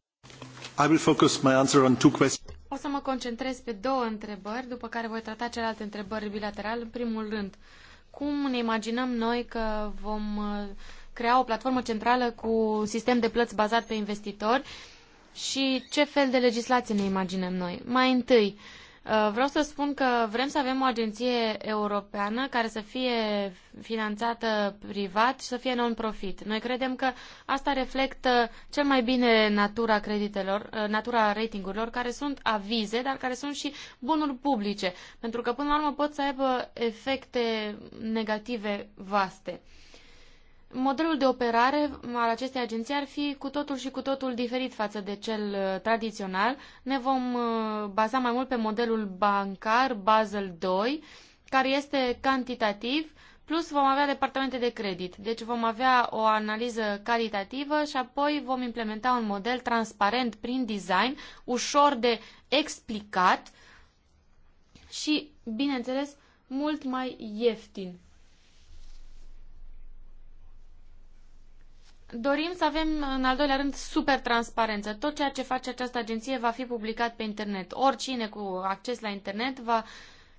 Speaker 3: O să mă concentrez pe două întrebări, după care voi trata celelalte întrebări bilateral. În primul rând, cum ne imaginăm noi că vom uh, crea o platformă centrală cu sistem de plăți bazat pe investitori și ce fel de legislație ne imaginăm noi? Mai întâi, uh, Uh, vreau să spun că vrem să avem o agenție europeană care să fie finanțată privat și să fie non-profit. Noi credem că asta reflectă cel mai bine natura creditelor, uh, natura ratingurilor, care sunt avize, dar care sunt și bunuri publice, pentru că până la urmă pot să aibă efecte negative vaste modelul de operare al acestei agenții ar fi cu totul și cu totul diferit față de cel uh, tradițional. Ne vom uh, baza mai mult pe modelul bancar Basel II, care este cantitativ, plus vom avea departamente de credit. Deci vom avea o analiză calitativă și apoi vom implementa un model transparent prin design, ușor de explicat și, bineînțeles, mult mai ieftin Dorim să avem, în al doilea rând, super transparență. Tot ceea ce face această agenție va fi publicat pe internet. Oricine cu acces la internet va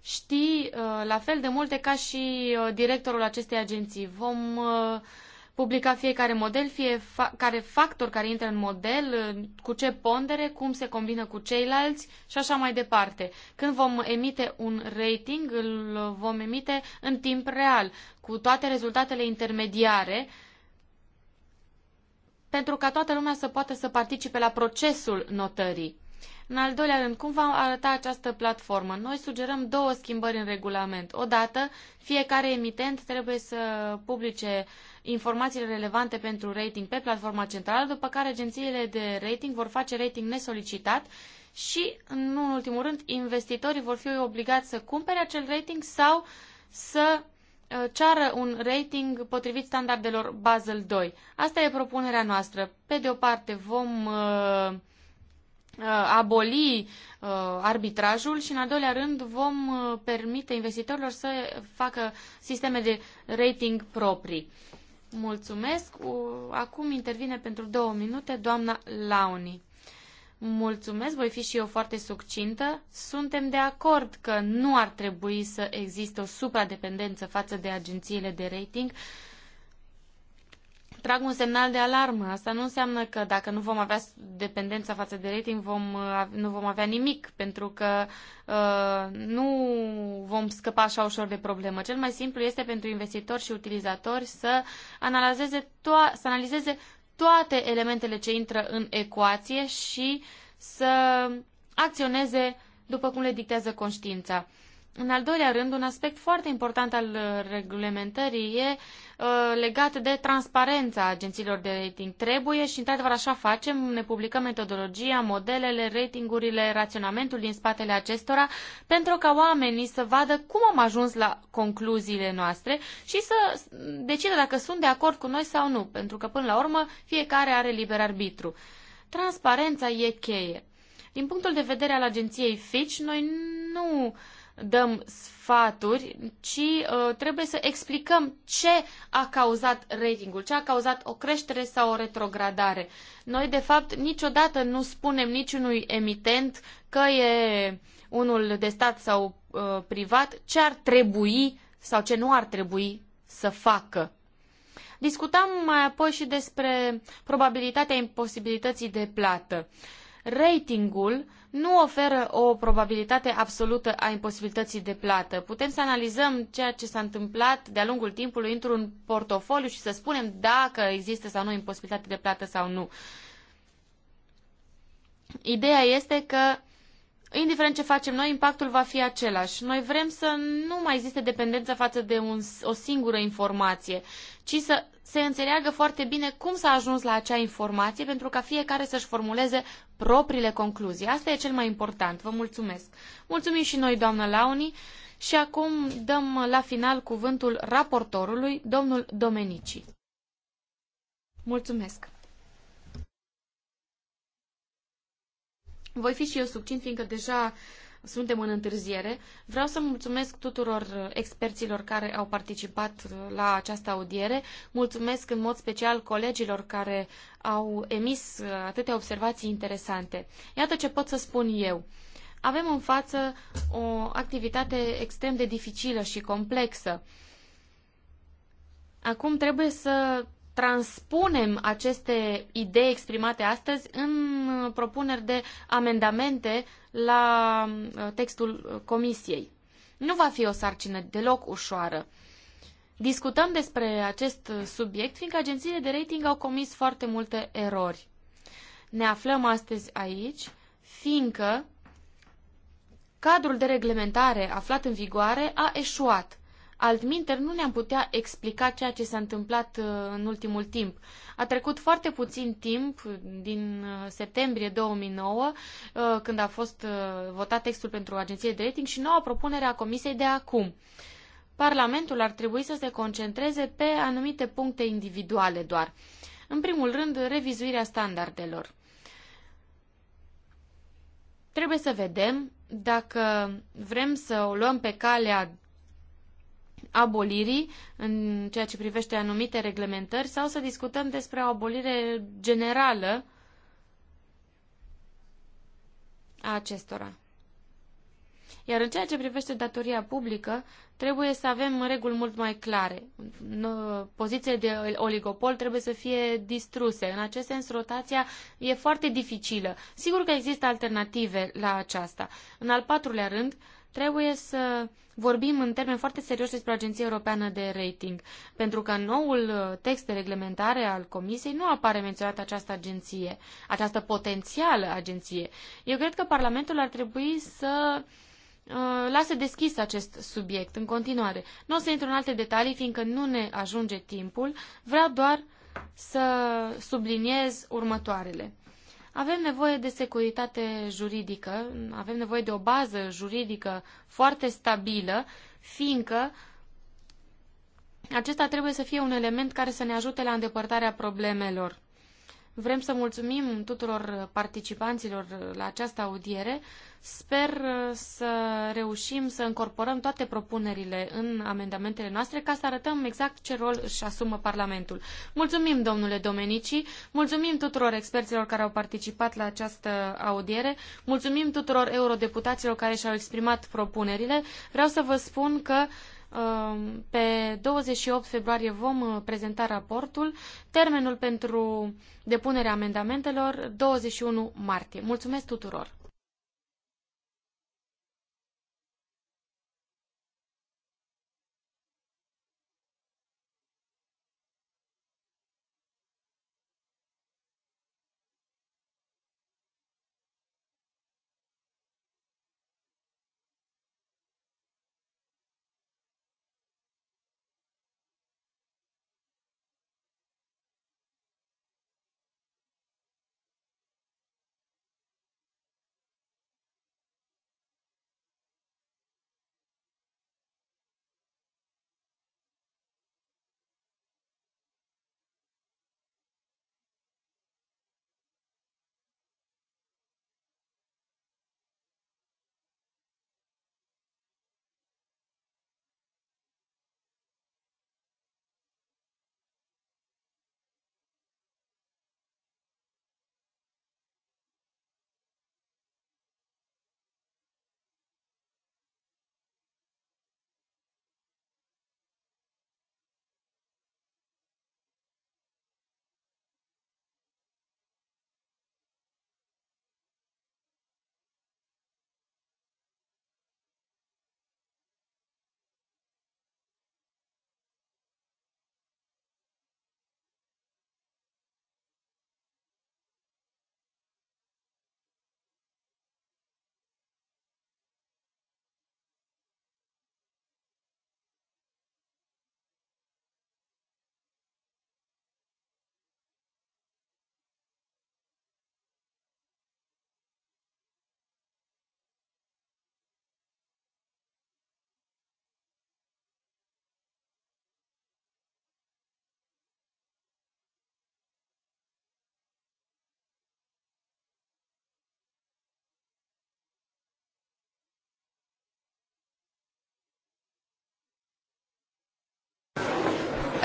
Speaker 3: ști uh, la fel de multe ca și uh, directorul acestei agenții. Vom uh, publica fiecare model, fiecare factor care intră în model, cu ce pondere, cum se combină cu ceilalți și așa mai departe. Când vom emite un rating, îl vom emite în timp real, cu toate rezultatele intermediare, pentru ca toată lumea să poată să participe la procesul notării. În al doilea rând, cum va arăta această platformă? Noi sugerăm două schimbări în regulament. Odată, fiecare emitent trebuie să publice informațiile relevante pentru rating pe platforma centrală, după care agențiile de rating vor face rating nesolicitat și, nu în ultimul rând, investitorii vor fi obligați să cumpere acel rating sau să Uh, ceară un rating potrivit standardelor Basel II. Asta e propunerea noastră. Pe de o parte vom uh, uh aboli uh, arbitrajul și în al doilea rând vom uh, permite investitorilor să facă sisteme de rating proprii. Mulțumesc. Acum intervine pentru două minute doamna Launi. Mulțumesc, voi fi și eu foarte succintă. Suntem de acord că nu ar trebui să existe o supradependență față de agențiile de rating. Trag un semnal de alarmă. Asta nu înseamnă că dacă nu vom avea dependența față de rating, vom, nu vom avea nimic, pentru că uh, nu vom scăpa așa ușor de problemă. Cel mai simplu este pentru investitori și utilizatori să analizeze, to- să analizeze toate elementele ce intră în ecuație și să acționeze după cum le dictează conștiința. În al doilea rând, un aspect foarte important al uh, reglementării e uh, legat de transparența agențiilor de rating. Trebuie și, într-adevăr, așa facem, ne publicăm metodologia, modelele, ratingurile, raționamentul din spatele acestora, pentru ca oamenii să vadă cum am ajuns la concluziile noastre și să decidă dacă sunt de acord cu noi sau nu, pentru că, până la urmă, fiecare are liber arbitru. Transparența e cheie. Din punctul de vedere al agenției Fitch, noi nu uh, dăm sfaturi, ci uh, trebuie să explicăm ce a cauzat ratingul, ce a cauzat o creștere sau o retrogradare. Noi, de fapt, niciodată nu spunem niciunui emitent că e unul de stat sau uh, privat ce ar trebui sau ce nu ar trebui să facă. Discutam mai apoi și despre probabilitatea imposibilității de plată. Ratingul uh, nu oferă o probabilitate absolută a imposibilității de plată. Putem să analizăm ceea ce s-a întâmplat de-a lungul timpului într-un portofoliu și să spunem dacă există sau nu imposibilitate de plată sau nu. Ideea este că indiferent ce facem noi, impactul va fi același. Noi vrem să nu mai existe dependență față de un, o singură informație ci să se înțeleagă foarte bine cum s-a ajuns la acea informație pentru ca fiecare să-și formuleze propriile concluzii. Asta e cel mai important. Vă mulțumesc. Mulțumim și noi, doamnă Launi. Și acum dăm la final cuvântul raportorului, domnul Domenici. Mulțumesc. Voi fi și eu subțin, fiindcă deja suntem în întârziere. Vreau să mulțumesc tuturor uh, experților care au participat uh, la această audiere. Mulțumesc în mod special colegilor care au emis uh, atâtea observații interesante. Iată ce pot să spun eu. Avem în față o activitate extrem de dificilă și complexă. Acum trebuie să transpunem aceste idei exprimate astăzi în uh, propuneri de amendamente la uh, textul comisiei. Nu va fi o sarcină deloc ușoară. Discutăm despre acest subiect, fiindcă agențiile de rating au comis foarte multe erori. Ne aflăm astăzi aici, fiindcă cadrul de reglementare aflat în vigoare a eșuat. Altminter, nu ne-am putea explica ceea ce s-a întâmplat uh, în ultimul timp. A trecut foarte puțin timp din uh, septembrie 2009, uh, când a fost votat textul pentru agenție de rating și noua propunere a Comisiei de acum. Parlamentul ar trebui să se concentreze pe anumite puncte individuale doar. În primul rând, revizuirea standardelor. Trebuie să vedem dacă vrem să o luăm pe calea abolirii în ceea ce privește anumite reglementări sau să discutăm despre o abolire generală a acestora. Iar în ceea ce privește datoria publică, trebuie să avem reguli mult mai clare. Pozițiile de oligopol trebuie să fie distruse. În acest sens, rotația e foarte dificilă. Sigur că există alternative la aceasta. În al patrulea rând, Trebuie să vorbim în termeni foarte serioși despre Agenția Europeană de Rating, pentru că în noul uh, text de reglementare al Comisiei nu apare menționată această agenție, această potențială agenție. Eu cred că Parlamentul ar trebui să uh, lasă deschis acest subiect în continuare. Nu o să intru în alte detalii, fiindcă nu ne ajunge timpul. Vreau doar să subliniez următoarele. Avem nevoie de securitate juridică, avem nevoie de o bază juridică foarte stabilă, fiindcă acesta trebuie să fie un element care să ne ajute la îndepărtarea problemelor. Vrem să mulțumim tuturor participanților la această audiere. Sper uh, să reușim să încorporăm toate propunerile în amendamentele noastre ca să arătăm exact ce rol își asumă Parlamentul. Mulțumim, domnule Domenici, mulțumim tuturor experților care au participat la această audiere, mulțumim tuturor eurodeputaților care și-au exprimat propunerile. Vreau să vă spun că Um, pe 28 februarie vom uh, prezenta raportul, termenul pentru depunerea amendamentelor 21 martie. Mulțumesc tuturor!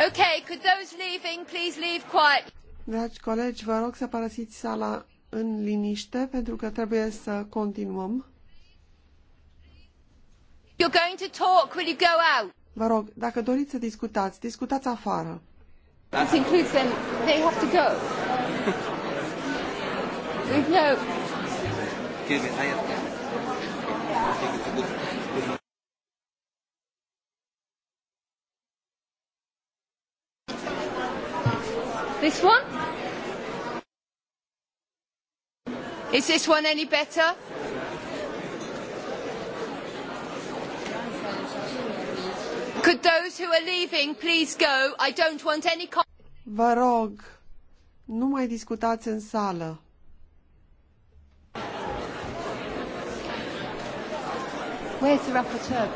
Speaker 3: Okay, could those
Speaker 2: leaving please leave quiet?
Speaker 1: Dragi colegi, vă rog să părăsiți sala în liniște pentru că trebuie să continuăm. You're
Speaker 3: going to talk, will you go out?
Speaker 1: Vă rog, dacă doriți să discutați, discutați afară. That includes them. They have to go. We've no. Give me, I have to.
Speaker 2: This one? Is this one any better? Could those who are leaving please go? I don't want any...
Speaker 1: Vă rog, nu mai discutați în sală. Where's the rapporteur?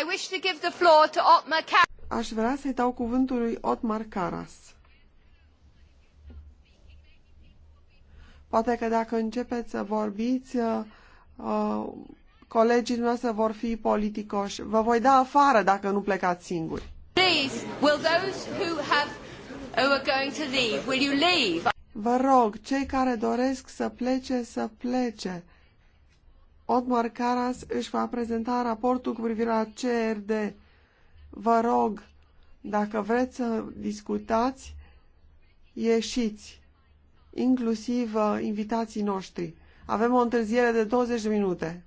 Speaker 2: I wish to give the floor to Otmar
Speaker 1: Aș vrea să-i dau cuvântul lui Otmar Karas. Poate că dacă începeți să vorbiți, uh, uh, colegii noastre vor fi politicoși. Vă voi da afară dacă nu plecați singuri.
Speaker 2: Please, will those who have who are going to leave, will you leave?
Speaker 1: Vă rog, cei care doresc să plece, să plece. Otmar Caras își va prezenta raportul cu privire la CRD. Vă rog, dacă vreți să discutați, ieșiți inclusiv uh, invitații noștri. Avem o întârziere de 20 de minute.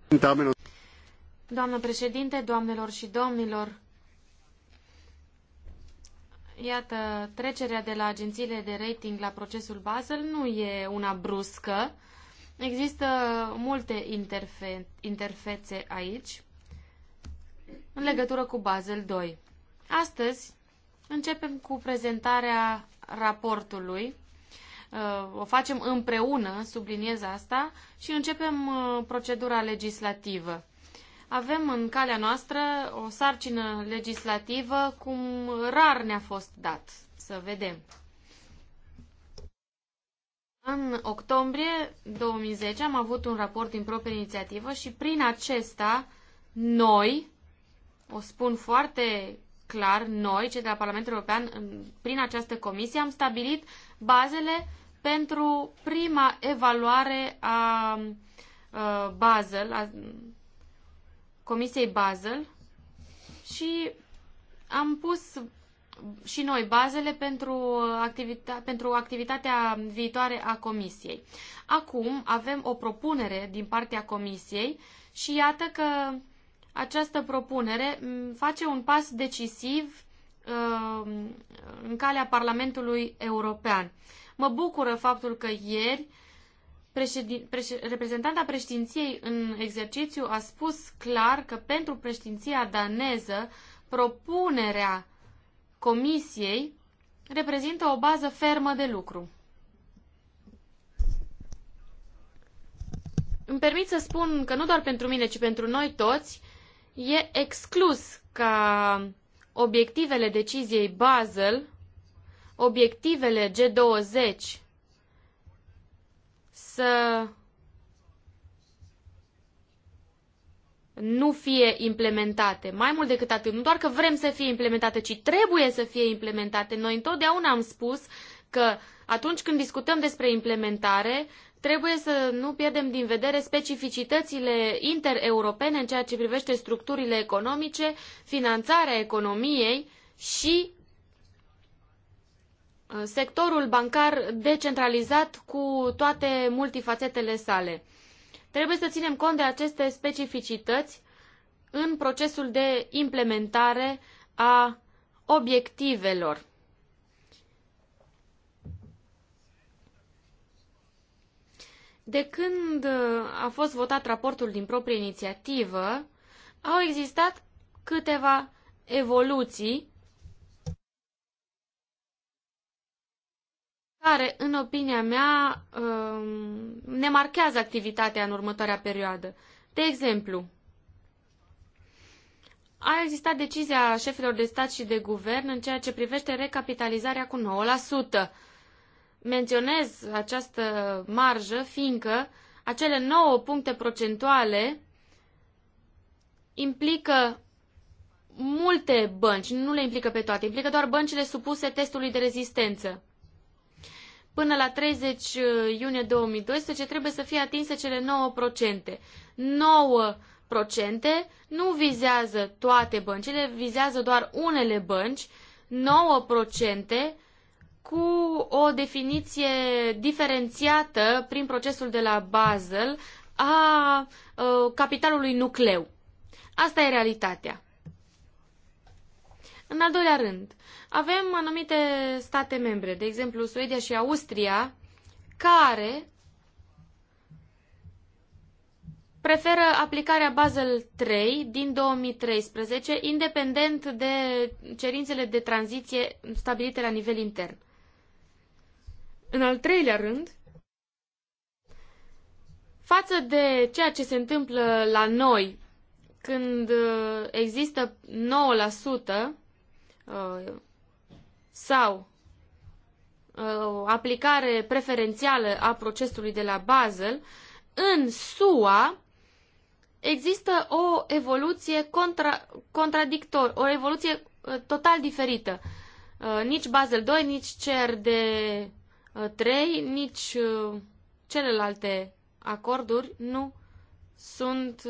Speaker 1: Doamnă
Speaker 3: președinte, doamnelor și domnilor, iată, trecerea de la agențiile de rating la procesul Basel nu e una bruscă. Există multe interfe- interfețe aici în legătură cu Basel 2. Astăzi începem cu prezentarea raportului Uh, o facem împreună, subliniez asta, și începem uh, procedura legislativă. Avem în calea noastră o sarcină legislativă cum rar ne-a fost dat să vedem. În octombrie 2010 am avut un raport din proprie inițiativă și prin acesta noi, o spun foarte clar, noi, cei de la Parlamentul European, prin această comisie am stabilit bazele pentru prima evaluare a Basel, a Comisiei Basel și am pus și noi bazele pentru, activita- pentru activitatea viitoare a Comisiei. Acum avem o propunere din partea Comisiei și iată că această propunere face un pas decisiv uh, în calea Parlamentului European. Mă bucură faptul că ieri președin, reprezentanta președinției în exercițiu a spus clar că pentru președinția daneză propunerea comisiei reprezintă o bază fermă de lucru. Îmi permit să spun că nu doar pentru mine, ci pentru noi toți, e exclus ca obiectivele deciziei Basel obiectivele G20 să nu fie implementate. Mai mult decât atât, nu doar că vrem să fie implementate, ci trebuie să fie implementate. Noi întotdeauna am spus că atunci când discutăm despre implementare, trebuie să nu pierdem din vedere specificitățile intereuropene în ceea ce privește structurile economice, finanțarea economiei și sectorul bancar decentralizat cu toate multifacetele sale. Trebuie să ținem cont de aceste specificități în procesul de implementare a obiectivelor. De când a fost votat raportul din proprie inițiativă, au existat câteva evoluții care, în opinia mea, um, ne marchează activitatea în următoarea perioadă. De exemplu, a existat decizia șefilor de stat și de guvern în ceea ce privește recapitalizarea cu 9%. Menționez această marjă fiindcă acele 9 puncte procentuale implică multe bănci, nu le implică pe toate, implică doar băncile supuse testului de rezistență. Până la 30 uh, iunie 2012 trebuie să fie atinse cele 9%. 9 procente nu vizează toate băncile, vizează doar unele bănci, 9 procente cu o definiție diferențiată prin procesul de la Basel a, a uh, capitalului nucleu. Asta e realitatea. În al doilea rând, avem anumite state membre, de exemplu Suedia și Austria, care preferă aplicarea Basel 3 din 2013, independent de cerințele de tranziție stabilite la nivel intern. În al treilea rând, față de ceea ce se întâmplă la noi când uh, există Uh, sau uh, o aplicare preferențială a procesului de la Basel, în SUA există o evoluție contra, contradictor, o evoluție uh, total diferită. Nici Basel 2, nici CRD 3, nici celelalte acorduri nu sunt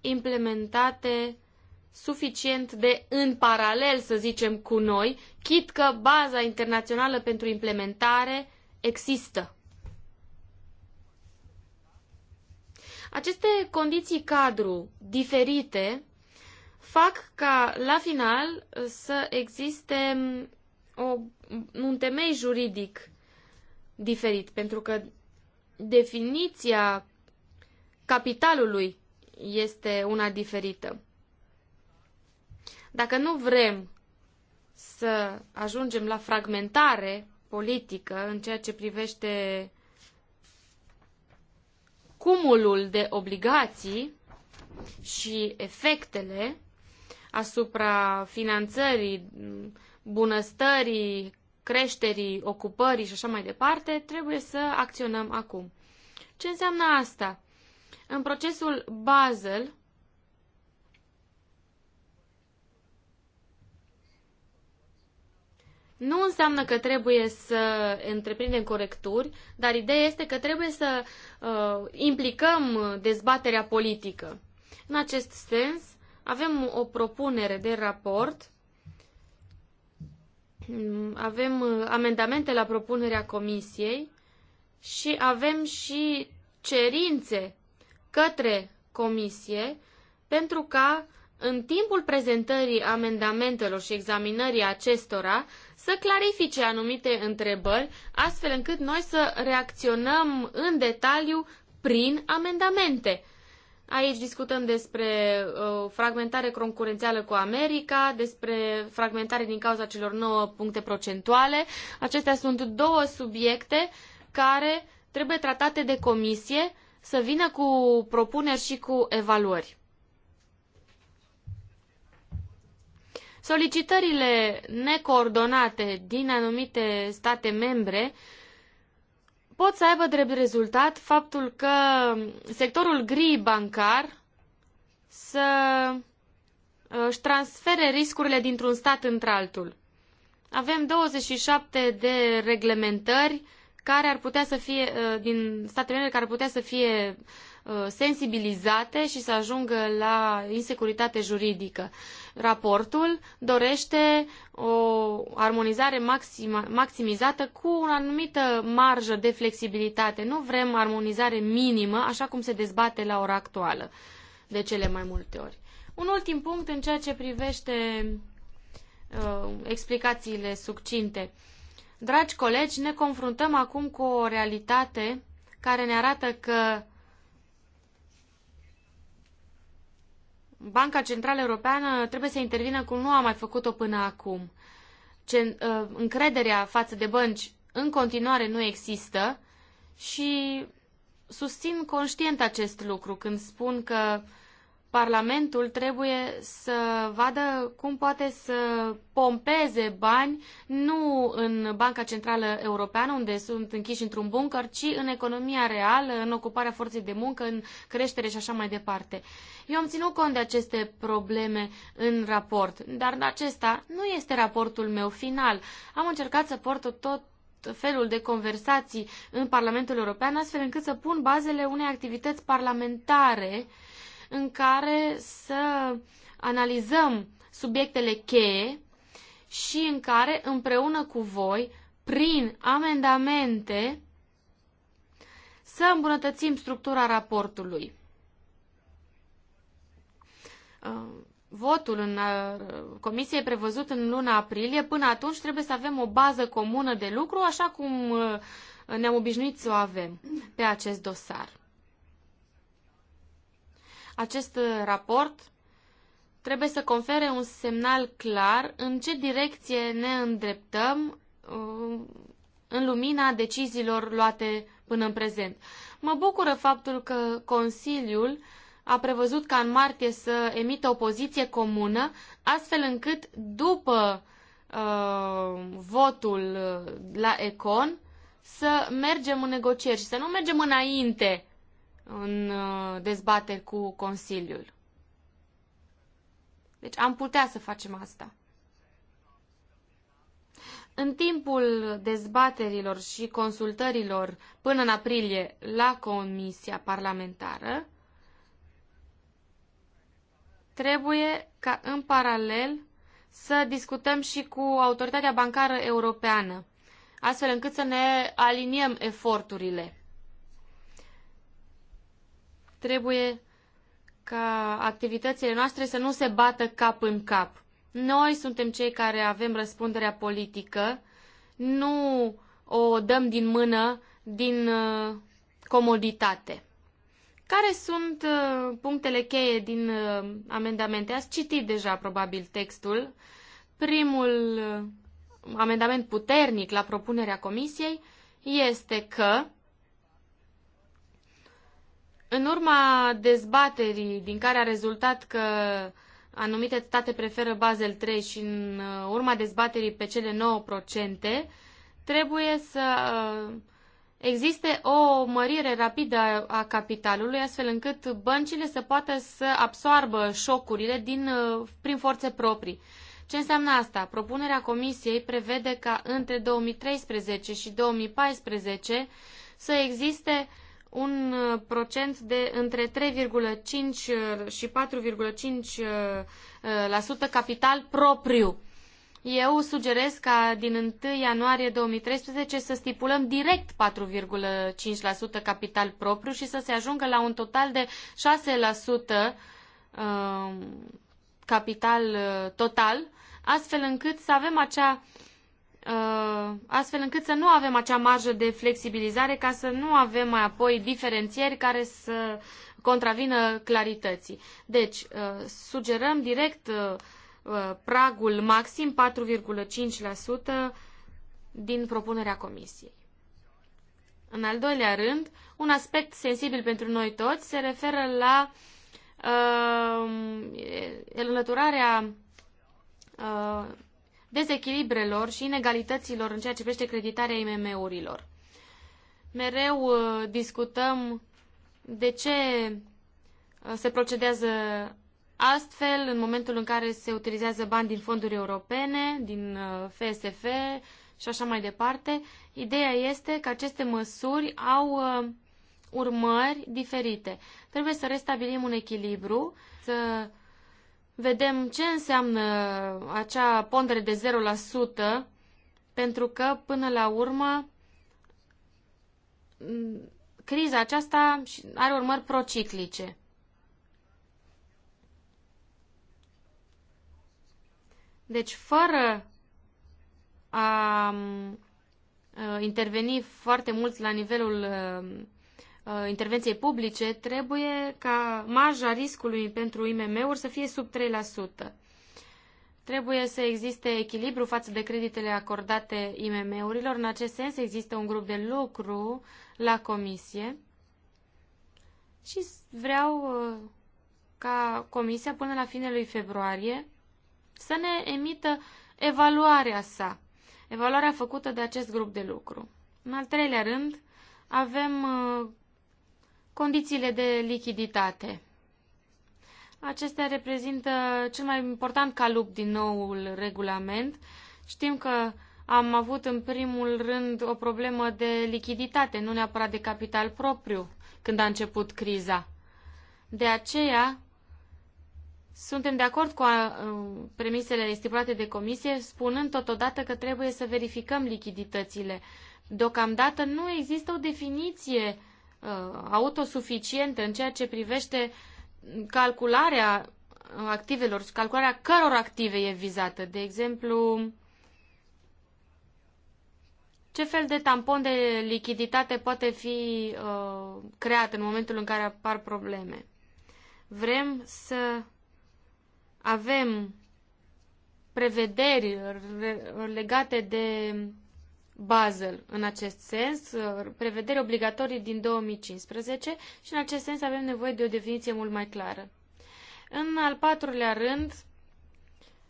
Speaker 3: implementate suficient de în paralel, să zicem, cu noi, chit că baza internațională pentru implementare există. Aceste condiții cadru diferite fac ca la final să existe mm, o, mm, un temei juridic diferit, pentru că definiția capitalului este una diferită. Dacă nu vrem să ajungem la fragmentare politică în ceea ce privește cumulul de obligații și efectele asupra finanțării, bunăstării, creșterii, ocupării și așa mai departe, trebuie să acționăm acum. Ce înseamnă asta? În procesul Basel, Nu înseamnă că trebuie să întreprindem corecturi, dar ideea este că trebuie să uh, implicăm dezbaterea politică. În acest sens, avem o propunere de raport, avem uh, amendamente la propunerea comisiei și avem și cerințe către comisie pentru ca în timpul prezentării amendamentelor și examinării acestora, să clarifice anumite întrebări, astfel încât noi să reacționăm în detaliu prin amendamente. Aici discutăm despre uh, fragmentare concurențială cu America, despre fragmentare din cauza celor 9 puncte procentuale. Acestea sunt două subiecte care trebuie tratate de comisie să vină cu propuneri și cu evaluări. Solicitările necoordonate din anumite state membre pot să aibă drept rezultat faptul că sectorul gri bancar să uh, își transfere riscurile dintr-un stat într-altul. Avem 27 de reglementări care ar putea să fie, uh, din statele membre care ar putea să fie uh, sensibilizate și să ajungă la insecuritate juridică. Raportul dorește o armonizare maxima, maximizată cu o anumită marjă de flexibilitate. Nu vrem armonizare minimă, așa cum se dezbate la ora actuală, de cele mai multe ori. Un ultim punct în ceea ce privește uh, explicațiile succinte. Dragi colegi, ne confruntăm acum cu o realitate care ne arată că Banca Centrală Europeană trebuie să intervină cum nu a mai făcut-o până acum. Ce, uh, încrederea față de bănci în continuare nu există și susțin conștient acest lucru când spun că uh, Parlamentul trebuie să vadă cum poate să pompeze bani nu în Banca Centrală Europeană, unde sunt închiși într-un bunker, ci în economia reală, în ocuparea forței de muncă, în creștere și așa mai departe. Eu am ținut cont de aceste probleme în raport, dar acesta nu este raportul meu final. Am încercat să port tot felul de conversații în Parlamentul European, astfel încât să pun bazele unei activități parlamentare uh, în care să analizăm subiectele cheie și în care împreună cu voi, prin amendamente, să îmbunătățim structura raportului. Uh, votul în uh, comisie e prevăzut în luna aprilie. Până atunci trebuie să avem o bază comună de lucru, așa cum uh, ne-am obișnuit să o avem pe acest dosar. Acest uh, raport trebuie să confere un semnal clar în ce direcție ne îndreptăm uh, în lumina deciziilor luate până în prezent. Mă bucură faptul că Consiliul a prevăzut ca în martie să emită o poziție comună, astfel încât după uh, votul uh, la Econ să mergem în negocieri și să nu mergem înainte în uh, dezbateri cu Consiliul. Deci am putea să facem asta. În timpul dezbaterilor și consultărilor până în aprilie la Comisia Parlamentară, trebuie ca în paralel să discutăm și cu Autoritatea Bancară Europeană, astfel încât să ne aliniem eforturile. Trebuie ca activitățile noastre să nu se bată cap în cap. Noi suntem cei care avem răspunderea politică, nu o dăm din mână din uh, comoditate. Care sunt uh, punctele cheie din uh, amendamente? Ați citit deja probabil textul. Primul amendament puternic la propunerea comisiei este că în urma dezbaterii din care a rezultat că anumite state preferă Basel 3 și în uh, urma dezbaterii pe cele 9%, trebuie să uh, existe o mărire rapidă a capitalului, astfel încât băncile să poată să absoarbă șocurile din, uh, prin forțe proprii. Ce înseamnă asta? Propunerea Comisiei prevede ca între 2013 și 2014 să existe uh, un uh, procent de între 3,5 uh, și 4,5% uh, capital propriu. Eu sugerez ca din 1 ianuarie 2013 să stipulăm direct 4,5% capital propriu și să se ajungă la un total de 6% capital total, astfel încât să avem acea Uh, astfel încât să nu avem acea marjă de flexibilizare ca să nu avem mai apoi diferențieri care să contravină clarității. Deci, uh, sugerăm direct uh, pragul maxim 4,5% din propunerea comisiei. În al doilea rând, un aspect sensibil pentru noi toți se referă la uh, înlăturarea uh, dezechilibrelor și inegalităților în ceea ce privește creditarea IMM-urilor. Mereu uh, discutăm de ce uh, se procedează astfel în momentul în care se utilizează bani din fonduri europene, din FSF uh, și așa mai departe. Ideea este că aceste măsuri au urmări diferite. Trebuie să restabilim un echilibru, să vedem ce înseamnă acea pondere de 0%, pentru că, până la urmă, criza aceasta are urmări prociclice. Deci, fără a interveni foarte mult la nivelul Uh, intervenției publice, trebuie ca marja riscului pentru IMM-uri să fie sub 3%. Trebuie să existe echilibru față de creditele acordate IMM-urilor. În acest sens există un grup de lucru la comisie și vreau uh, ca comisia până la finele lui februarie să ne emită evaluarea sa, evaluarea făcută de acest grup de lucru. În al treilea rând, avem uh, Condițiile de lichiditate. Acestea reprezintă cel mai important calup din noul regulament. Știm că am avut în primul rând o problemă de lichiditate, nu neapărat de capital propriu, când a început criza. De aceea, suntem de acord cu premisele stipulate de comisie, spunând totodată că trebuie să verificăm lichiditățile. Deocamdată nu există o definiție Uh, autosuficiente în ceea ce privește calcularea activelor, calcularea căror active e vizată. De exemplu, ce fel de tampon de lichiditate poate fi uh, creat în momentul în care apar probleme? Vrem să avem prevederi legate de Basel în acest sens, uh, prevedere obligatorii din 2015 și în acest sens avem nevoie de o definiție mult mai clară. În al patrulea rând,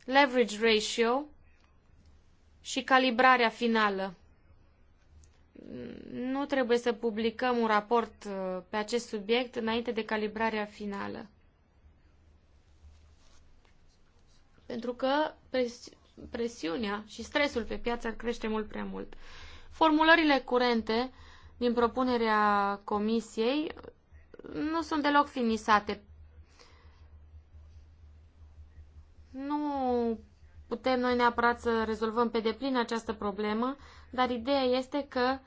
Speaker 3: leverage ratio și calibrarea finală. Nu trebuie să publicăm un raport uh, pe acest subiect înainte de calibrarea finală. Pentru că presiunea și stresul pe piață ar crește mult prea mult. Formulările curente din propunerea comisiei nu sunt deloc finisate. Nu putem noi neapărat să rezolvăm pe deplin această problemă, dar ideea este că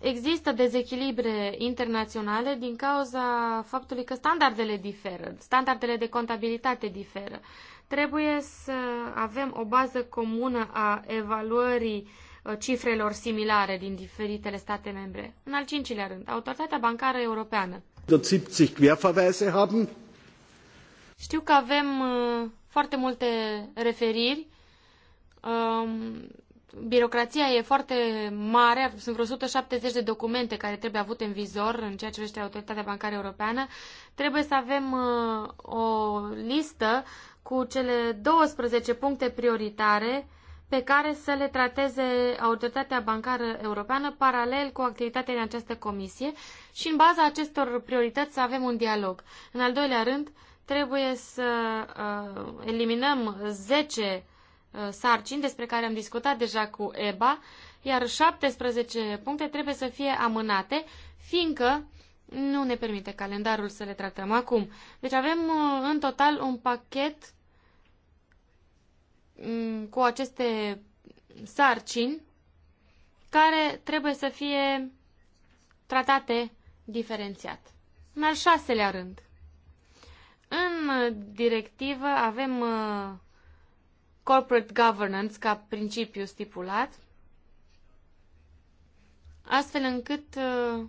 Speaker 3: există dezechilibre internaționale din cauza faptului că standardele diferă, standardele de contabilitate diferă. Uh, Trebuie să avem o bază comună a evaluării uh, cifrelor similare din diferitele state membre. În al cincilea rând, Autoritatea Bancară Europeană.
Speaker 1: 70 haben.
Speaker 3: Știu că avem uh, foarte multe referiri. Um, birocrația e foarte mare, sunt vreo 170 de documente care trebuie avute în vizor în ceea ce privește Autoritatea Bancară Europeană. Trebuie să avem uh, o listă cu cele 12 puncte prioritare pe care să le trateze Autoritatea Bancară Europeană paralel cu activitatea din această comisie și în baza acestor priorități să avem un dialog. În al doilea rând, trebuie să uh, eliminăm 10 uh, sarcini despre care am discutat deja cu EBA, iar 17 puncte trebuie să fie amânate, fiindcă nu ne permite calendarul să le tratăm acum. Deci avem uh, în total un pachet mm, cu aceste sarcini care trebuie să fie tratate diferențiat. În al șaselea rând, în directivă avem uh, corporate governance ca principiu stipulat, astfel încât uh,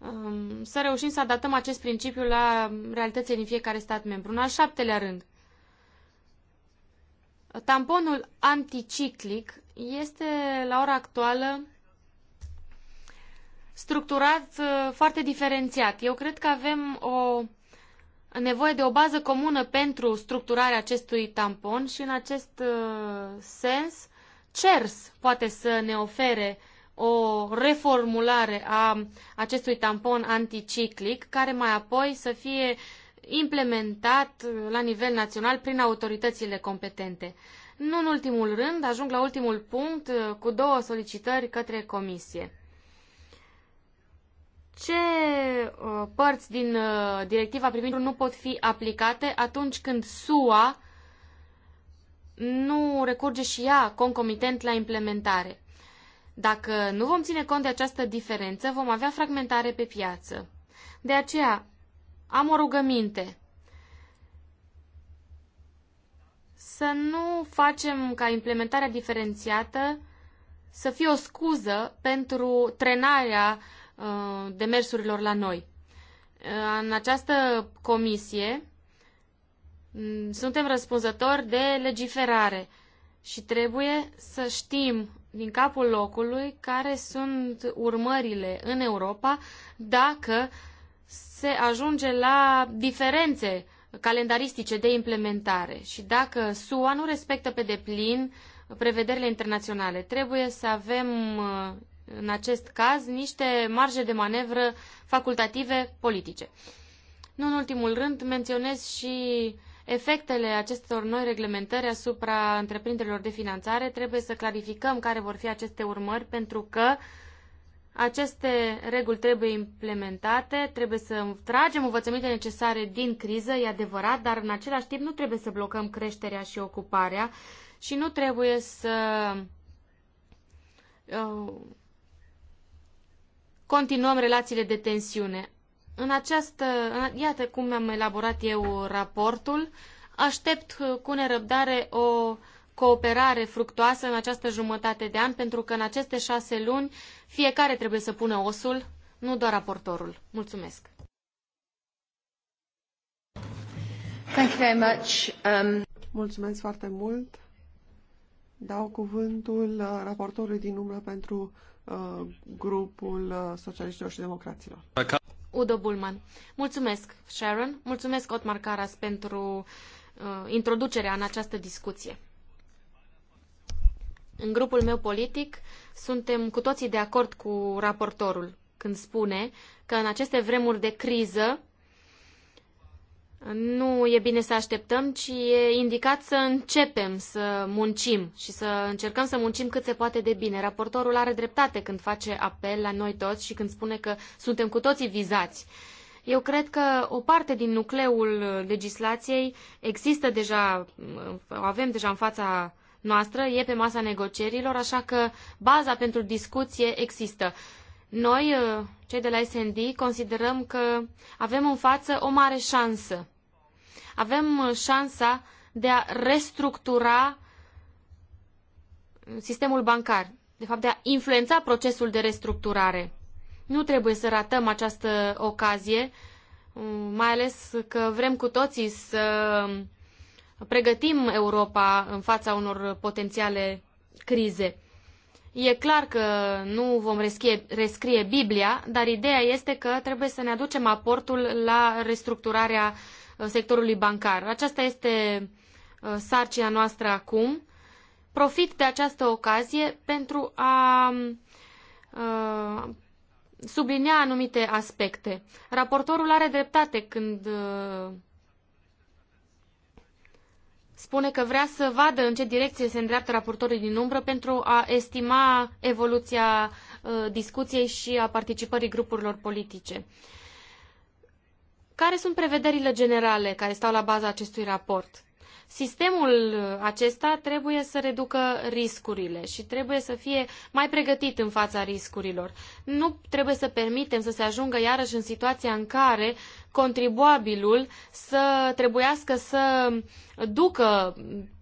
Speaker 3: Um, să reușim să adaptăm acest principiu la realitățile din fiecare stat membru. În al șaptelea rând, tamponul anticiclic este la ora actuală structurat uh, foarte diferențiat. Eu cred că avem o nevoie de o bază comună pentru structurarea acestui tampon și în acest uh, sens CERS poate să ne ofere o reformulare a acestui tampon anticiclic, care mai apoi să fie implementat la nivel național prin autoritățile competente. Nu în ultimul rând, ajung la ultimul punct uh, cu două solicitări către Comisie. Ce uh, părți din uh, directiva privind nu pot fi aplicate atunci când SUA nu recurge și ea concomitent la implementare? Dacă nu vom ține cont de această diferență, vom avea fragmentare pe piață. De aceea, am o rugăminte. Să nu facem ca implementarea diferențiată să fie o scuză pentru trenarea uh, demersurilor la noi. Uh, în această comisie mm, suntem răspunzători de legiferare și trebuie să știm din capul locului care sunt urmările în Europa dacă se ajunge la diferențe calendaristice de implementare și dacă SUA nu respectă pe deplin prevederile internaționale. Trebuie să avem uh, în acest caz niște marje de manevră facultative politice. Nu în ultimul rând menționez și uh, efectele acestor noi reglementări asupra întreprinderilor de finanțare. Trebuie să clarificăm care vor fi aceste urmări, pentru că aceste reguli trebuie implementate, trebuie să tragem învățăminte necesare din criză, e adevărat, dar în același timp nu trebuie să blocăm creșterea și ocuparea și nu trebuie să uh, continuăm relațiile de tensiune. În această, iată cum am elaborat eu raportul. Aștept uh, cu nerăbdare o cooperare fructoasă în această jumătate de an, pentru că în aceste șase luni fiecare trebuie să pună osul, nu doar raportorul.
Speaker 1: Mulțumesc! Thank you very much. Um... Mulțumesc foarte mult! Dau cuvântul uh, raportorului din umbră pentru uh, grupul uh, socialiștilor și democraților.
Speaker 3: Udo Bulman. Mulțumesc, Sharon. Mulțumesc, Otmar Caras, pentru uh, introducerea în această discuție. În grupul meu politic suntem cu toții de acord cu raportorul când spune că în aceste vremuri de criză nu e bine să așteptăm, ci e indicat să începem să muncim și să încercăm să muncim cât se poate de bine. Raportorul are dreptate când face apel la noi toți și când spune că suntem cu toții vizați. Eu cred că o parte din nucleul legislației există deja, o avem deja în fața noastră, e pe masa negocierilor, așa că baza pentru discuție există. Noi, cei de la SND, considerăm că avem în față o mare șansă avem uh, șansa de a restructura uh, sistemul bancar, de fapt de a influența procesul de restructurare. Nu trebuie să ratăm această ocazie, uh, mai ales că vrem cu toții să pregătim Europa în fața unor potențiale crize. E clar că nu vom rescrie, rescrie Biblia, dar ideea este că trebuie să ne aducem aportul la restructurarea uh, sectorului bancar. Aceasta este uh, sarcina noastră acum. Profit de această ocazie pentru a uh, sublinea anumite aspecte. Raportorul are dreptate când uh, spune că vrea să vadă în ce direcție se îndreaptă raportorii din umbră pentru a estima evoluția discuției și a participării grupurilor politice. Uh, care sunt prevederile generale care stau la baza acestui raport? Sistemul uh, acesta trebuie să reducă riscurile și trebuie să fie mai pregătit în fața riscurilor. Nu trebuie să permitem să se ajungă iarăși în situația în care contribuabilul să trebuiască să ducă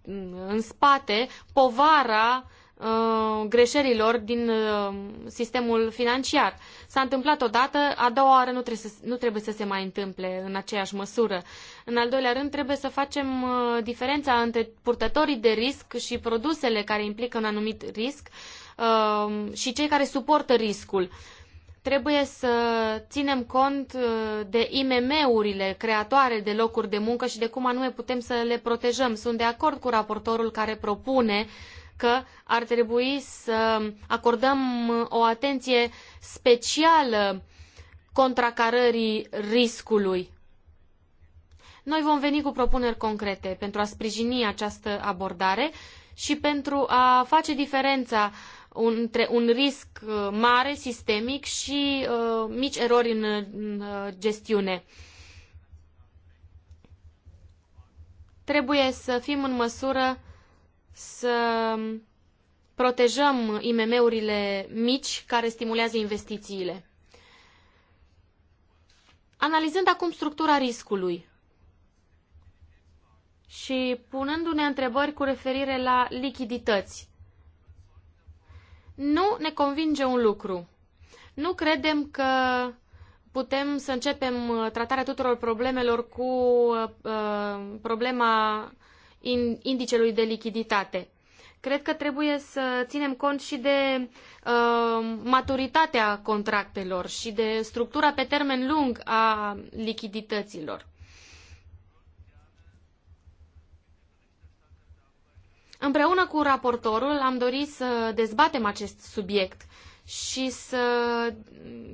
Speaker 3: mm, în spate povara uh, greșelilor din uh, sistemul financiar. Uh, S-a întâmplat odată, a doua oară nu trebuie, să, nu trebuie să se mai întâmple în aceeași măsură. În al doilea rând, trebuie să facem uh, diferența între purtătorii de risc și produsele care implică un anumit risc uh, și cei care suportă riscul trebuie să ținem cont uh, de IMM-urile creatoare de locuri de muncă și de cum anume putem să le protejăm. Sunt de acord cu raportorul care propune că ar trebui să acordăm o atenție specială contracarării riscului. Noi vom veni cu propuneri concrete pentru a sprijini această abordare și pentru a face diferența între un risc uh, mare, sistemic și uh, mici erori în, în uh, gestiune. Trebuie să fim în măsură să protejăm IMM-urile mici care stimulează investițiile. Analizând acum structura riscului și punându-ne întrebări cu referire la lichidități, nu ne convinge un lucru. Nu credem că putem să începem uh, tratarea tuturor problemelor cu uh, uh problema indicelui de lichiditate. Cred că trebuie să ținem cont și de uh, maturitatea contractelor și de structura pe termen lung a lichidităților. Împreună cu raportorul am dorit să dezbatem acest subiect și să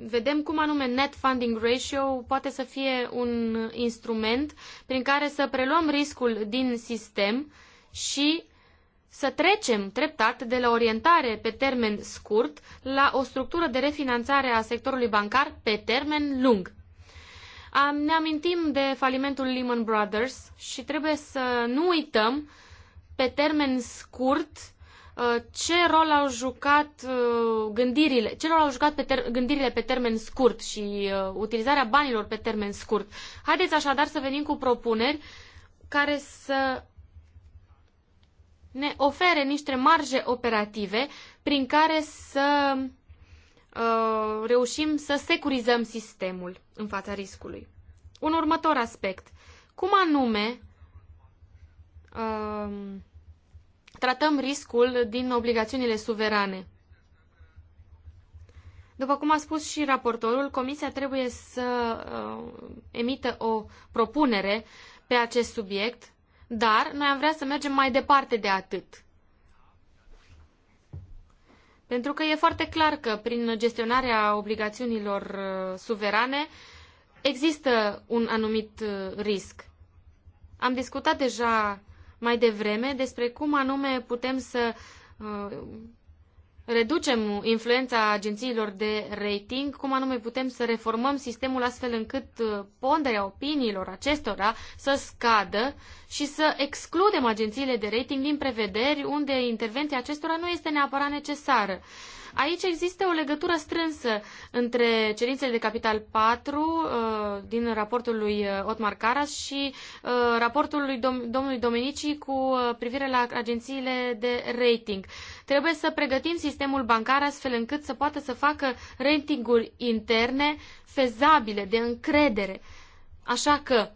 Speaker 3: vedem cum anume net funding ratio poate să fie un instrument prin care să preluăm riscul din sistem și să trecem treptat de la orientare pe termen scurt la o structură de refinanțare a sectorului bancar pe termen lung. Am, ne amintim de falimentul Lehman Brothers și trebuie să nu uităm pe termen scurt Uh, ce rol au jucat uh, gândirile, ce rol au jucat pe ter- gândirile pe termen scurt și uh, utilizarea banilor pe termen scurt. Haideți așadar să venim cu propuneri care să ne ofere niște marje operative prin care să uh, reușim să securizăm sistemul în fața riscului. Un următor aspect. Cum anume uh, tratăm riscul din obligațiunile suverane. După cum a spus și raportorul, Comisia trebuie să uh, emită o propunere pe acest subiect, dar noi am vrea să mergem mai departe de atât. Pentru că e foarte clar că prin gestionarea obligațiunilor uh, suverane există un anumit uh, risc. Am discutat deja mai devreme despre cum anume putem să uh, reducem influența agențiilor de rating, cum anume putem să reformăm sistemul astfel încât uh, ponderea opiniilor acestora să scadă și să excludem agențiile de rating din prevederi unde intervenția acestora nu este neapărat necesară. Uh, Aici există o legătură strânsă între cerințele de capital 4 uh, din raportul lui uh, Otmar Caras și uh, raportul lui dom- domnului Domenici cu privire la agențiile de rating. Trebuie să pregătim sistemul bancar astfel încât să poată să facă ratinguri interne fezabile, de încredere. Așa că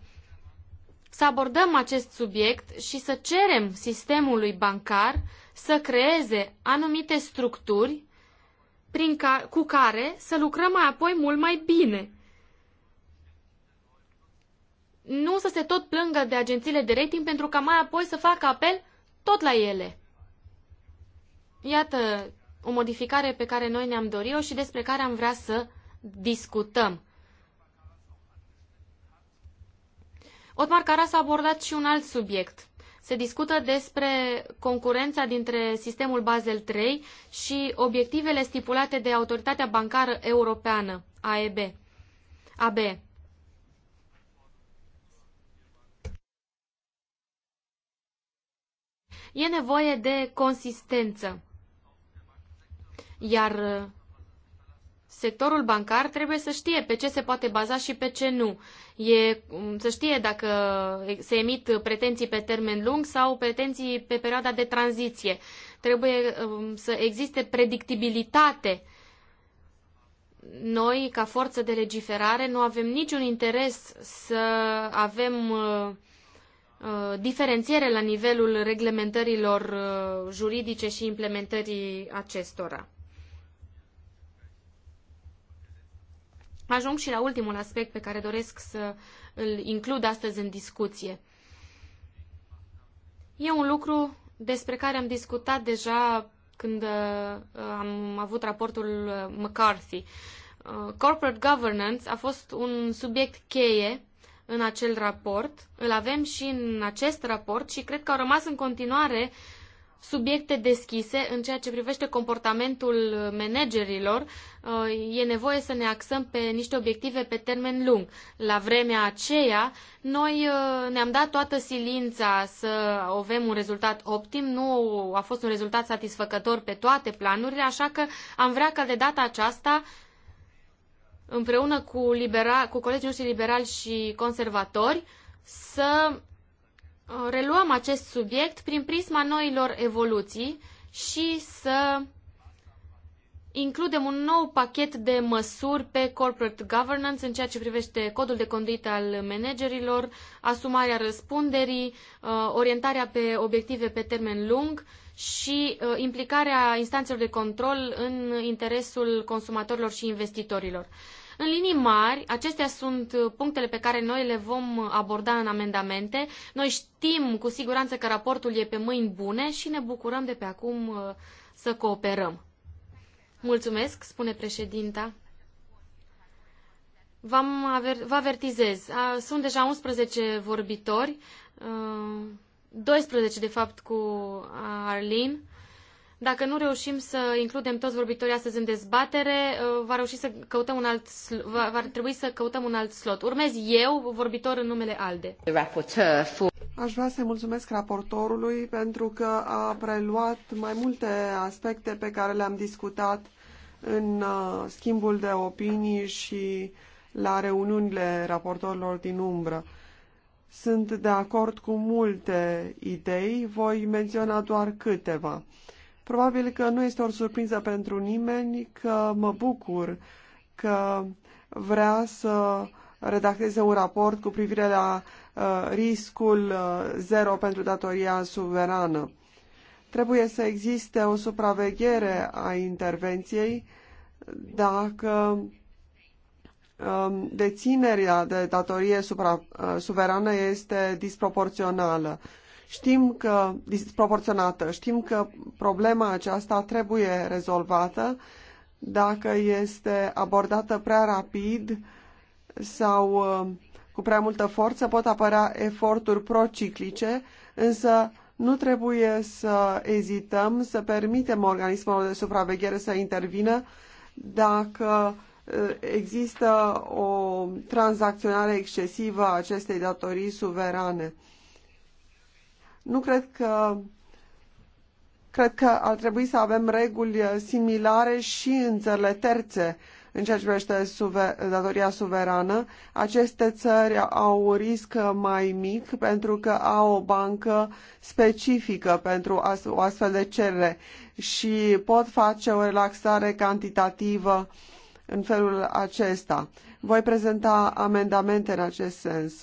Speaker 3: să abordăm acest subiect și să cerem sistemului bancar să creeze anumite structuri prin ca, cu care să lucrăm mai apoi mult mai bine. Nu să se tot plângă de agențiile de rating pentru ca mai apoi să facă apel tot la ele. Iată o modificare pe care noi ne-am dorit-o și despre care am vrea să discutăm. Otmar Caras a abordat și un alt subiect se discută despre concurența dintre sistemul Basel III și obiectivele stipulate de Autoritatea Bancară Europeană, AEB. AB. E nevoie de consistență. Iar sectorul bancar trebuie să știe pe ce se poate baza și pe ce nu. E, mm, să știe dacă se emit pretenții pe termen lung sau pretenții pe perioada de tranziție. Trebuie um, să existe predictibilitate. Noi, ca forță de legiferare, nu avem niciun interes să avem uh, diferențiere la nivelul reglementărilor juridice și implementării acestora. Ajung și la ultimul aspect pe care doresc să îl includ astăzi în discuție. E un lucru despre care am discutat deja când uh, am avut raportul uh, McCarthy. Uh, corporate governance a fost un subiect cheie în acel raport, îl avem și în acest raport și cred că au rămas în continuare subiecte deschise în ceea ce privește comportamentul managerilor, uh, e nevoie să ne axăm pe niște obiective pe termen lung. La vremea aceea, noi uh, ne-am dat toată silința să avem un rezultat optim, nu a fost un rezultat satisfăcător pe toate planurile, așa că am vrea ca de data aceasta împreună cu, libera, cu colegii noștri liberali și conservatori, să Uh, reluăm acest subiect prin prisma noilor evoluții și să includem un nou pachet de măsuri pe corporate governance în ceea ce privește codul de conduită al managerilor, asumarea răspunderii, uh, orientarea pe obiective pe termen lung și uh, implicarea instanțelor de control în interesul consumatorilor și investitorilor. În linii mari, acestea sunt uh, punctele pe care noi le vom uh, aborda în amendamente. Noi știm cu siguranță că raportul e pe mâini bune și ne bucurăm de pe acum uh, să cooperăm. Mulțumesc, spune președinta. Vă avertizez. Sunt deja 11 vorbitori, 12 de fapt cu Arlin. Dacă nu reușim să includem toți vorbitorii astăzi în dezbatere, uh, va, reuși să căutăm un alt, va, va trebui să căutăm un alt
Speaker 1: slot. Urmez eu, vorbitor în numele ALDE. Aș vrea să mulțumesc raportorului pentru că a preluat mai multe aspecte pe care le-am discutat în uh, schimbul de opinii și la reuniunile raportorilor din umbră. Sunt de acord cu multe idei, voi menționa doar câteva. Probabil că nu este o surpriză pentru nimeni că mă bucur că vrea să redacteze un raport cu privire la uh, riscul uh, zero pentru datoria suverană. Trebuie să existe o supraveghere a intervenției dacă um, deținerea de datorie supra, uh, suverană este disproporțională Știm că disproporționată, știm că problema aceasta trebuie rezolvată dacă este abordată prea rapid sau uh, cu prea multă forță pot apărea eforturi prociclice, însă nu trebuie să ezităm să permitem organismelor de supraveghere să intervină dacă uh, există o tranzacționare excesivă a acestei datorii suverane. Nu cred că cred că ar trebui să avem reguli similare și în țările terțe în ceea ce privește suver- datoria suverană. Aceste țări au un risc mai mic pentru că au o bancă specifică pentru o astfel de cerere și pot face o relaxare cantitativă în felul acesta. Voi prezenta amendamente în acest sens.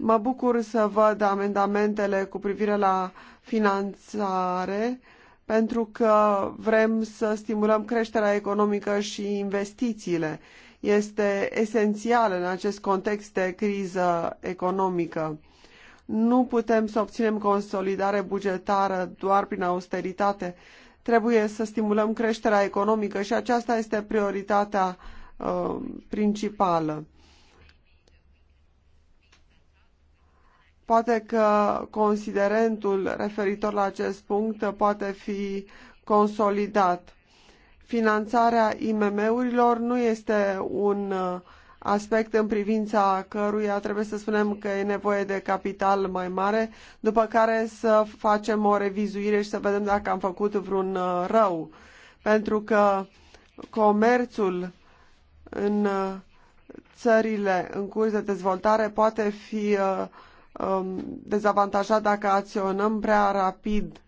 Speaker 1: Mă bucur să văd amendamentele cu privire la finanțare, pentru că vrem să stimulăm creșterea economică și investițiile. Este esențial în acest context de criză economică. Nu putem să obținem consolidare bugetară doar prin austeritate. Trebuie să stimulăm creșterea economică și aceasta este prioritatea uh, principală. Poate că considerentul referitor la acest punct poate fi consolidat. Finanțarea IMM-urilor nu este un aspect în privința căruia trebuie să spunem că e nevoie de capital mai mare, după care să facem o revizuire și să vedem dacă am făcut vreun rău. Pentru că comerțul în țările în curs de dezvoltare poate fi uh, Um, dezavantajat dacă acționăm prea rapid.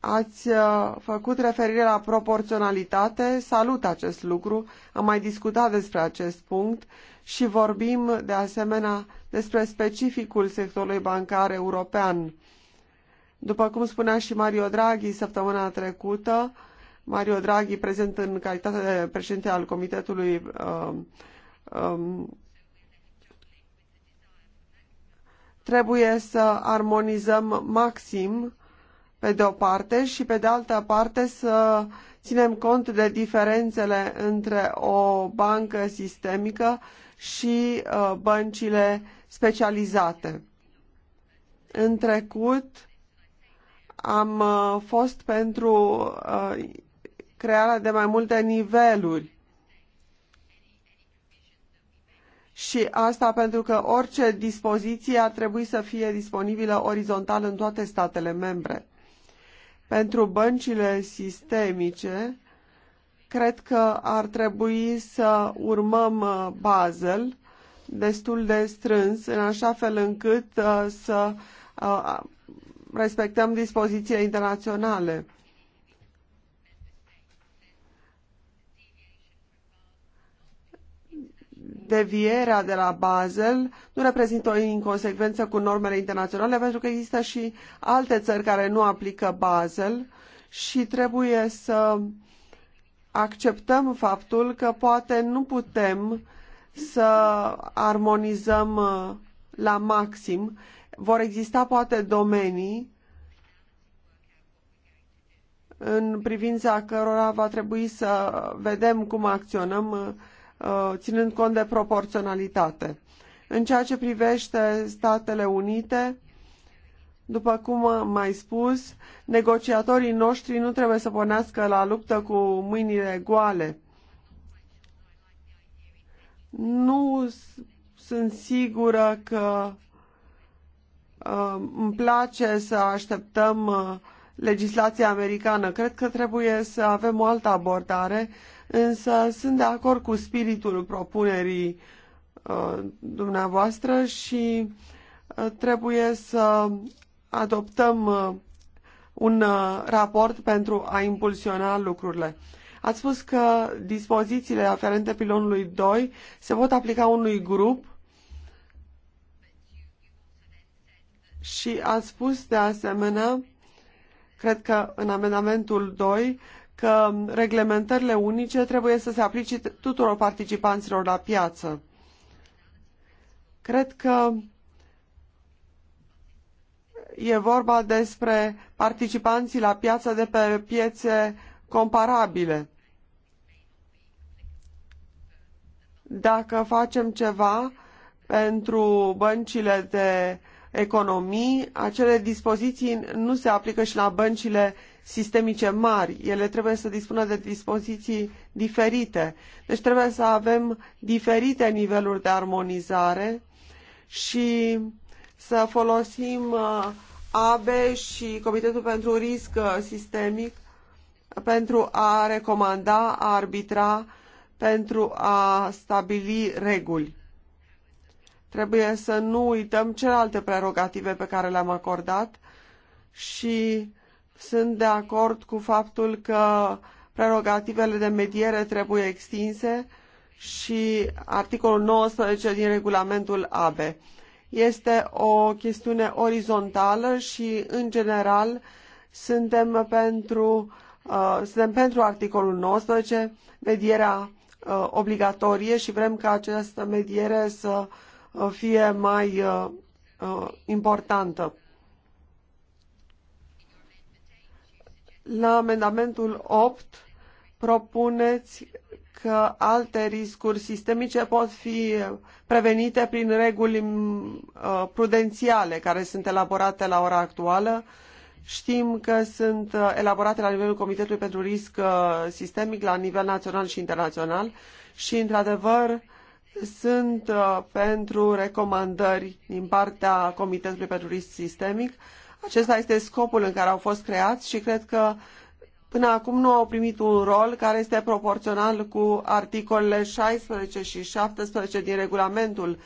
Speaker 1: Ați uh, făcut referire la proporționalitate, salut acest lucru, am mai discutat despre acest punct și vorbim de asemenea despre specificul sectorului bancar european. După cum spunea și Mario Draghi săptămâna trecută, uh, Mario Draghi, prezent în calitate de președinte al Comitetului um, um, trebuie să armonizăm maxim pe de o parte și pe de altă parte să ținem cont de diferențele între o bancă sistemică și uh, băncile specializate. În trecut am uh, fost pentru uh, crearea de mai multe niveluri. Și asta pentru că orice dispoziție ar trebui să fie disponibilă orizontal în toate statele membre. Pentru băncile sistemice, cred că ar trebui să urmăm uh, Basel destul de strâns, în așa fel încât uh, să uh, respectăm dispozițiile internaționale. devierea de la Basel nu reprezintă o inconsecvență cu normele internaționale, pentru că există și alte țări care nu aplică Basel și trebuie să acceptăm faptul că poate nu putem să armonizăm uh, la maxim. Vor exista poate domenii în privința cărora va trebui să vedem cum acționăm uh, Uh, ținând cont de proporționalitate. În ceea ce privește Statele Unite, după cum am mai spus, negociatorii noștri nu trebuie să pornească la luptă cu mâinile goale. Nu sunt sigură că uh, îmi place să așteptăm uh, legislația americană. Cred că trebuie să avem o altă abordare însă sunt de acord cu spiritul propunerii uh, dumneavoastră și uh, trebuie să adoptăm uh, un raport pentru a impulsiona lucrurile. Ați spus că dispozițiile aferente pilonului 2 se pot aplica unui grup și ați spus de asemenea, cred că în amendamentul 2, că reglementările unice trebuie să se aplice tuturor participanților la piață. Cred că e vorba despre participanții la piață de pe piețe comparabile. Dacă facem ceva pentru băncile de uh, economii, acele dispoziții nu se aplică și la băncile sistemice mari. Ele trebuie să dispună de dispoziții diferite. Deci trebuie să avem diferite niveluri de armonizare și să folosim uh, ABE și Comitetul pentru Risc uh, Sistemic pentru a recomanda, a arbitra, pentru a stabili reguli. Trebuie să nu uităm celelalte prerogative pe care le-am acordat și sunt de acord cu faptul că prerogativele de mediere trebuie extinse și articolul 19 din regulamentul ABE. Este o chestiune orizontală și, în general, suntem pentru, uh, suntem pentru articolul 19, medierea uh, obligatorie și vrem ca această mediere să Uh, fie mai uh, uh, importantă. La amendamentul 8 propuneți că alte riscuri sistemice pot fi prevenite prin reguli prudențiale care sunt elaborate la ora actuală. Știm că sunt elaborate la nivelul Comitetului pentru Risc Sistemic, la nivel național și internațional și, într-adevăr, sunt uh, pentru recomandări din partea Comitetului pentru Risc Sistemic. Acesta este scopul în care au fost creați și cred că până acum nu au primit un rol care este proporțional cu articolele 16 și 17 din regulamentul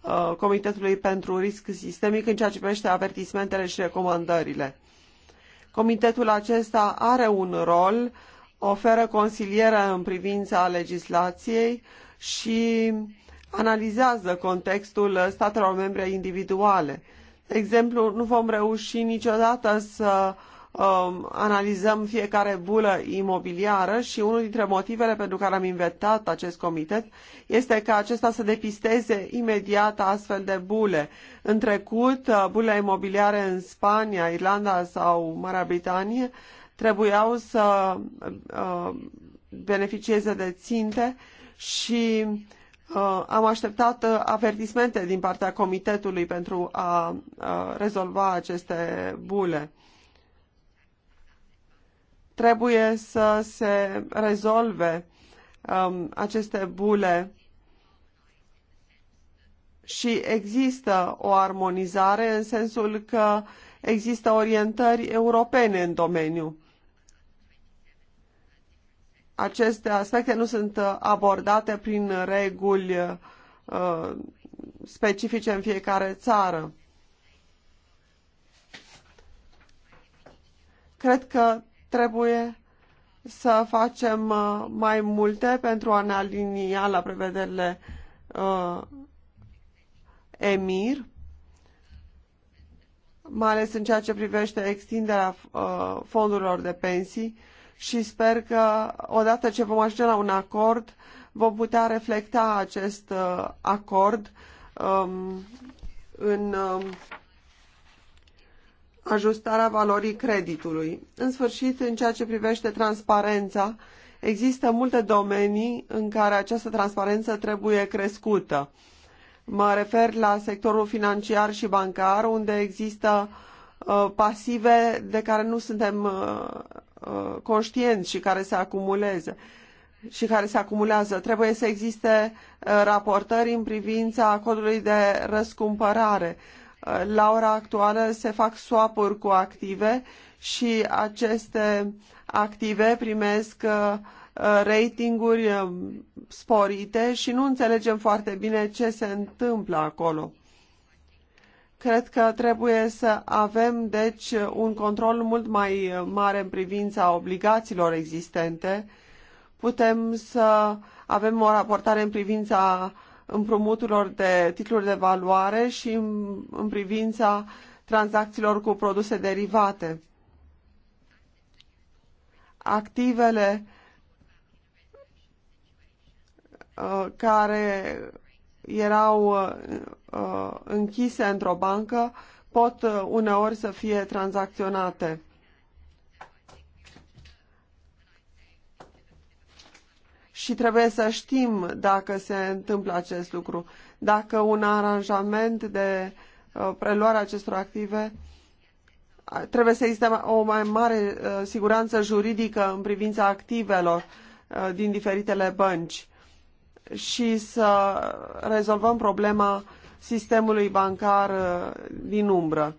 Speaker 1: uh, Comitetului pentru Risc Sistemic în ceea ce privește avertismentele și recomandările. Comitetul acesta are un rol, oferă consiliere în privința legislației, uh, și analizează contextul statelor membre individuale. De exemplu, nu vom reuși niciodată să um, analizăm fiecare bulă imobiliară și unul dintre motivele pentru care am inventat acest comitet este ca acesta să depisteze imediat astfel de bule. În trecut, uh, bulele imobiliare în Spania, Irlanda sau Marea Britanie trebuiau să uh, beneficieze de ținte uh, și uh, am așteptat uh, avertismente din partea comitetului pentru a uh, rezolva aceste bule. Trebuie să se rezolve um, aceste bule și există o armonizare în sensul că există orientări europene în domeniu aceste aspecte nu sunt uh, abordate prin reguli uh, specifice în fiecare țară. Cred că trebuie să facem uh, mai multe pentru a ne alinia la prevederile EMIR, mai ales în ceea ce privește extinderea fondurilor de pensii și sper că odată ce vom ajunge la un acord, vom putea reflecta acest uh, acord um, în uh, ajustarea valorii creditului. În sfârșit, în ceea ce privește transparența, există multe domenii în care această transparență trebuie crescută. Mă refer la sectorul financiar și bancar, unde există uh, pasive de care nu suntem uh, Uh, conștienți și care se acumuleze și care se acumulează. Trebuie să existe uh, raportări în privința codului de răscumpărare. Uh, la ora actuală se fac swap-uri cu active și aceste active primesc ratinguri sporite și nu înțelegem foarte bine ce se întâmplă acolo. Cred că trebuie să avem, deci, un control mult mai mare în privința obligațiilor existente. Putem să avem o raportare în privința împrumuturilor de titluri de valoare și în, în privința tranzacțiilor cu produse derivate. Activele uh, care erau uh, uh, închise într-o bancă pot uh, uneori să fie tranzacționate. Și trebuie să știm dacă se întâmplă acest lucru. Dacă un aranjament de preluare acestor active trebuie să existe o mai mare siguranță juridică în privința activelor din diferitele bănci și să rezolvăm problema sistemului bancar uh, din umbră.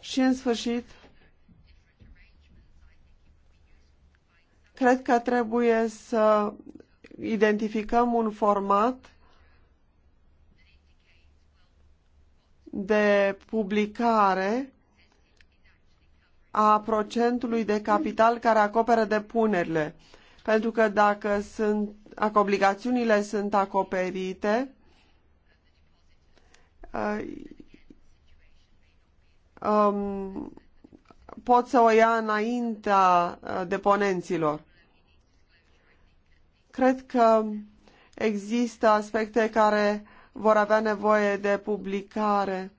Speaker 1: Și în sfârșit, cred că trebuie să identificăm un format de publicare a procentului de capital care acoperă depunerile. Pentru că dacă sunt dacă obligațiunile sunt acoperite, pot să o ia înaintea deponenților. Cred că există aspecte care vor avea nevoie de publicare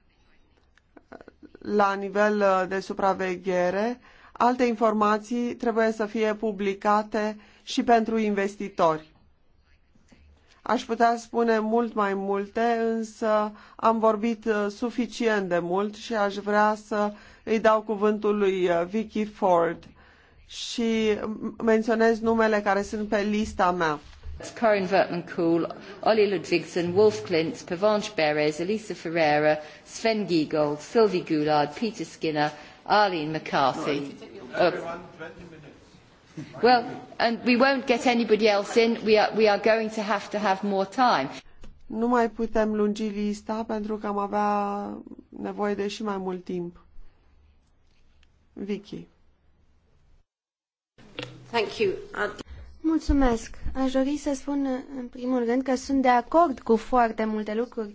Speaker 1: la nivel de supraveghere. Alte informații trebuie să fie publicate și pentru investitori. Aș putea spune mult mai multe, însă am vorbit uh, suficient de mult și aș vrea să îi dau cuvântul lui uh, Vicky Ford și menționez numele care sunt pe lista mea. Corinne Vertman Cool, Olli Ludvigson, Wolf Klintz, Pavanche Beres, Elisa Ferreira, Sven Giegold, Sylvie
Speaker 3: Goulard, Peter Skinner, Arlene McCarthy. No,
Speaker 1: Well, and we won't get anybody else in. We are, we are going to have to have more time. Nu mai putem lungi lista pentru că am avea nevoie de și mai mult timp. Vicky. Thank you. Uh,
Speaker 2: mulțumesc. Aș dori să spun în primul rând că sunt de acord cu foarte multe lucruri,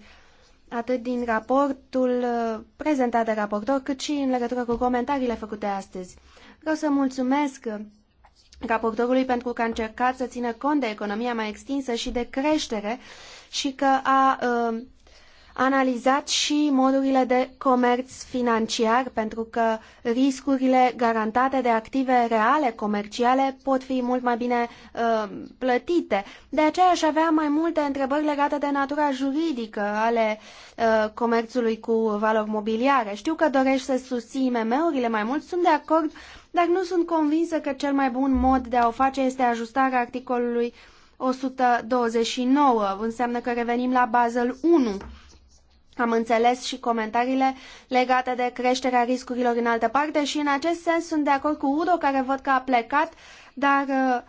Speaker 2: atât din raportul uh, prezentat de raportor, cât și în legătură cu comentariile făcute astăzi. Vreau să mulțumesc raportorului pentru că a încercat să țină cont de economia mai extinsă și de creștere și că a uh, analizat și modurile de comerț financiar, pentru că riscurile garantate de active reale comerciale pot fi mult mai bine uh, plătite. De aceea aș avea mai multe întrebări legate de natura juridică ale uh, comerțului cu valori mobiliare. Știu că dorești să susții IMM-urile mai mult, sunt de acord uh, dar nu sunt convinsă că cel mai bun mod de a o face este ajustarea articolului 129. Înseamnă că revenim la Basel 1. Am înțeles și comentariile legate de creșterea riscurilor în altă parte și în acest sens sunt de acord cu Udo care văd că a plecat, dar uh,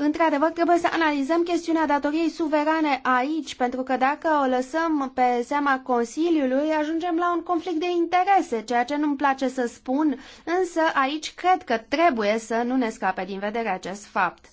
Speaker 2: Într-adevăr, trebuie să analizăm chestiunea datoriei suverane aici, pentru că dacă o lăsăm pe seama Consiliului, ajungem la un conflict de interese, ceea ce nu-mi place să spun, însă aici cred că trebuie să nu ne scape din vedere acest fapt.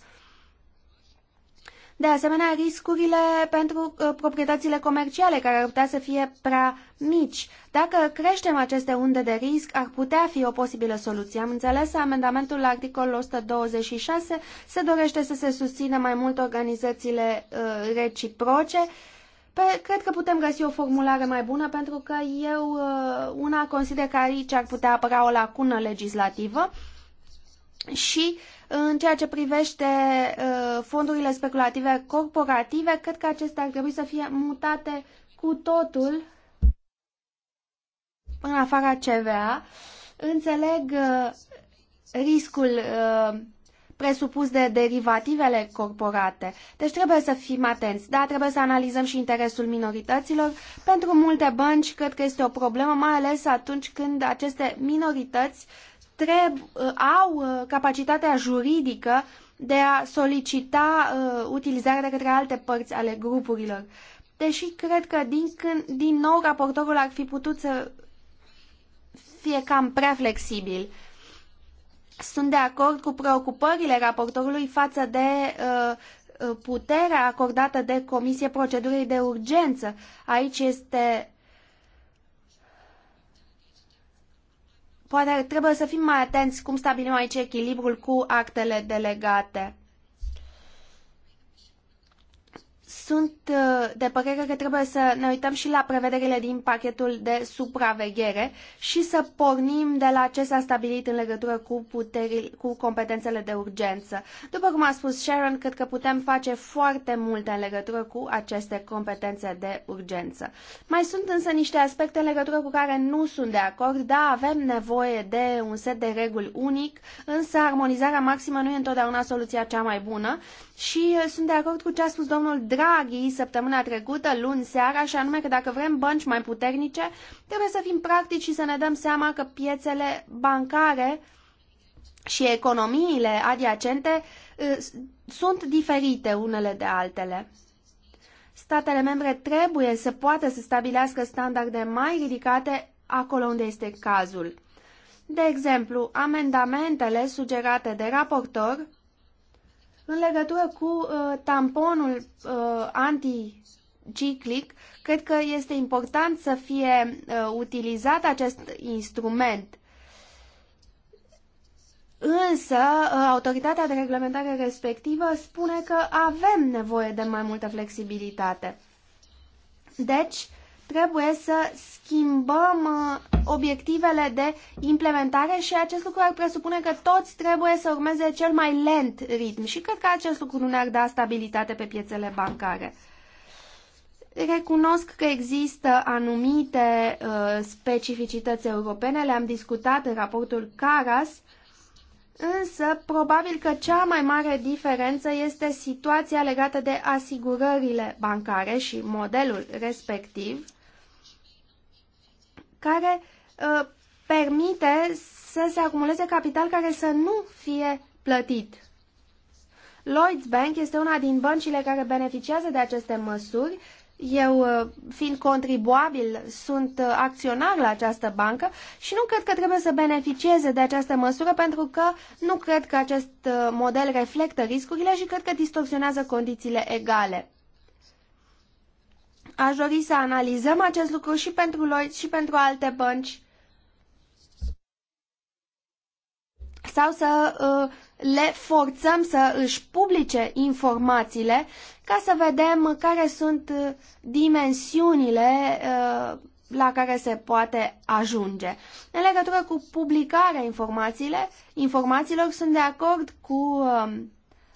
Speaker 2: De asemenea, riscurile pentru uh, proprietățile comerciale, care ar putea să fie prea mici. Dacă creștem aceste unde de risc, ar putea fi o posibilă soluție. Am înțeles, amendamentul la articolul 126 se dorește să se susțină mai mult organizațiile uh, reciproce. Pe, cred că putem găsi o formulare mai bună pentru că eu uh, una consider că aici ar putea apăra o lacună legislativă și uh, în ceea ce privește uh, fondurile speculative corporative, cred că acestea ar trebui să fie mutate cu totul în afara CVA. Înțeleg uh, riscul uh, presupus de derivativele corporate. Deci trebuie să fim atenți, dar trebuie să analizăm și interesul minorităților. Pentru multe bănci, cred că este o problemă, mai ales atunci când aceste minorități treb, uh, au uh, capacitatea juridică de a solicita uh, utilizarea de către alte părți ale grupurilor. Deși cred că din, când, din nou raportorul ar fi putut să fie cam prea flexibil. Sunt de acord cu preocupările raportorului față de uh, puterea acordată de Comisie Procedurii de Urgență. Aici este Poate trebuie să fim mai atenți cum stabilim aici echilibrul cu actele delegate. Sunt uh, de părere că trebuie să ne uităm și la prevederile din pachetul de supraveghere și să pornim de la ce s-a stabilit în legătură cu, puteri, cu competențele de urgență. După cum a spus Sharon, cred că putem face foarte multe în legătură cu aceste competențe de urgență. Mai sunt însă niște aspecte în legătură cu care nu sunt de acord. Da, avem nevoie de un set de reguli unic, însă armonizarea maximă nu e întotdeauna soluția cea mai bună și uh, sunt de acord cu ce a spus domnul Draghi Draghi săptămâna trecută, luni seara, și anume că dacă vrem bănci mai puternice, trebuie să fim practici și să ne dăm seama că piețele bancare și economiile adiacente uh, sunt diferite unele de altele. Statele membre trebuie să poată să stabilească standarde mai ridicate acolo unde este cazul. De exemplu, amendamentele sugerate de raportor în legătură cu uh, tamponul uh, anticiclic, cred că este important să fie uh, utilizat acest instrument. Însă, uh, autoritatea de reglementare respectivă spune că avem nevoie de mai multă flexibilitate. Deci, uh, Trebuie să schimbăm uh, obiectivele de implementare și acest lucru ar presupune că toți trebuie să urmeze cel mai lent ritm și cred că acest lucru nu ne-ar da stabilitate pe piețele bancare. Recunosc că există anumite uh, specificități europene, le-am discutat în raportul Caras, însă probabil că cea mai mare diferență este situația legată de asigurările bancare și modelul respectiv care ă, permite să se acumuleze capital care să nu fie plătit. Lloyds Bank este una din băncile care beneficiază de aceste măsuri. Eu, ă, fiind contribuabil, sunt acționar la această bancă și nu cred că trebuie să beneficieze de această măsură pentru că nu cred că acest ă, model reflectă riscurile și cred că distorsionează condițiile egale. Aș dori să analizăm acest lucru și pentru Lloyd și pentru alte bănci sau să uh, le forțăm să își publice informațiile ca să vedem care sunt uh, dimensiunile uh, la care se poate ajunge. În legătură cu publicarea informațiile, informațiilor sunt de acord cu um,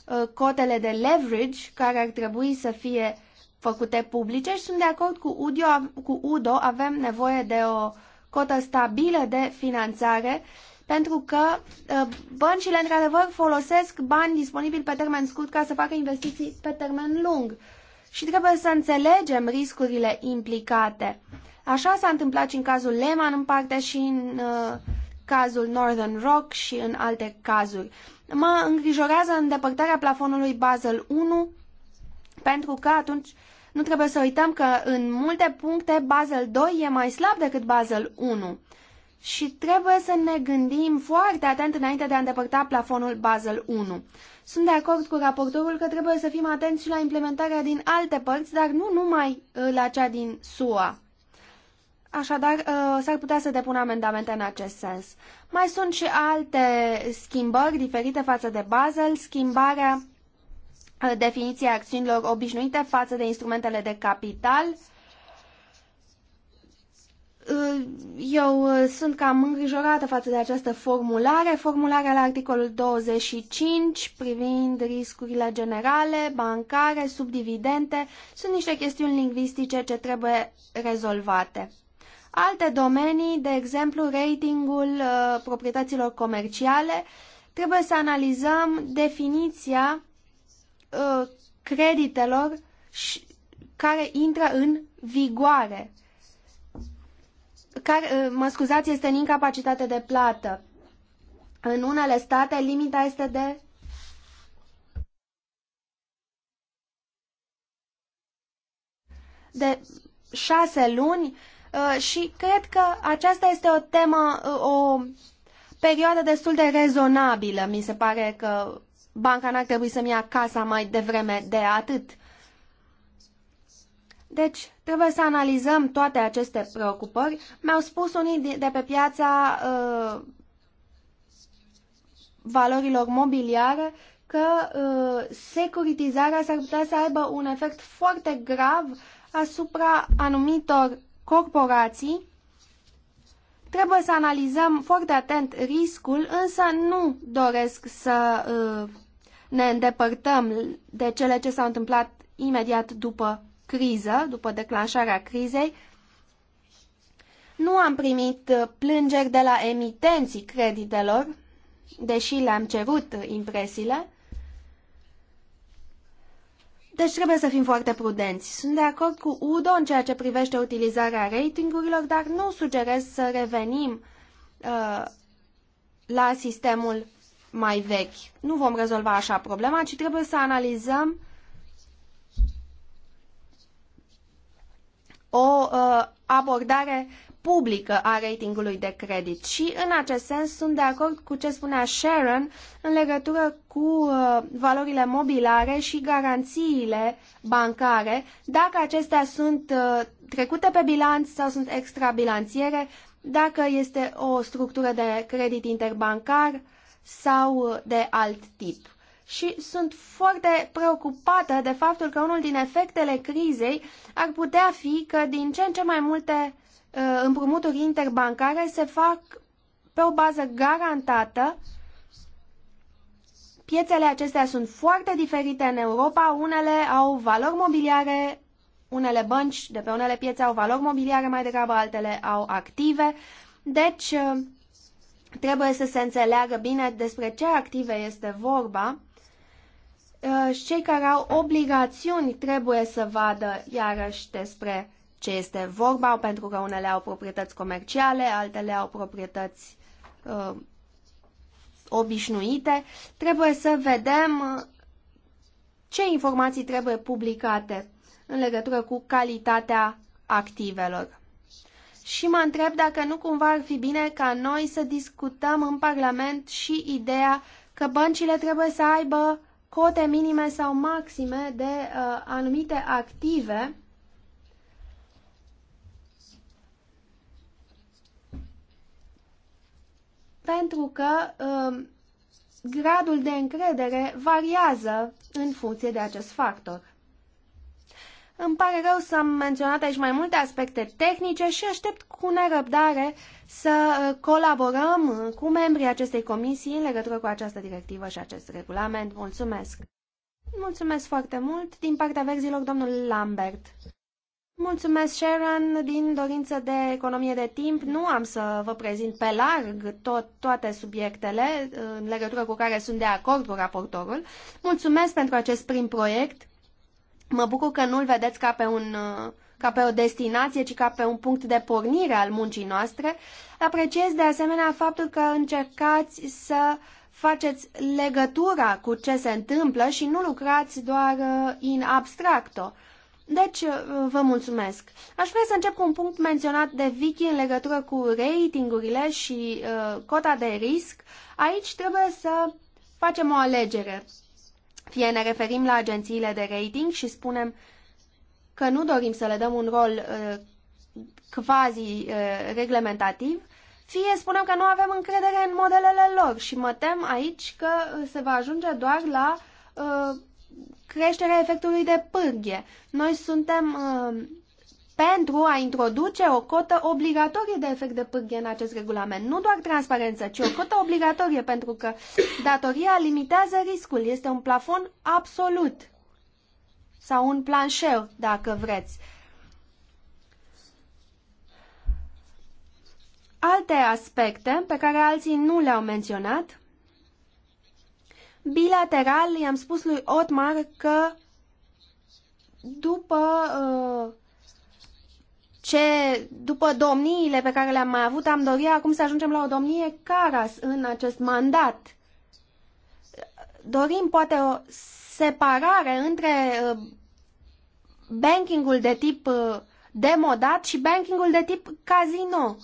Speaker 2: uh, cotele de leverage care ar trebui să fie făcute publice și sunt de acord cu, Udio, cu UDO, avem nevoie de o cotă stabilă de finanțare pentru că ă, băncile, într-adevăr, folosesc bani disponibili pe termen scurt ca să facă investiții pe termen lung. Și trebuie să înțelegem riscurile implicate. Așa s-a întâmplat și în cazul Lehman în parte și în uh, cazul Northern Rock și în alte cazuri. Mă îngrijorează îndepărtarea plafonului Basel 1 pentru că atunci nu trebuie să uităm că în multe puncte Basel 2 e mai slab decât Basel 1 și trebuie să ne gândim foarte atent înainte de a îndepărta plafonul Basel 1. Sunt de acord cu raportorul că trebuie să fim atenți și la implementarea din alte părți, dar nu numai uh, la cea din SUA. Așadar, uh, s-ar putea să depun amendamente în acest sens. Mai sunt și alte schimbări diferite față de Basel, schimbarea Uh, definiția acțiunilor obișnuite față de instrumentele de capital. Uh, eu uh, sunt cam îngrijorată față de această formulare, formularea la articolul 25 privind riscurile generale, bancare, subdividente, sunt niște chestiuni lingvistice ce trebuie rezolvate. Alte domenii, de exemplu ratingul uh, proprietăților comerciale, trebuie să analizăm definiția Uh, creditelor care intră în vigoare. Care, uh, mă scuzați, este în incapacitate de plată. În unele state limita este de de șase luni uh, și cred că aceasta este o temă, o perioadă destul de rezonabilă. Mi se pare că banca n-ar trebui să-mi ia casa mai devreme de atât. Deci, trebuie să analizăm toate aceste preocupări. Mi-au spus unii de pe piața uh, valorilor mobiliare că uh, securitizarea s-ar putea să aibă un efect foarte grav asupra anumitor corporații Trebuie să analizăm foarte atent riscul, însă nu doresc să uh, ne îndepărtăm de cele ce s-au întâmplat imediat după criză, după declanșarea crizei. Nu am primit uh, plângeri de la emitenții creditelor, deși le-am cerut impresiile, deci trebuie să fim foarte prudenți. Sunt de acord cu Udo în ceea ce privește utilizarea ratingurilor, dar nu sugerez să revenim uh, la sistemul mai vechi. Nu vom rezolva așa problema, ci trebuie să analizăm o uh, abordare publică a ratingului de credit. Și în acest sens sunt de acord cu ce spunea Sharon în legătură cu uh, valorile mobilare și garanțiile bancare, dacă acestea sunt uh, trecute pe bilanț sau sunt extrabilanțiere, dacă este o structură de credit interbancar sau de alt tip și sunt foarte preocupată de faptul că unul din efectele crizei ar putea fi că din ce în ce mai multe Uh, împrumuturi interbancare se fac pe o bază garantată. Piețele acestea sunt foarte diferite în Europa. Unele au valori mobiliare, unele bănci de pe unele piețe au valori mobiliare, mai degrabă altele au active. Deci, uh, trebuie să se înțeleagă bine despre ce active este vorba uh, cei care au obligațiuni trebuie să vadă iarăși despre ce este vorba, pentru că unele au proprietăți comerciale, altele au proprietăți uh, obișnuite. Trebuie să vedem uh, ce informații trebuie publicate în legătură cu calitatea activelor. Și mă întreb dacă nu cumva ar fi bine ca noi să discutăm în Parlament și ideea că băncile trebuie să aibă cote minime sau maxime de uh, anumite active pentru că uh, gradul de încredere variază în funcție de acest factor. Îmi pare rău să am menționat aici mai multe aspecte tehnice și aștept cu nerăbdare să uh, colaborăm uh, cu membrii acestei comisii în legătură cu această directivă și acest regulament. Mulțumesc! Mulțumesc foarte mult din partea verzilor, domnul Lambert. Mulțumesc, Sharon. Din dorință de economie de timp, nu am să vă prezint pe larg tot, toate subiectele uh, în legătură cu care sunt de acord cu raportorul. Mulțumesc pentru acest prim proiect. Mă bucur că nu-l vedeți ca pe, un, uh, ca pe o destinație, ci ca pe un punct de pornire al muncii noastre. Apreciez de asemenea faptul că încercați să faceți legătura cu ce se întâmplă și nu lucrați doar în uh, abstracto deci, uh, vă mulțumesc. Aș vrea să încep cu un punct menționat de Vicky în legătură cu ratingurile și uh, cota de risc. Aici trebuie să facem o alegere. Fie ne referim la agențiile de rating și spunem că nu dorim să le dăm un rol uh, uh, reglementativ, fie spunem că nu avem încredere în modelele lor și mă tem aici că se va ajunge doar la uh, creșterea efectului de pârghie. Noi suntem uh, pentru a introduce o cotă obligatorie de efect de pârghie în acest regulament. Nu doar transparență, ci o cotă obligatorie, pentru că datoria limitează riscul. Este un plafon absolut sau un planșeu, dacă vreți. Alte aspecte pe care alții nu le-au menționat Bilateral, i-am spus lui Otmar că după uh, ce, după domniile pe care le-am mai avut, am dorit acum să ajungem la o domnie Caras în acest mandat. Dorim poate o separare între uh, bankingul de tip uh, demodat și bankingul de tip casino.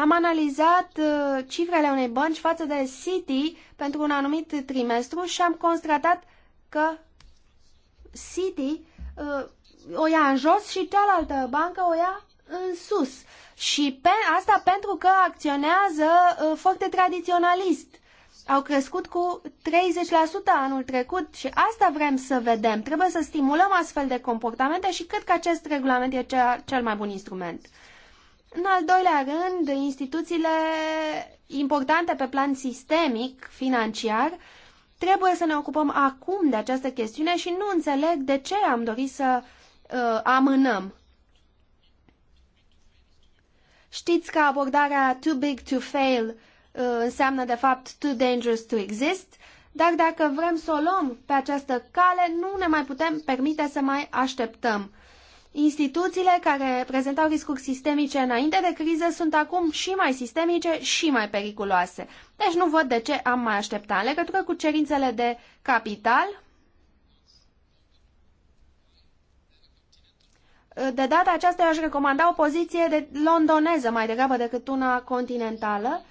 Speaker 2: Am analizat uh, cifrele unei bănci față de City pentru un anumit trimestru și am constatat că City uh, o ia în jos și cealaltă bancă o ia în sus. Și pe, asta pentru că acționează uh, foarte tradiționalist. Au crescut cu 30% anul trecut și asta vrem să vedem. Trebuie să stimulăm astfel de comportamente și cred că acest regulament e cea, cel mai bun instrument. În al doilea rând, instituțiile importante pe plan sistemic, financiar, trebuie să ne ocupăm acum de această chestiune și nu înțeleg de ce am dorit să uh, amânăm. Știți că abordarea too big to fail uh, înseamnă de fapt too dangerous to exist, dar dacă vrem să o luăm pe această cale, nu ne mai putem permite să mai așteptăm. Instituțiile care prezentau riscuri sistemice înainte de criză sunt acum și mai sistemice și mai periculoase. Deci nu văd de ce am mai aștepta. În legătură cu cerințele de capital, de data aceasta eu aș recomanda o poziție de londoneză mai degrabă decât una continentală,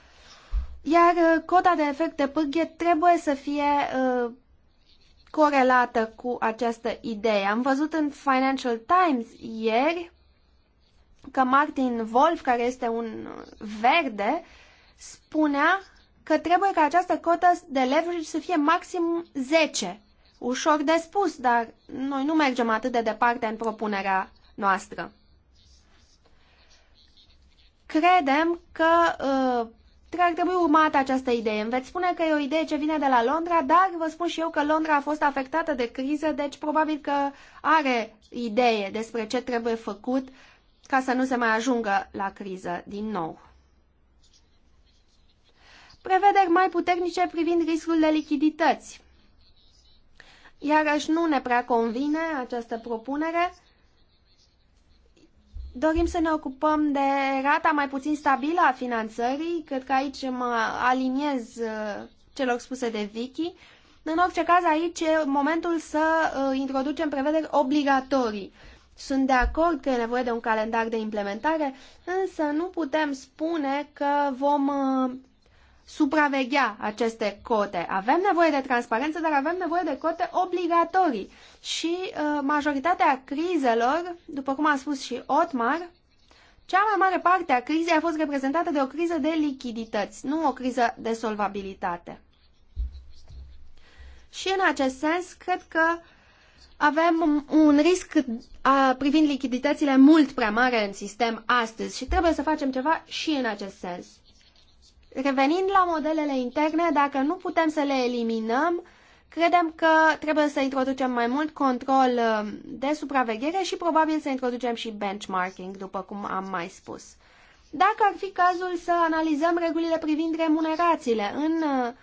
Speaker 2: iar cota de efect de pârghie trebuie să fie uh, corelată cu această idee. Am văzut în Financial Times ieri că Martin Wolf, care este un verde, spunea că trebuie ca această cotă de leverage să fie maxim 10. Ușor de spus, dar noi nu mergem atât de departe în propunerea noastră. Credem că uh, Cred că ar trebui urmată această idee. Îmi veți spune că e o idee ce vine de la Londra, dar vă spun și eu că Londra a fost afectată de criză, deci probabil că are idee despre ce trebuie făcut ca să nu se mai ajungă la criză din nou. Prevederi mai puternice privind riscul de lichidități. Iarăși nu ne prea convine această propunere Dorim să ne ocupăm de rata mai puțin stabilă a finanțării. Cred că aici mă aliniez uh, celor spuse de Vicky. În orice caz, aici e momentul să uh, introducem prevederi obligatorii. Sunt de acord că e nevoie de un calendar de implementare, însă nu putem spune că vom uh, supraveghea aceste cote. Avem nevoie de transparență, dar avem nevoie de cote obligatorii. Și uh, majoritatea crizelor, după cum a spus și Otmar, cea mai mare parte a crizei a fost reprezentată de o criză de lichidități, nu o criză de solvabilitate. Și în acest sens, cred că avem un risc a, uh, privind lichiditățile mult prea mare în sistem astăzi și trebuie să facem ceva și în acest sens. Revenind la modelele interne, dacă nu putem să le eliminăm, credem că trebuie să introducem mai mult control uh, de supraveghere și probabil să introducem și benchmarking, după cum am mai spus. Dacă ar fi cazul să analizăm regulile privind remunerațiile în uh,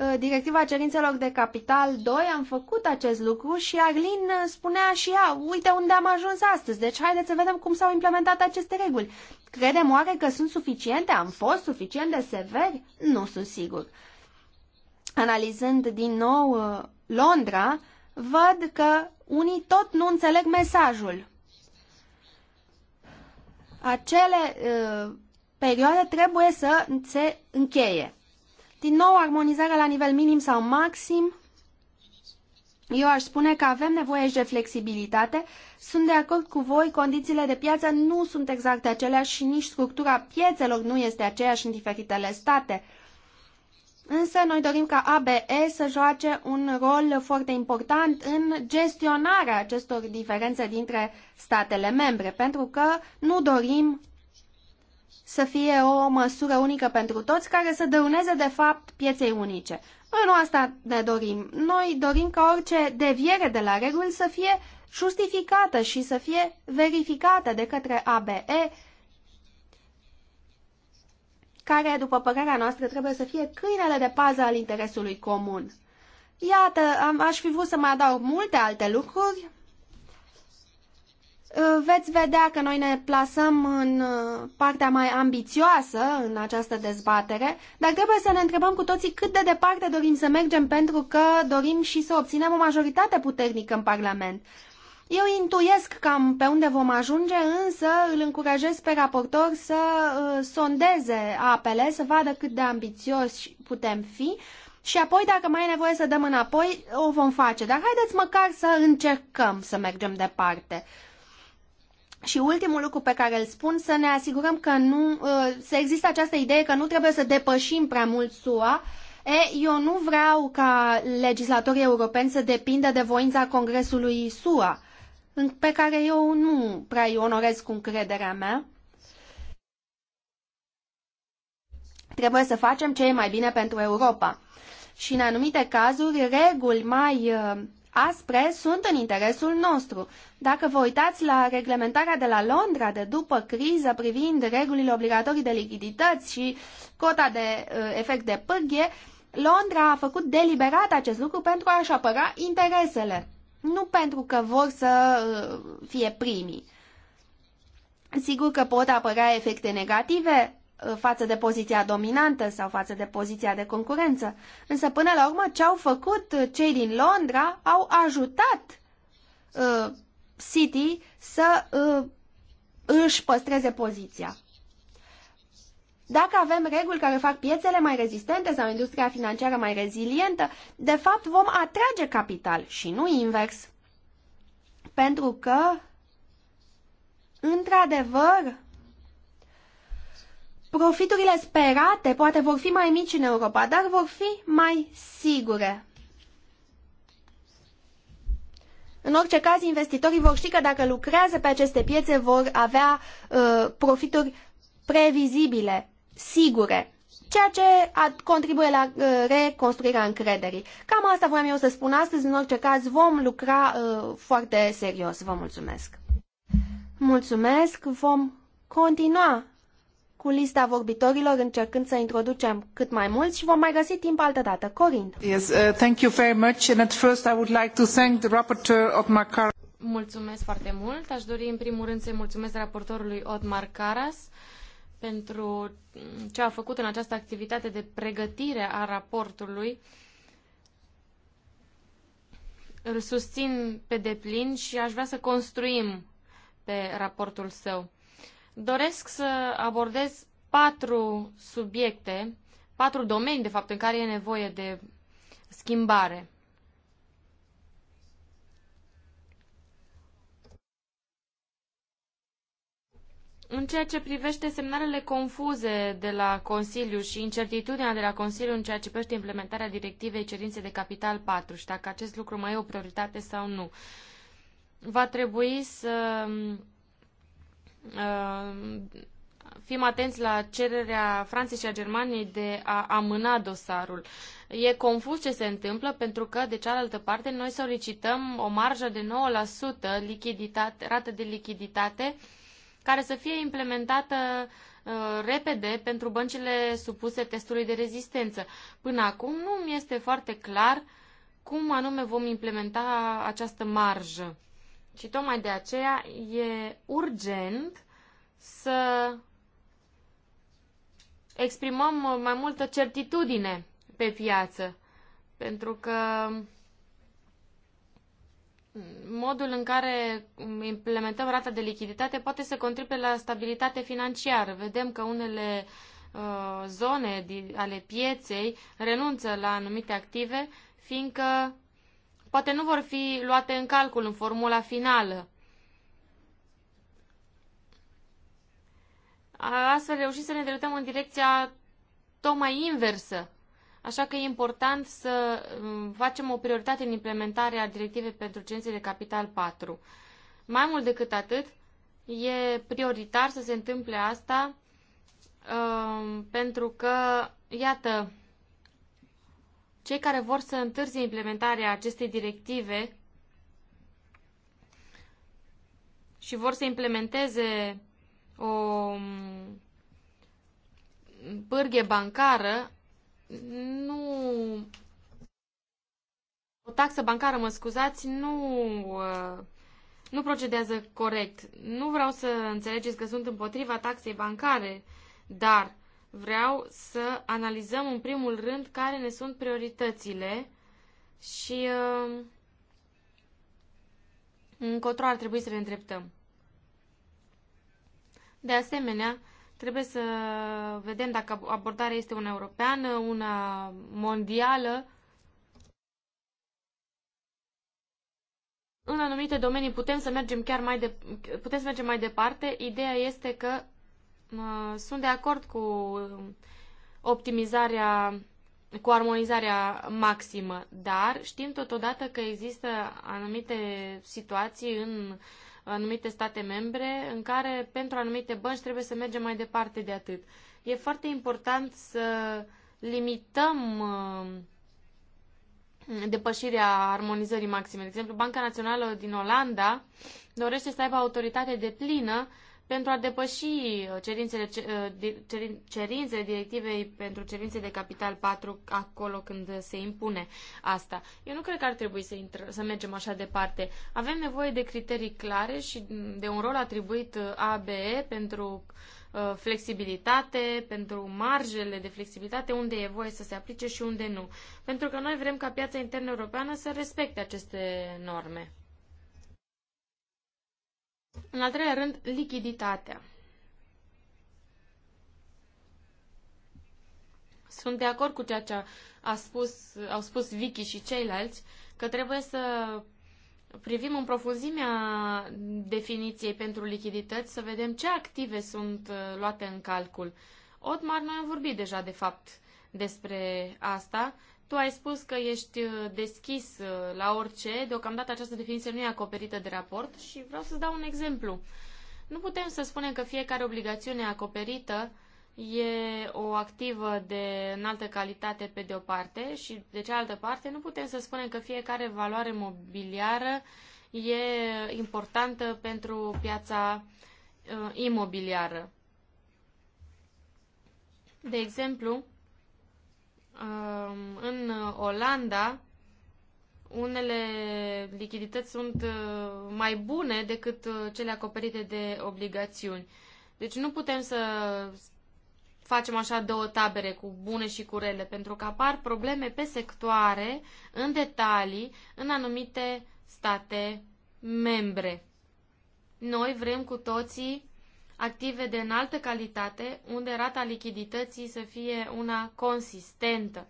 Speaker 2: Uh, directiva cerințelor de capital 2 am făcut acest lucru și Arlin uh, spunea și ea, uite unde am ajuns astăzi, deci haideți să vedem cum s-au implementat aceste reguli. Credem oare că sunt suficiente? Am fost suficient de severi? Nu sunt sigur. Analizând din nou uh, Londra, văd că unii tot nu înțeleg mesajul. Acele uh, perioade trebuie să se încheie. Din nou, armonizarea la nivel minim sau maxim. Eu aș spune că avem nevoie și de flexibilitate. Sunt de acord cu voi, condițiile de piață nu sunt exact aceleași și nici structura piețelor nu este aceeași în diferitele state. Însă noi dorim ca ABE să joace un rol foarte important în gestionarea acestor diferențe dintre statele membre, pentru că nu dorim să fie o măsură unică pentru toți care să dăuneze de fapt pieței unice. Noi nu asta ne dorim. Noi dorim ca orice deviere de la reguli să fie justificată și să fie verificată de către ABE, care, după părerea noastră, trebuie să fie câinele de pază al interesului comun. Iată, am, aș fi vrut să mai adaug multe alte lucruri, Uh, veți vedea că noi ne plasăm în uh, partea mai ambițioasă în această dezbatere, dar trebuie să ne întrebăm cu toții cât de departe dorim să mergem pentru că dorim și să obținem o majoritate puternică în Parlament. Eu intuiesc cam pe unde vom ajunge, însă îl încurajez pe raportor să uh, sondeze apele, să vadă cât de ambițioși putem fi și apoi, dacă mai e nevoie să dăm înapoi, o vom face. Dar haideți măcar să încercăm să mergem departe. Și ultimul lucru pe care îl spun, să ne asigurăm că nu, ă, să există această idee că nu trebuie să depășim prea mult SUA. E, eu nu vreau ca legislatorii europeni să depindă de voința Congresului SUA, pe care eu nu prea îi onorez cu încrederea mea. Trebuie să facem ce e mai bine pentru Europa. Și în anumite cazuri, reguli mai ă, aspre sunt în interesul nostru. Dacă vă uitați la reglementarea de la Londra de după criză privind regulile obligatorii de lichidități și cota de uh, efect de pârghie, Londra a făcut deliberat acest lucru pentru a-și apăra interesele, nu pentru că vor să uh, fie primii. Sigur că pot apărea efecte negative Uh, față de poziția dominantă sau față de poziția de concurență. Însă, până la urmă, ce au făcut uh, cei din Londra au ajutat uh, City să uh, își păstreze poziția. Dacă avem reguli care fac piețele mai rezistente sau industria financiară mai rezilientă, de fapt vom atrage capital și nu invers. Pentru că, într-adevăr, Profiturile sperate poate vor fi mai mici în Europa, dar vor fi mai sigure. În orice caz, investitorii vor ști că dacă lucrează pe aceste piețe, vor avea uh, profituri previzibile, sigure, ceea ce contribuie la uh, reconstruirea încrederii. Cam asta voiam eu să spun astăzi. În orice caz, vom lucra uh, foarte serios. Vă mulțumesc! Mulțumesc! Vom continua cu lista vorbitorilor, încercând să introducem cât mai mulți și vom mai găsi timp altă
Speaker 1: dată. Corin. Yes, uh, thank you very much and at first I would like to thank the rapporteur Otmar Karas.
Speaker 3: Mulțumesc foarte mult. Aș dori în primul rând să-i mulțumesc raportorului Otmar Caras pentru ce a făcut în această activitate de pregătire a raportului. Îl susțin pe deplin și aș vrea să construim pe raportul său doresc să abordez patru subiecte, patru domenii, de fapt, în care e nevoie de schimbare. În ceea ce privește semnalele confuze de la Consiliu și incertitudinea de la Consiliu în ceea ce privește implementarea directivei cerințe de capital 4 și dacă acest lucru mai e o prioritate sau nu, va trebui să Uh, fim atenți la cererea Franței și a Germaniei de a amâna dosarul. E confuz ce se întâmplă pentru că, de cealaltă parte, noi solicităm o marjă de 9% lichiditate, rată de lichiditate care să fie implementată uh, repede pentru băncile supuse testului de rezistență. Până acum nu mi este foarte clar cum anume vom implementa această marjă. Și tocmai de aceea e urgent să exprimăm mai multă certitudine pe piață. Pentru că modul în care implementăm rata de lichiditate poate să contribuie la stabilitate financiară. Vedem că unele uh, zone ale pieței renunță la anumite active, fiindcă poate nu vor fi luate în calcul în formula finală. Astfel reușim să ne derutăm în direcția tocmai inversă. Așa că e important să mm, facem o prioritate în implementarea directivei pentru cenții de capital 4. Mai mult decât atât, e prioritar să se întâmple asta mm, pentru că, iată, cei care vor să întârzie implementarea acestei directive și vor să implementeze o um, pârghie bancară, nu o taxă bancară, mă scuzați, nu, uh, nu procedează corect. Nu vreau să înțelegeți că sunt împotriva taxei bancare, dar vreau să analizăm în primul rând care ne sunt prioritățile și uh, încotro ar trebui să le îndreptăm. De asemenea, trebuie să vedem dacă abordarea este una europeană, una mondială. În anumite domenii putem să mergem chiar mai de, putem să mergem mai departe. Ideea este că sunt de acord cu optimizarea, cu armonizarea maximă, dar știm totodată că există anumite situații în anumite state membre în care pentru anumite bănci trebuie să mergem mai departe de atât. E foarte important să limităm uh, depășirea armonizării maxime. De exemplu, Banca Națională din Olanda dorește să aibă autoritate de plină pentru a depăși uh, cerințele, uh, cerințele directivei pentru cerințe de capital 4 acolo când se impune asta. Eu nu cred că ar trebui să, intră, să mergem așa departe. Avem nevoie de criterii clare și de un rol atribuit uh, ABE pentru flexibilitate, pentru marjele de flexibilitate, unde e voie să se aplice și unde nu. Pentru că noi vrem ca piața internă europeană să respecte aceste norme. În al treilea rând, lichiditatea. Sunt de acord cu ceea ce a spus, au spus Vicky și ceilalți, că trebuie să privim în profunzimea definiției pentru lichidități, să vedem ce active sunt uh, luate în calcul. Otmar, noi am vorbit deja, de fapt, despre asta. Tu ai spus că ești uh, deschis uh, la orice, deocamdată această definiție nu e acoperită de raport și vreau să-ți dau un exemplu. Nu putem să spunem că fiecare obligațiune acoperită e o activă de înaltă calitate pe de o parte și de cealaltă parte nu putem să spunem că fiecare valoare mobiliară e importantă pentru piața uh, imobiliară. De exemplu, în Olanda unele lichidități sunt uh, mai bune decât uh, cele acoperite de obligațiuni. Deci nu putem să facem așa două tabere cu bune și cu rele, pentru că apar probleme pe sectoare, în detalii, în anumite state membre. Noi vrem cu toții active de înaltă calitate, unde rata lichidității să fie una consistentă.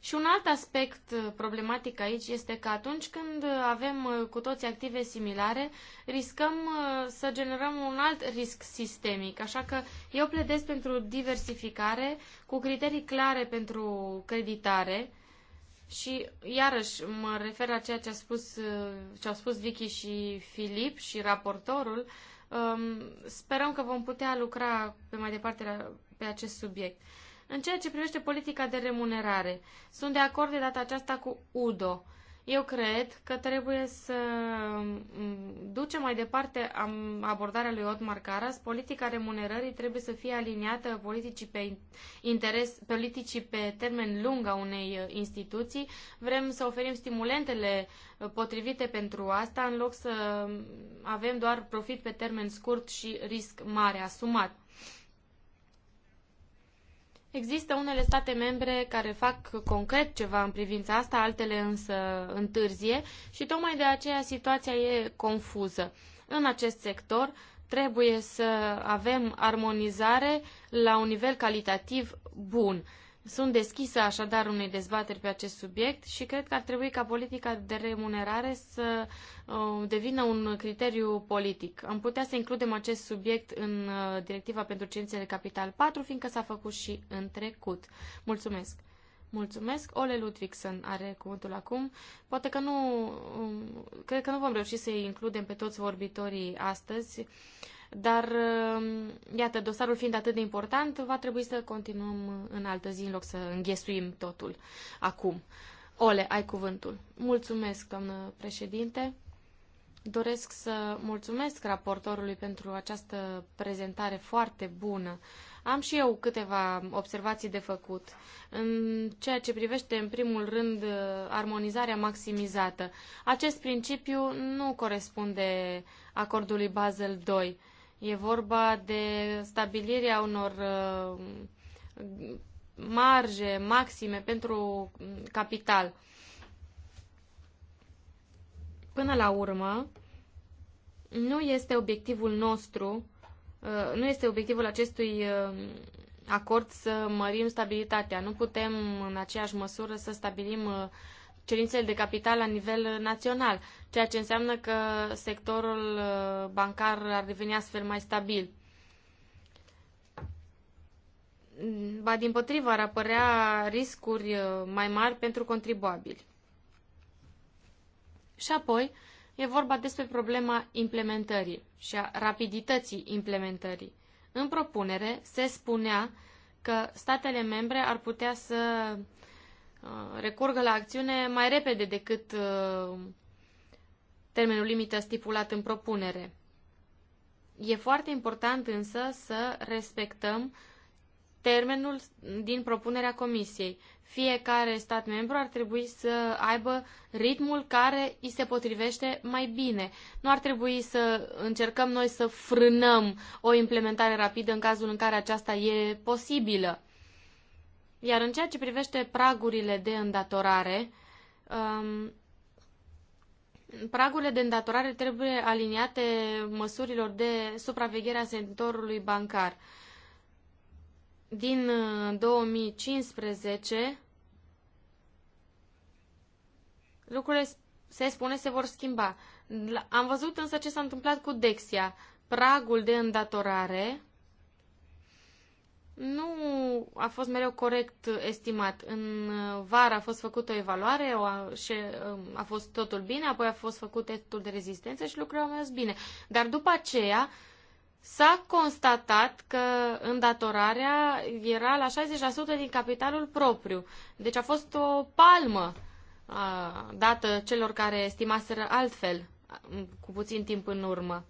Speaker 3: Și un alt aspect uh, problematic aici este că atunci când avem uh, cu toți active similare, riscăm uh, să generăm un alt risc sistemic. Așa că eu pledez pentru diversificare cu criterii clare pentru creditare și iarăși mă refer la ceea ce, a spus, ce au spus Vicky și Filip și raportorul, uh, Um, sperăm că vom putea lucra pe mai departe la, pe acest subiect. În ceea ce privește politica de remunerare, sunt de acord de data aceasta cu UDO. Uh, eu cred că trebuie să mm, ducem mai departe abordarea lui Otmar Caras. Politica remunerării trebuie să fie aliniată politicii pe, interes, politicii pe termen lung a unei uh, instituții. Vrem să oferim stimulentele uh, potrivite pentru asta, în loc să mm, avem doar profit pe termen scurt și risc mare asumat. Există unele state membre care fac concret ceva în privința asta, altele însă întârzie și tocmai de aceea situația e confuză. În acest sector trebuie să avem armonizare la un nivel calitativ bun. Sunt deschisă așadar unei dezbateri pe acest subiect și cred că ar trebui ca politica de remunerare să uh, devină un criteriu politic. Am putea să includem acest subiect în uh, Directiva pentru de Capital 4, fiindcă s-a făcut și în trecut. Mulțumesc! Mulțumesc. Ole Ludvigsen are cuvântul acum. Poate că nu, um, cred că nu vom reuși să-i includem pe toți vorbitorii astăzi. Dar, um, iată, dosarul fiind atât de important, va trebui să continuăm în altă zi în loc să înghesuim totul acum. Ole, ai cuvântul. Mulțumesc, doamnă președinte. Doresc să mulțumesc raportorului pentru această prezentare foarte bună. Am și eu câteva observații de făcut. În ceea ce privește, în primul rând, armonizarea maximizată. Acest principiu nu corespunde acordului Basel II. E vorba de stabilirea unor uh, marje maxime pentru mm, capital. Până la urmă, nu este obiectivul nostru, uh, nu este obiectivul acestui uh, acord să mărim stabilitatea. Nu putem în aceeași măsură să stabilim cerințele de capital la nivel uh, național, ceea ce înseamnă că sectorul uh, bancar ar deveni astfel mai stabil. Ba din potrivă, ar apărea riscuri uh, mai mari pentru contribuabili. Și apoi, e vorba despre problema implementării și a rapidității implementării. În propunere se spunea că statele membre ar putea să Uh, recurgă la acțiune mai repede decât uh, termenul limită stipulat în propunere. E foarte important însă să respectăm termenul din propunerea comisiei. Fiecare stat membru ar trebui să aibă ritmul care îi se potrivește mai bine. Nu ar trebui să încercăm noi să frânăm o implementare rapidă în cazul în care aceasta e posibilă. Iar în ceea ce privește pragurile de îndatorare, um, pragurile de îndatorare trebuie aliniate măsurilor de supraveghere a sectorului bancar. Din 2015, uh, lucrurile se spune se vor schimba. Am văzut însă ce s-a întâmplat cu Dexia. Pragul de îndatorare nu a fost mereu corect estimat. În vară a fost făcută o evaluare o, și um, a fost totul bine, apoi a fost făcut testul de rezistență și lucrurile au mers bine. Dar după aceea s-a constatat că îndatorarea era la 60% din capitalul propriu. Deci a fost o palmă a, dată celor care estimaseră altfel cu puțin timp în urmă.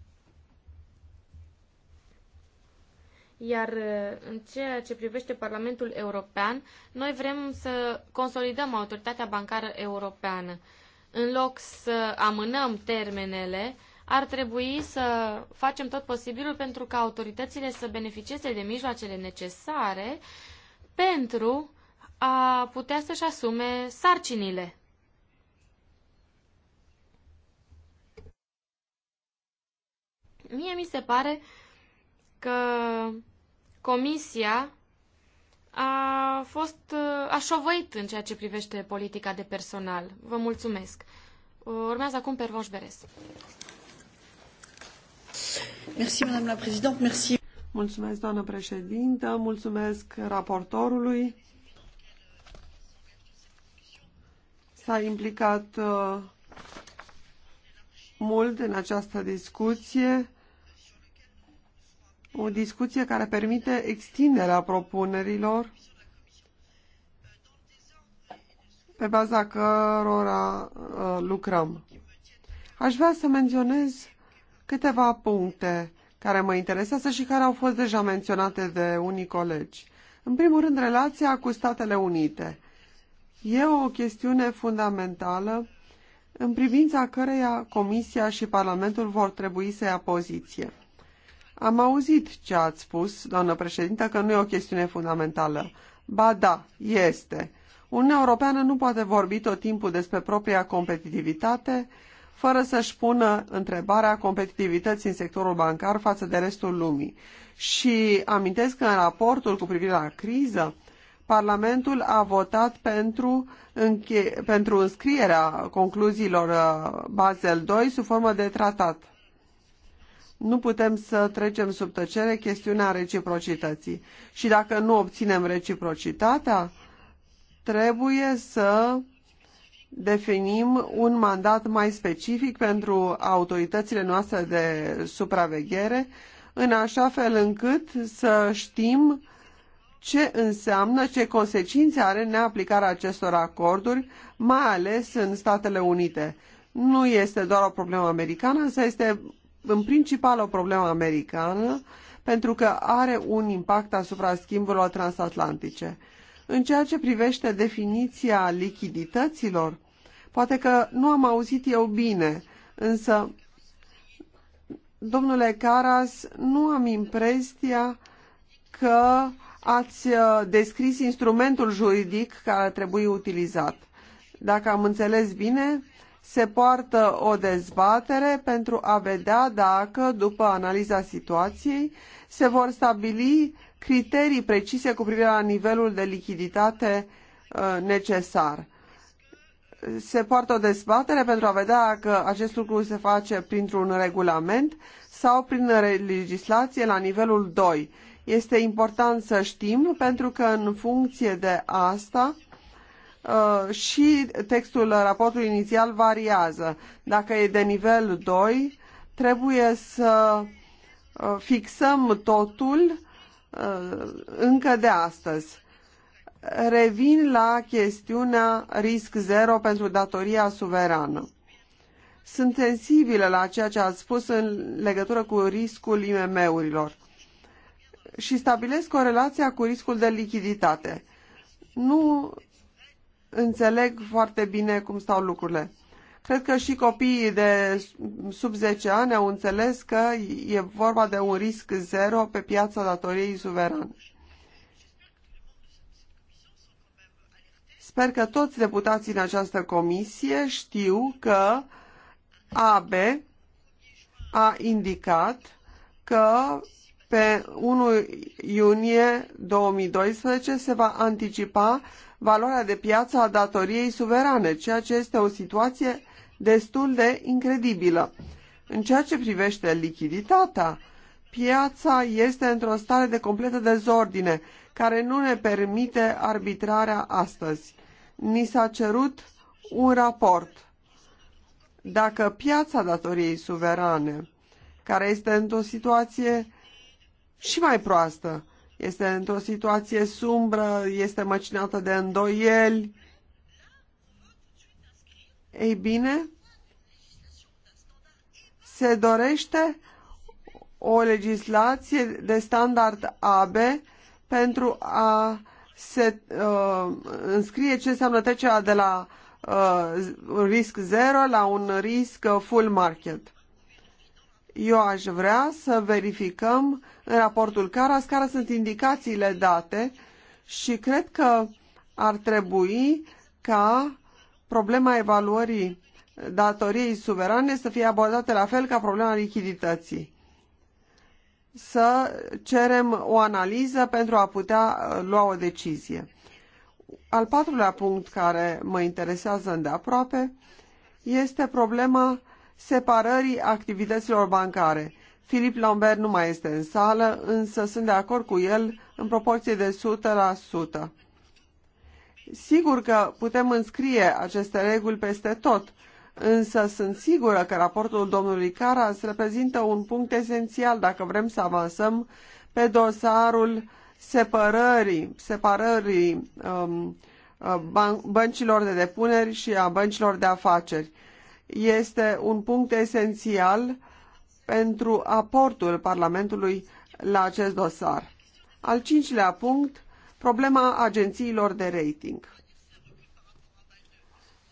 Speaker 3: Iar uh, în ceea ce privește Parlamentul European, noi vrem să consolidăm autoritatea bancară europeană. În loc să amânăm termenele, ar trebui să facem tot posibilul pentru ca autoritățile să beneficieze de mijloacele necesare pentru a putea să-și asume sarcinile. Mie mi se pare că Comisia a fost uh, așovăit în ceea ce privește politica de personal. Vă mulțumesc. Uh, urmează acum Roș Beres.
Speaker 1: Merci, la Présidente. Merci. Mulțumesc, doamnă președintă. Mulțumesc raportorului. S-a implicat uh, mult în această discuție o discuție care permite extinderea propunerilor pe baza cărora uh, lucrăm. Aș vrea să menționez câteva puncte care mă interesează și care au fost deja menționate de unii colegi. În primul rând, relația cu Statele Unite. E o chestiune fundamentală în privința căreia Comisia și Parlamentul vor trebui să ia poziție. Am auzit ce ați spus, doamnă președintă, că nu e o chestiune fundamentală. Ba da, este. Uniunea Europeană nu poate vorbi tot timpul despre propria competitivitate fără să-și pună întrebarea competitivității în sectorul bancar față de restul lumii. Și amintesc că în raportul cu privire la criză, Parlamentul a votat pentru, înche- pentru înscrierea concluziilor uh, Basel II sub formă de tratat. Nu putem să trecem sub tăcere chestiunea reciprocității. Și dacă nu obținem reciprocitatea, trebuie să definim un mandat mai specific pentru autoritățile noastre de supraveghere, în așa fel încât să știm ce înseamnă, ce consecințe are neaplicarea acestor acorduri, mai ales în Statele Unite. Nu este doar o problemă americană, însă este în principal o problemă americană pentru că are un impact asupra schimburilor transatlantice. În ceea ce privește definiția lichidităților, poate că nu am auzit eu bine, însă, domnule Caras, nu am impresia că ați uh, descris instrumentul juridic care trebuie utilizat. Dacă am înțeles bine, se poartă o dezbatere pentru a vedea dacă, după analiza situației, se vor stabili criterii precise cu privire la nivelul de lichiditate uh, necesar. Se poartă o dezbatere pentru a vedea dacă acest lucru se face printr-un regulament sau prin legislație la nivelul 2. Este important să știm pentru că în funcție de asta Uh, și textul raportului inițial variază. Dacă e de nivel 2, trebuie să uh, fixăm totul uh, încă de astăzi. Revin la chestiunea risc zero pentru datoria suverană. Sunt sensibilă la ceea ce ați spus în legătură cu riscul IMM-urilor și stabilesc corelația cu riscul de lichiditate. Nu înțeleg foarte bine cum stau lucrurile. Cred că și copiii de sub 10 ani au înțeles că e vorba de un risc zero pe piața datoriei suverane. Sper că toți deputații în această comisie știu că AB a indicat că pe 1 iunie 2012 se va anticipa valoarea de piață a datoriei suverane, ceea ce este o situație destul de incredibilă. În ceea ce privește lichiditatea, piața este într-o stare de completă dezordine, care nu ne permite arbitrarea astăzi. Ni s-a cerut un raport. Dacă piața datoriei suverane, care este într-o situație și mai proastă, este într-o situație sumbră, este măcinată de îndoieli. Ei bine, se dorește o legislație de standard AB pentru a se uh, înscrie ce înseamnă trecerea de la uh, risc zero la un risc full market. Eu aș vrea să verificăm uh, în raportul Caras, care sunt indicațiile date și cred că ar trebui ca problema evaluării datoriei suverane să fie abordată la fel ca problema lichidității. Să cerem o analiză pentru a putea uh, lua o decizie. Al patrulea punct care mă interesează îndeaproape este problema separării activităților bancare. Filip Lambert nu mai este în sală, însă sunt de acord cu el în proporție de 100%. Sigur că putem înscrie aceste reguli peste tot, însă sunt sigură că raportul domnului Caras reprezintă un punct esențial dacă vrem să avansăm pe dosarul separării, separării um, uh, ban băncilor de depuneri și a băncilor de afaceri. Este un punct esențial pentru aportul Parlamentului la acest dosar. Al cincilea punct, problema agențiilor de rating.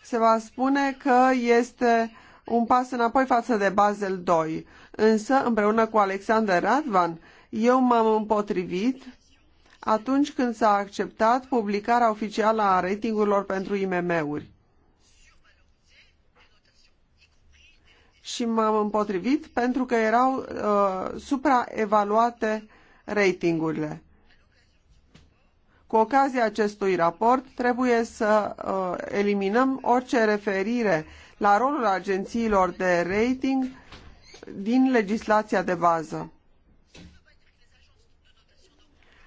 Speaker 1: Se va spune că este un pas înapoi față de Basel II, însă împreună cu Alexander Radvan eu m-am împotrivit atunci când s-a acceptat publicarea oficială a ratingurilor pentru IMM-uri. și m-am împotrivit pentru că erau uh, supraevaluate ratingurile. Cu ocazia acestui raport, trebuie să uh, eliminăm orice referire la rolul agențiilor de rating din legislația de bază.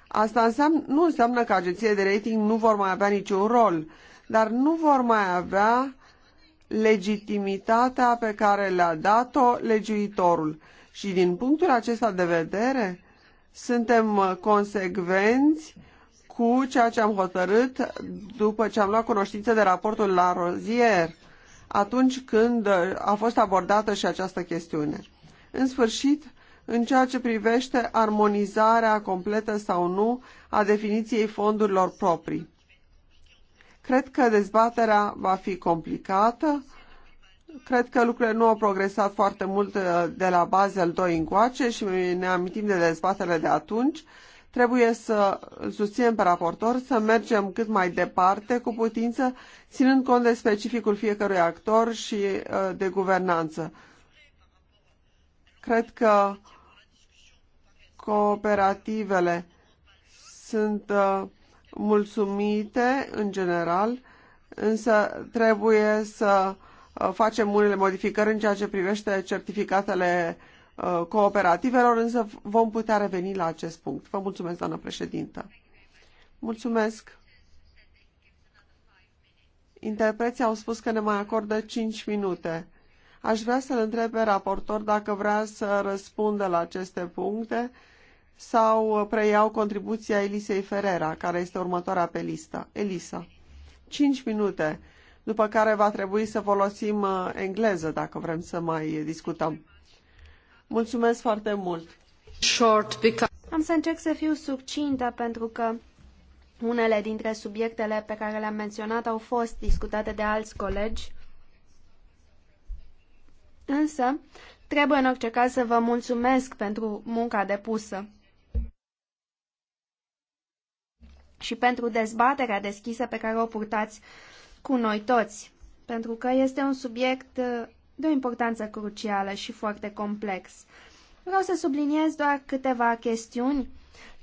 Speaker 1: Asta înseamnă, nu înseamnă că agențiile de rating nu vor mai avea niciun rol, dar nu vor mai avea legitimitatea pe care le-a dat-o legiuitorul. Și din punctul acesta de vedere, suntem consecvenți cu ceea ce am hotărât după ce am luat cunoștință de raportul la Rozier, atunci când a fost abordată și această chestiune. În sfârșit, în ceea ce privește armonizarea completă sau nu a definiției fondurilor proprii. Cred că dezbaterea va fi complicată. Cred că lucrurile nu au progresat foarte mult uh, de la Basel 2 încoace și ne amintim de dezbaterele de atunci. Trebuie să îl susținem pe raportor, să mergem cât mai departe cu putință, ținând cont de specificul fiecărui actor și uh, de guvernanță. Cred că cooperativele sunt uh, mulțumite în general, însă trebuie să uh, facem unele modificări în ceea ce privește certificatele uh, cooperativelor, însă vom putea reveni la acest punct. Vă mulțumesc, doamnă președintă. Mulțumesc. Interpreții au spus că ne mai acordă 5 minute. Aș vrea să-l întreb pe raportor dacă vrea să răspundă la aceste puncte sau uh, preiau contribuția Elisei Ferrera, care este următoarea pe listă. Elisa. 5 minute, după care va trebui să folosim uh, engleză dacă vrem să mai discutăm. Mulțumesc foarte mult! Short, because... Am să încerc să fiu succintă
Speaker 2: pentru că unele dintre subiectele pe care le-am menționat au fost discutate de alți colegi. Însă, trebuie în orice caz să vă mulțumesc pentru munca depusă. și pentru dezbaterea deschisă pe care o purtați cu noi toți, pentru că este un subiect uh, de o importanță crucială și foarte complex. Vreau să subliniez doar câteva chestiuni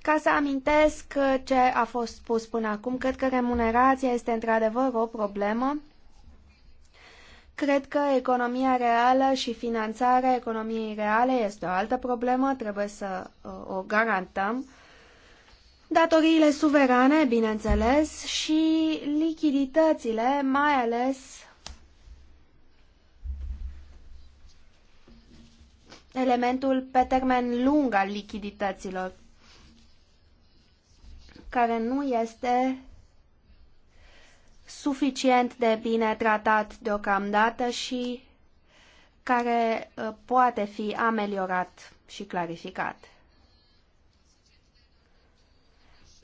Speaker 2: ca să amintesc uh, ce a fost spus până acum. Cred că remunerația este într-adevăr o problemă. Cred că economia reală și finanțarea economiei reale este o altă problemă, trebuie să uh, o garantăm datoriile suverane, bineînțeles, și lichiditățile, mai ales elementul pe termen lung al lichidităților, care nu este suficient de bine tratat deocamdată și care uh, poate fi ameliorat și clarificat.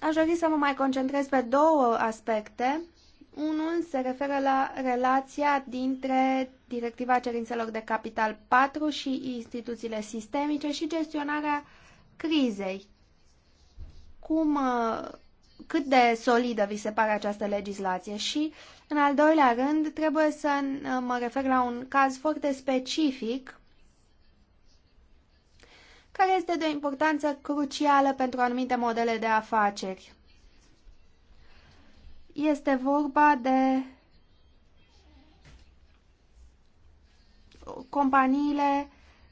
Speaker 2: Aș dori să mă mai concentrez pe două aspecte. Unul se referă la relația dintre Directiva Cerințelor de Capital 4 și instituțiile sistemice și gestionarea crizei. Cum, uh, cât de solidă vi se pare această legislație? Și, în al doilea rând, trebuie să uh, mă refer la un caz foarte specific care este de o importanță crucială pentru anumite modele de afaceri. Este vorba de companiile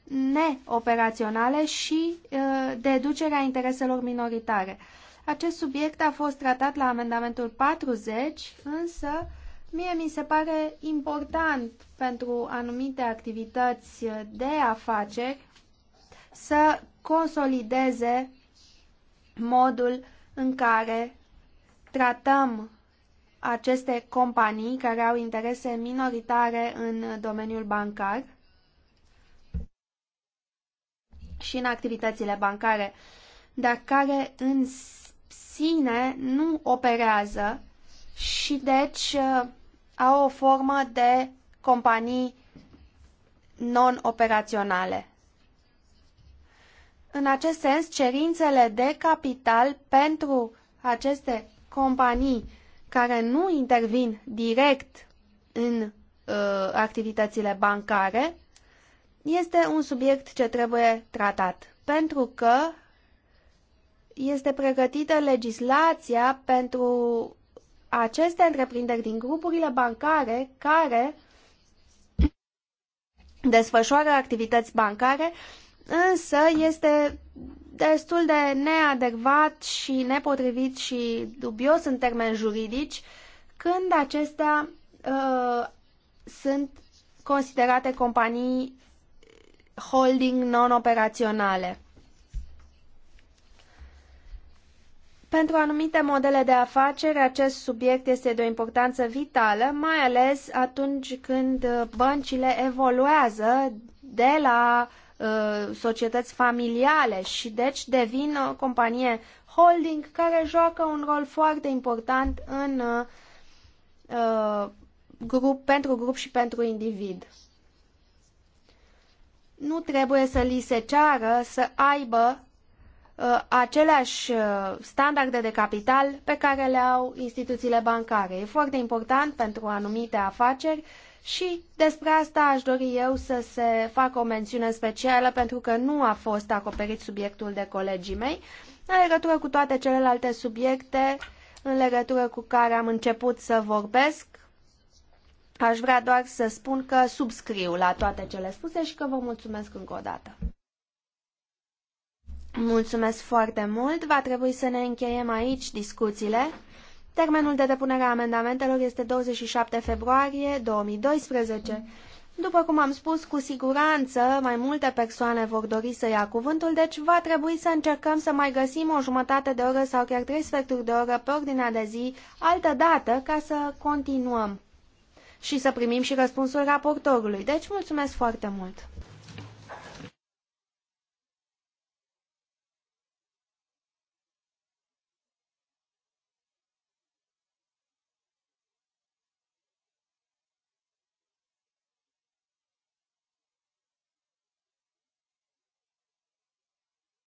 Speaker 2: neoperaționale și uh, deducerea intereselor minoritare. Acest subiect a fost tratat la amendamentul 40, însă mie mi se pare important pentru anumite activități de afaceri să consolideze modul în care tratăm aceste companii care au interese minoritare în domeniul bancar și în activitățile bancare, dar care în sine nu operează și deci au o formă de companii non-operaționale. În acest sens, cerințele de capital pentru aceste companii care nu intervin direct în uh, activitățile bancare este un subiect ce trebuie tratat, pentru că este pregătită legislația pentru aceste întreprinderi din grupurile bancare care desfășoară activități bancare însă este destul de neadecvat și nepotrivit și dubios în termeni juridici când acestea uh, sunt considerate companii holding non-operaționale. Pentru anumite modele de afaceri, acest subiect este de o importanță vitală, mai ales atunci când uh, băncile evoluează de la uh, Uh, societăți familiale și deci devin o uh, companie holding care joacă un rol foarte important în uh, grup, pentru grup și pentru individ. Nu trebuie să li se ceară să aibă aceleași standarde de capital pe care le au instituțiile bancare. E foarte important pentru anumite afaceri și despre asta aș dori eu să se facă o mențiune specială pentru că nu a fost acoperit subiectul de colegii mei în legătură cu toate celelalte subiecte în legătură cu care am început să vorbesc. Aș vrea doar să spun că subscriu la toate cele spuse și că vă mulțumesc încă o dată. Mulțumesc foarte mult. Va trebui să ne încheiem aici discuțiile. Termenul de depunere a amendamentelor este 27 februarie 2012. După cum am spus, cu siguranță mai multe persoane vor dori să ia cuvântul, deci va trebui să încercăm să mai găsim o jumătate de oră sau chiar trei sferturi de oră pe ordinea de zi, altă dată, ca să continuăm și să primim și răspunsul raportorului. Deci mulțumesc foarte mult!